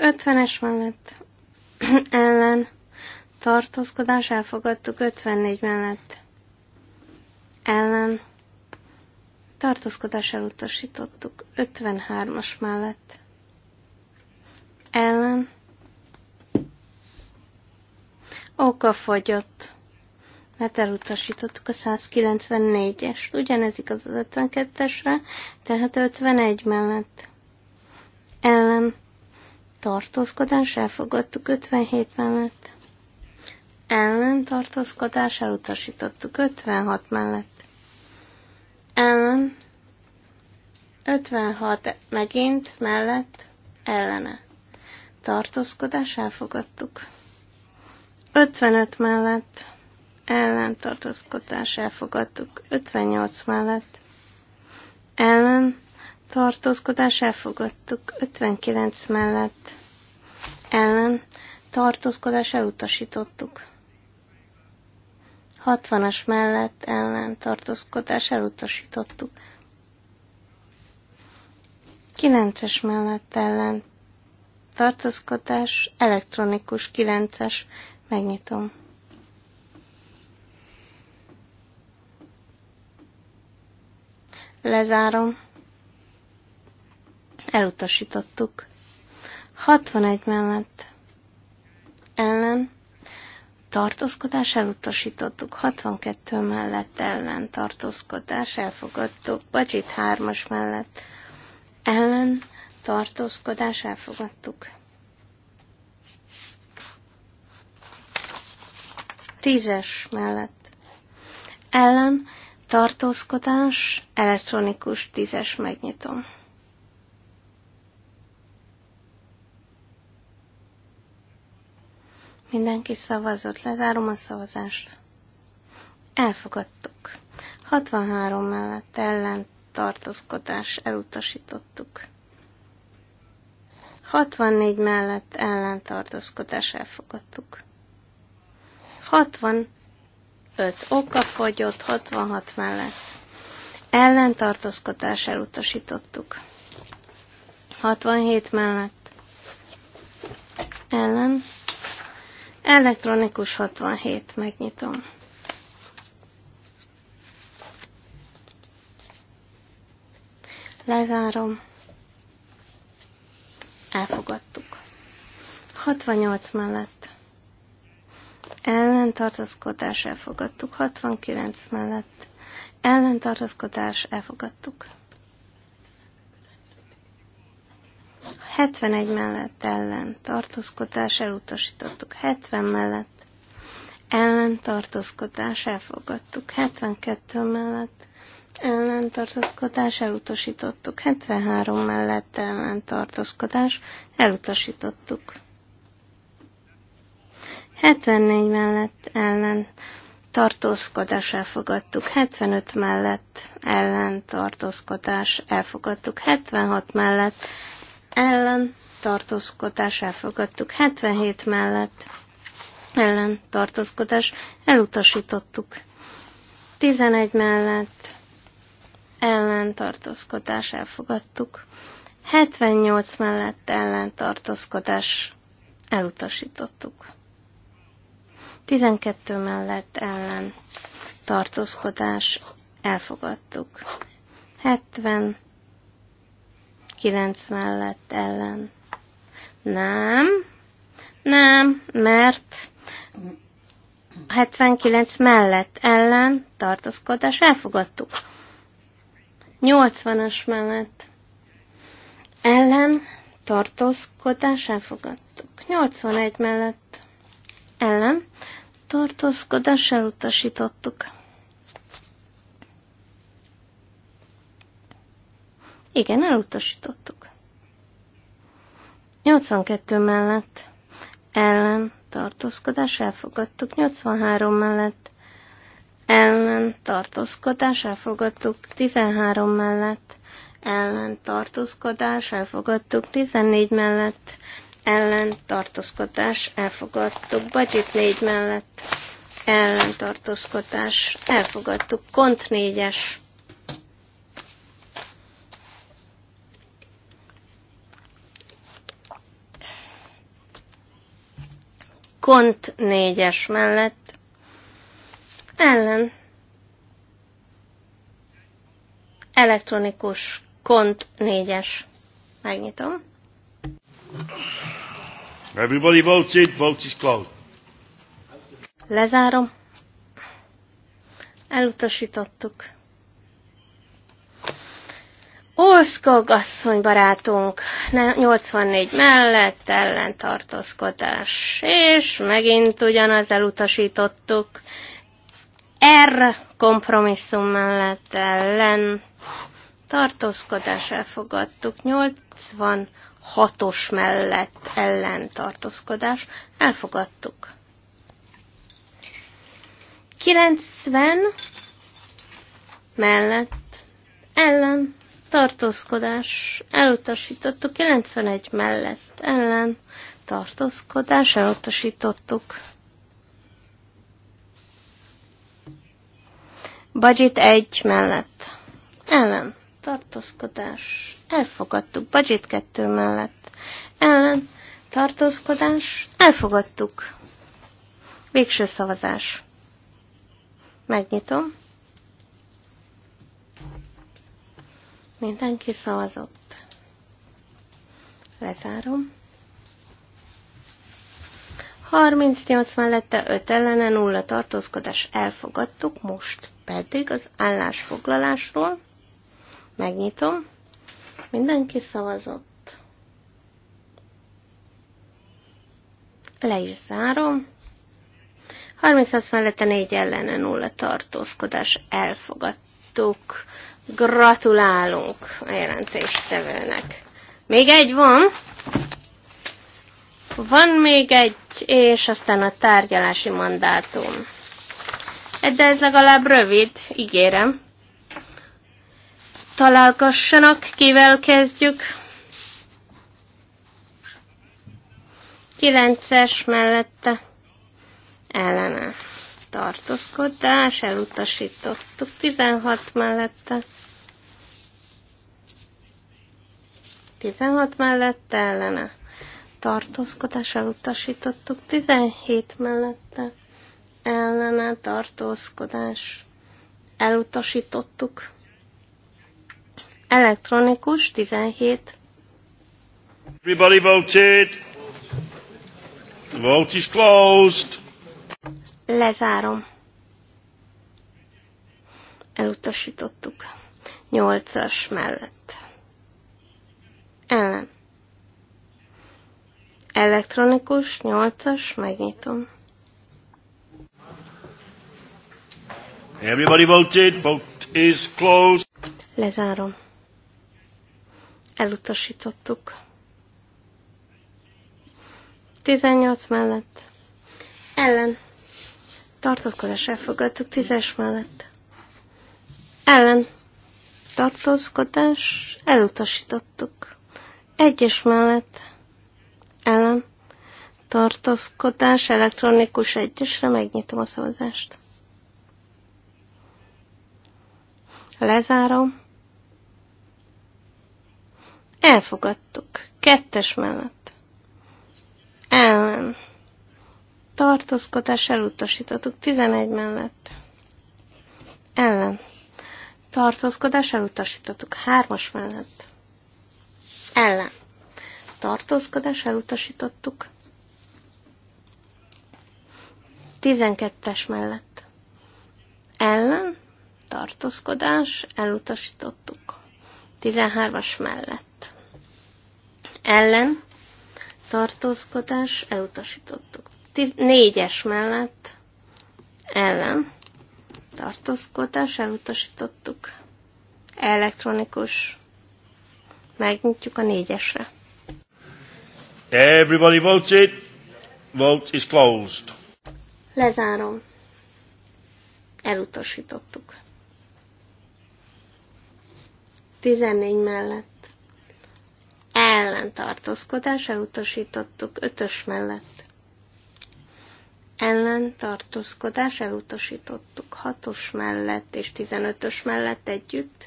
Speaker 2: 50-es mellett (clears throat) ellen tartózkodás elfogadtuk, 54 mellett ellen tartózkodás elutasítottuk, 53-as mellett ellen okafogyott mert elutasítottuk a 194-est. Ugyanez igaz az 52-esre, tehát 51 mellett. Ellen tartózkodás elfogadtuk 57 mellett. Ellen tartózkodás elutasítottuk 56 mellett. Ellen 56 megint mellett ellene. Tartózkodás elfogadtuk. 55 mellett ellentartózkodás elfogadtuk. 58 mellett ellen tartózkodás elfogadtuk. 59 mellett ellen tartózkodás elutasítottuk. 60-as mellett ellen tartózkodás elutasítottuk. 9-es mellett ellen tartózkodás, elektronikus 9-es, megnyitom. Lezárom. Elutasítottuk. 61 mellett ellen tartózkodás elutasítottuk, 62 mellett ellen tartózkodás elfogadtuk, Bacsit 3-as mellett ellen tartózkodás elfogadtuk. 10-es mellett ellen tartózkodás, elektronikus tízes megnyitom. Mindenki szavazott, lezárom a szavazást. Elfogadtuk. 63 mellett ellen tartózkodás elutasítottuk. 64 mellett tartózkodás elfogadtuk. 60 5. oka fogyott, 66 mellett. Ellentartózkodás elutasítottuk. 67 mellett. Ellen. Elektronikus 67, megnyitom. Lezárom. Elfogadtuk. 68 mellett ellentartózkodás elfogadtuk. 69 mellett ellentartózkodás elfogadtuk. 71 mellett ellen tartózkodás elutasítottuk, 70 mellett ellen tartózkodás elfogadtuk, 72 mellett ellen tartózkodás elutasítottuk, 73 mellett ellen tartózkodás elutasítottuk. 74 mellett ellen tartózkodás elfogadtuk, 75 mellett ellen tartózkodás elfogadtuk, 76 mellett ellen tartózkodás elfogadtuk, 77 mellett ellen tartózkodás elutasítottuk, 11 mellett ellen tartózkodás elfogadtuk, 78 mellett ellen tartózkodás elutasítottuk. 12 mellett ellen tartózkodás elfogadtuk. 70 9 mellett ellen. Nem, nem, mert 79 mellett ellen tartózkodás elfogadtuk. 80-as mellett ellen tartózkodás elfogadtuk. 81 mellett ellen tartózkodás elutasítottuk. Igen, elutasítottuk. 82 mellett ellen tartózkodás elfogadtuk, 83 mellett ellen tartózkodás elfogadtuk, 13 mellett ellen tartózkodás elfogadtuk, 14 mellett ellen tartózkodás elfogadtuk. Budget 4 mellett ellen tartózkodás elfogadtuk. Kont 4-es Kont 4-es mellett ellen elektronikus Kont 4-es. Megnyitom.
Speaker 3: Everybody votes it, votes is closed.
Speaker 2: Lezárom. Elutasítottuk. Olszkog asszony barátunk, 84 mellett ellentartózkodás, és megint ugyanaz elutasítottuk. R kompromisszum mellett ellen tartózkodás elfogadtuk, 86 hatos mellett ellen tartózkodás. Elfogadtuk. 90 mellett ellen tartózkodás elutasítottuk, 91 mellett ellen tartózkodás elutasítottuk. Budget 1 mellett ellen tartózkodás, elfogadtuk. Budget 2 mellett, ellen, tartózkodás, elfogadtuk. Végső szavazás. Megnyitom. Mindenki szavazott. Lezárom. 38 mellette 5 ellene nulla tartózkodás elfogadtuk, most pedig az állásfoglalásról. Megnyitom. Mindenki szavazott. Le is zárom. 36 mellette 4 ellene 0 tartózkodás elfogadtuk. Gratulálunk a jelentéstevőnek. Még egy van. Van még egy, és aztán a tárgyalási mandátum. De ez legalább rövid, ígérem találgassanak, kivel kezdjük. Kilences mellette ellene tartózkodás, elutasítottuk 16 mellette. 16 mellette ellene tartózkodás, elutasítottuk 17 mellette ellene tartózkodás, elutasítottuk Elektronikus 17.
Speaker 3: Everybody voted. The vote is closed.
Speaker 2: Lezárom. Elutasítottuk. 8-as mellett. Ellen. Elektronikus 8-as, megnyitom.
Speaker 3: Everybody voted. Vote is closed.
Speaker 2: Lezárom elutasítottuk. 18 mellett ellen tartózkodás elfogadtuk 10-es mellett ellen tartózkodás elutasítottuk. Egyes mellett ellen tartózkodás elektronikus egyesre megnyitom a szavazást. Lezárom. Elfogadtuk. Kettes mellett. Ellen. Tartózkodás elutasítottuk. 11 mellett. Ellen. Tartózkodás elutasítottuk. Hármas mellett. Ellen. Tartózkodás elutasítottuk. 12-es mellett. Ellen. Tartózkodás elutasítottuk. 13-as mellett ellen tartózkodás elutasítottuk. Négyes mellett ellen tartózkodás elutasítottuk. Elektronikus. Megnyitjuk a négyesre.
Speaker 3: Everybody votes it. Vote is closed.
Speaker 2: Lezárom. Elutasítottuk. 14 mellett ellentartózkodás, elutasítottuk ötös mellett. Ellentartózkodás, elutasítottuk hatos mellett és tizenötös mellett együtt,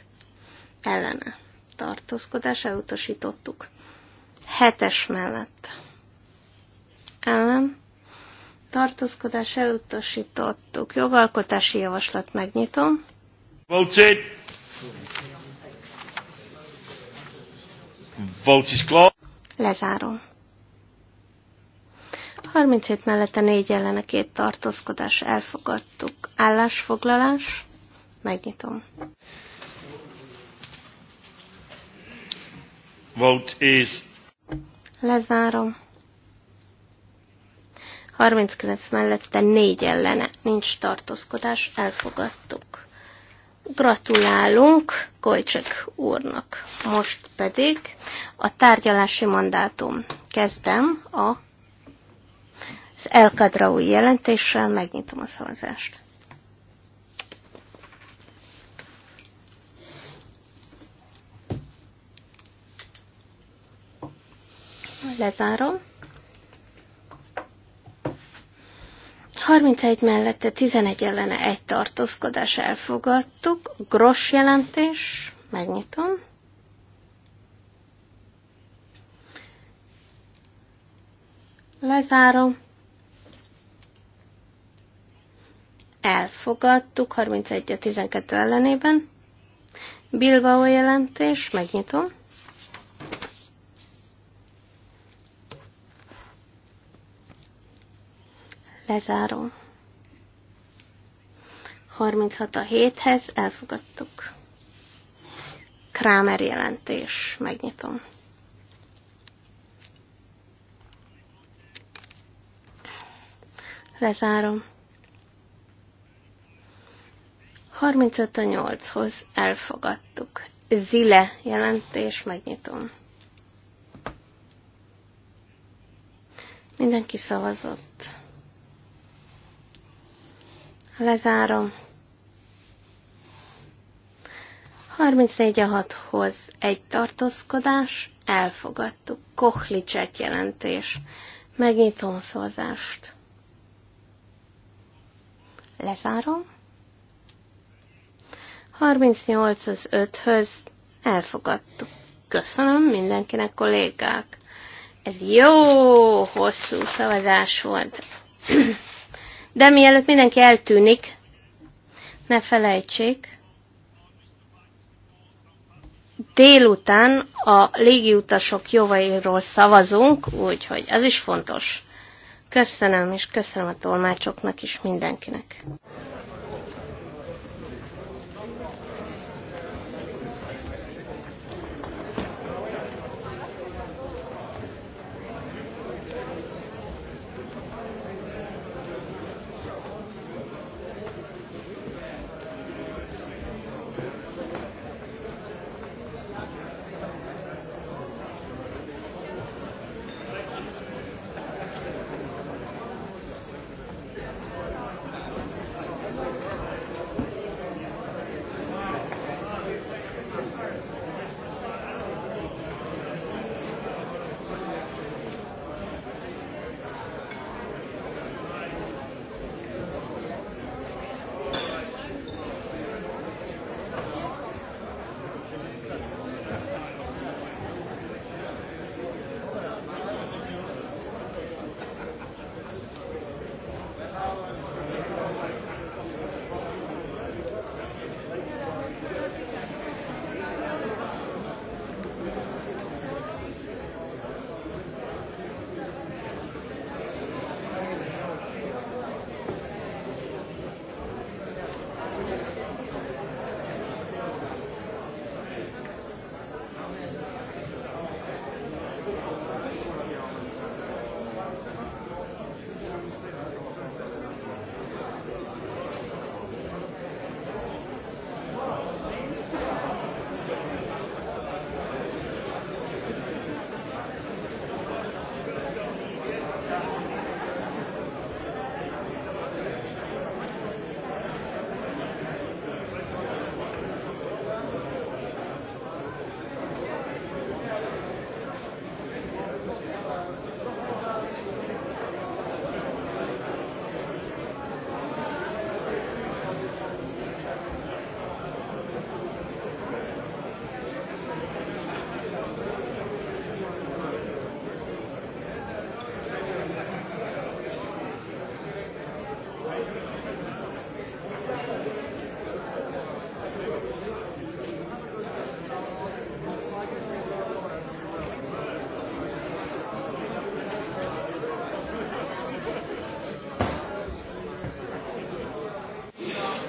Speaker 2: ellene tartózkodás, elutasítottuk hetes mellett. Ellen tartózkodás, elutasítottuk jogalkotási javaslat, megnyitom.
Speaker 3: Voted. Vote is closed.
Speaker 2: Lezárom. 37 mellette 4 ellene két tartózkodás elfogadtuk. Állásfoglalás. Megnyitom.
Speaker 3: Vote is.
Speaker 2: Lezárom. 39 mellette 4 ellene nincs tartózkodás, elfogadtuk. Gratulálunk Kojcsek úrnak. Most pedig a tárgyalási mandátum. Kezdem a, az új jelentéssel, megnyitom a szavazást. Lezárom. 31 mellette 11 ellene egy tartózkodás elfogadtuk. Gross jelentés, megnyitom. Lezárom. Elfogadtuk 31 a 12 ellenében. Bilbao jelentés, megnyitom. Lezárom. 36 a 7-hez elfogadtuk. Kramer jelentés. Megnyitom. Lezárom. 35 a 8-hoz elfogadtuk. Zile jelentés. Megnyitom. Mindenki szavazott. Lezárom. 34 a 6-hoz egy tartózkodás, elfogadtuk. Kohlicsek jelentés. Megnyitom a szózást. Lezárom. 38 az 5-höz elfogadtuk. Köszönöm mindenkinek, kollégák. Ez jó hosszú szavazás volt. (clears throat) De mielőtt mindenki eltűnik, ne felejtsék, délután a légiutasok jóvairól szavazunk, úgyhogy ez is fontos. Köszönöm, és köszönöm a tolmácsoknak is mindenkinek.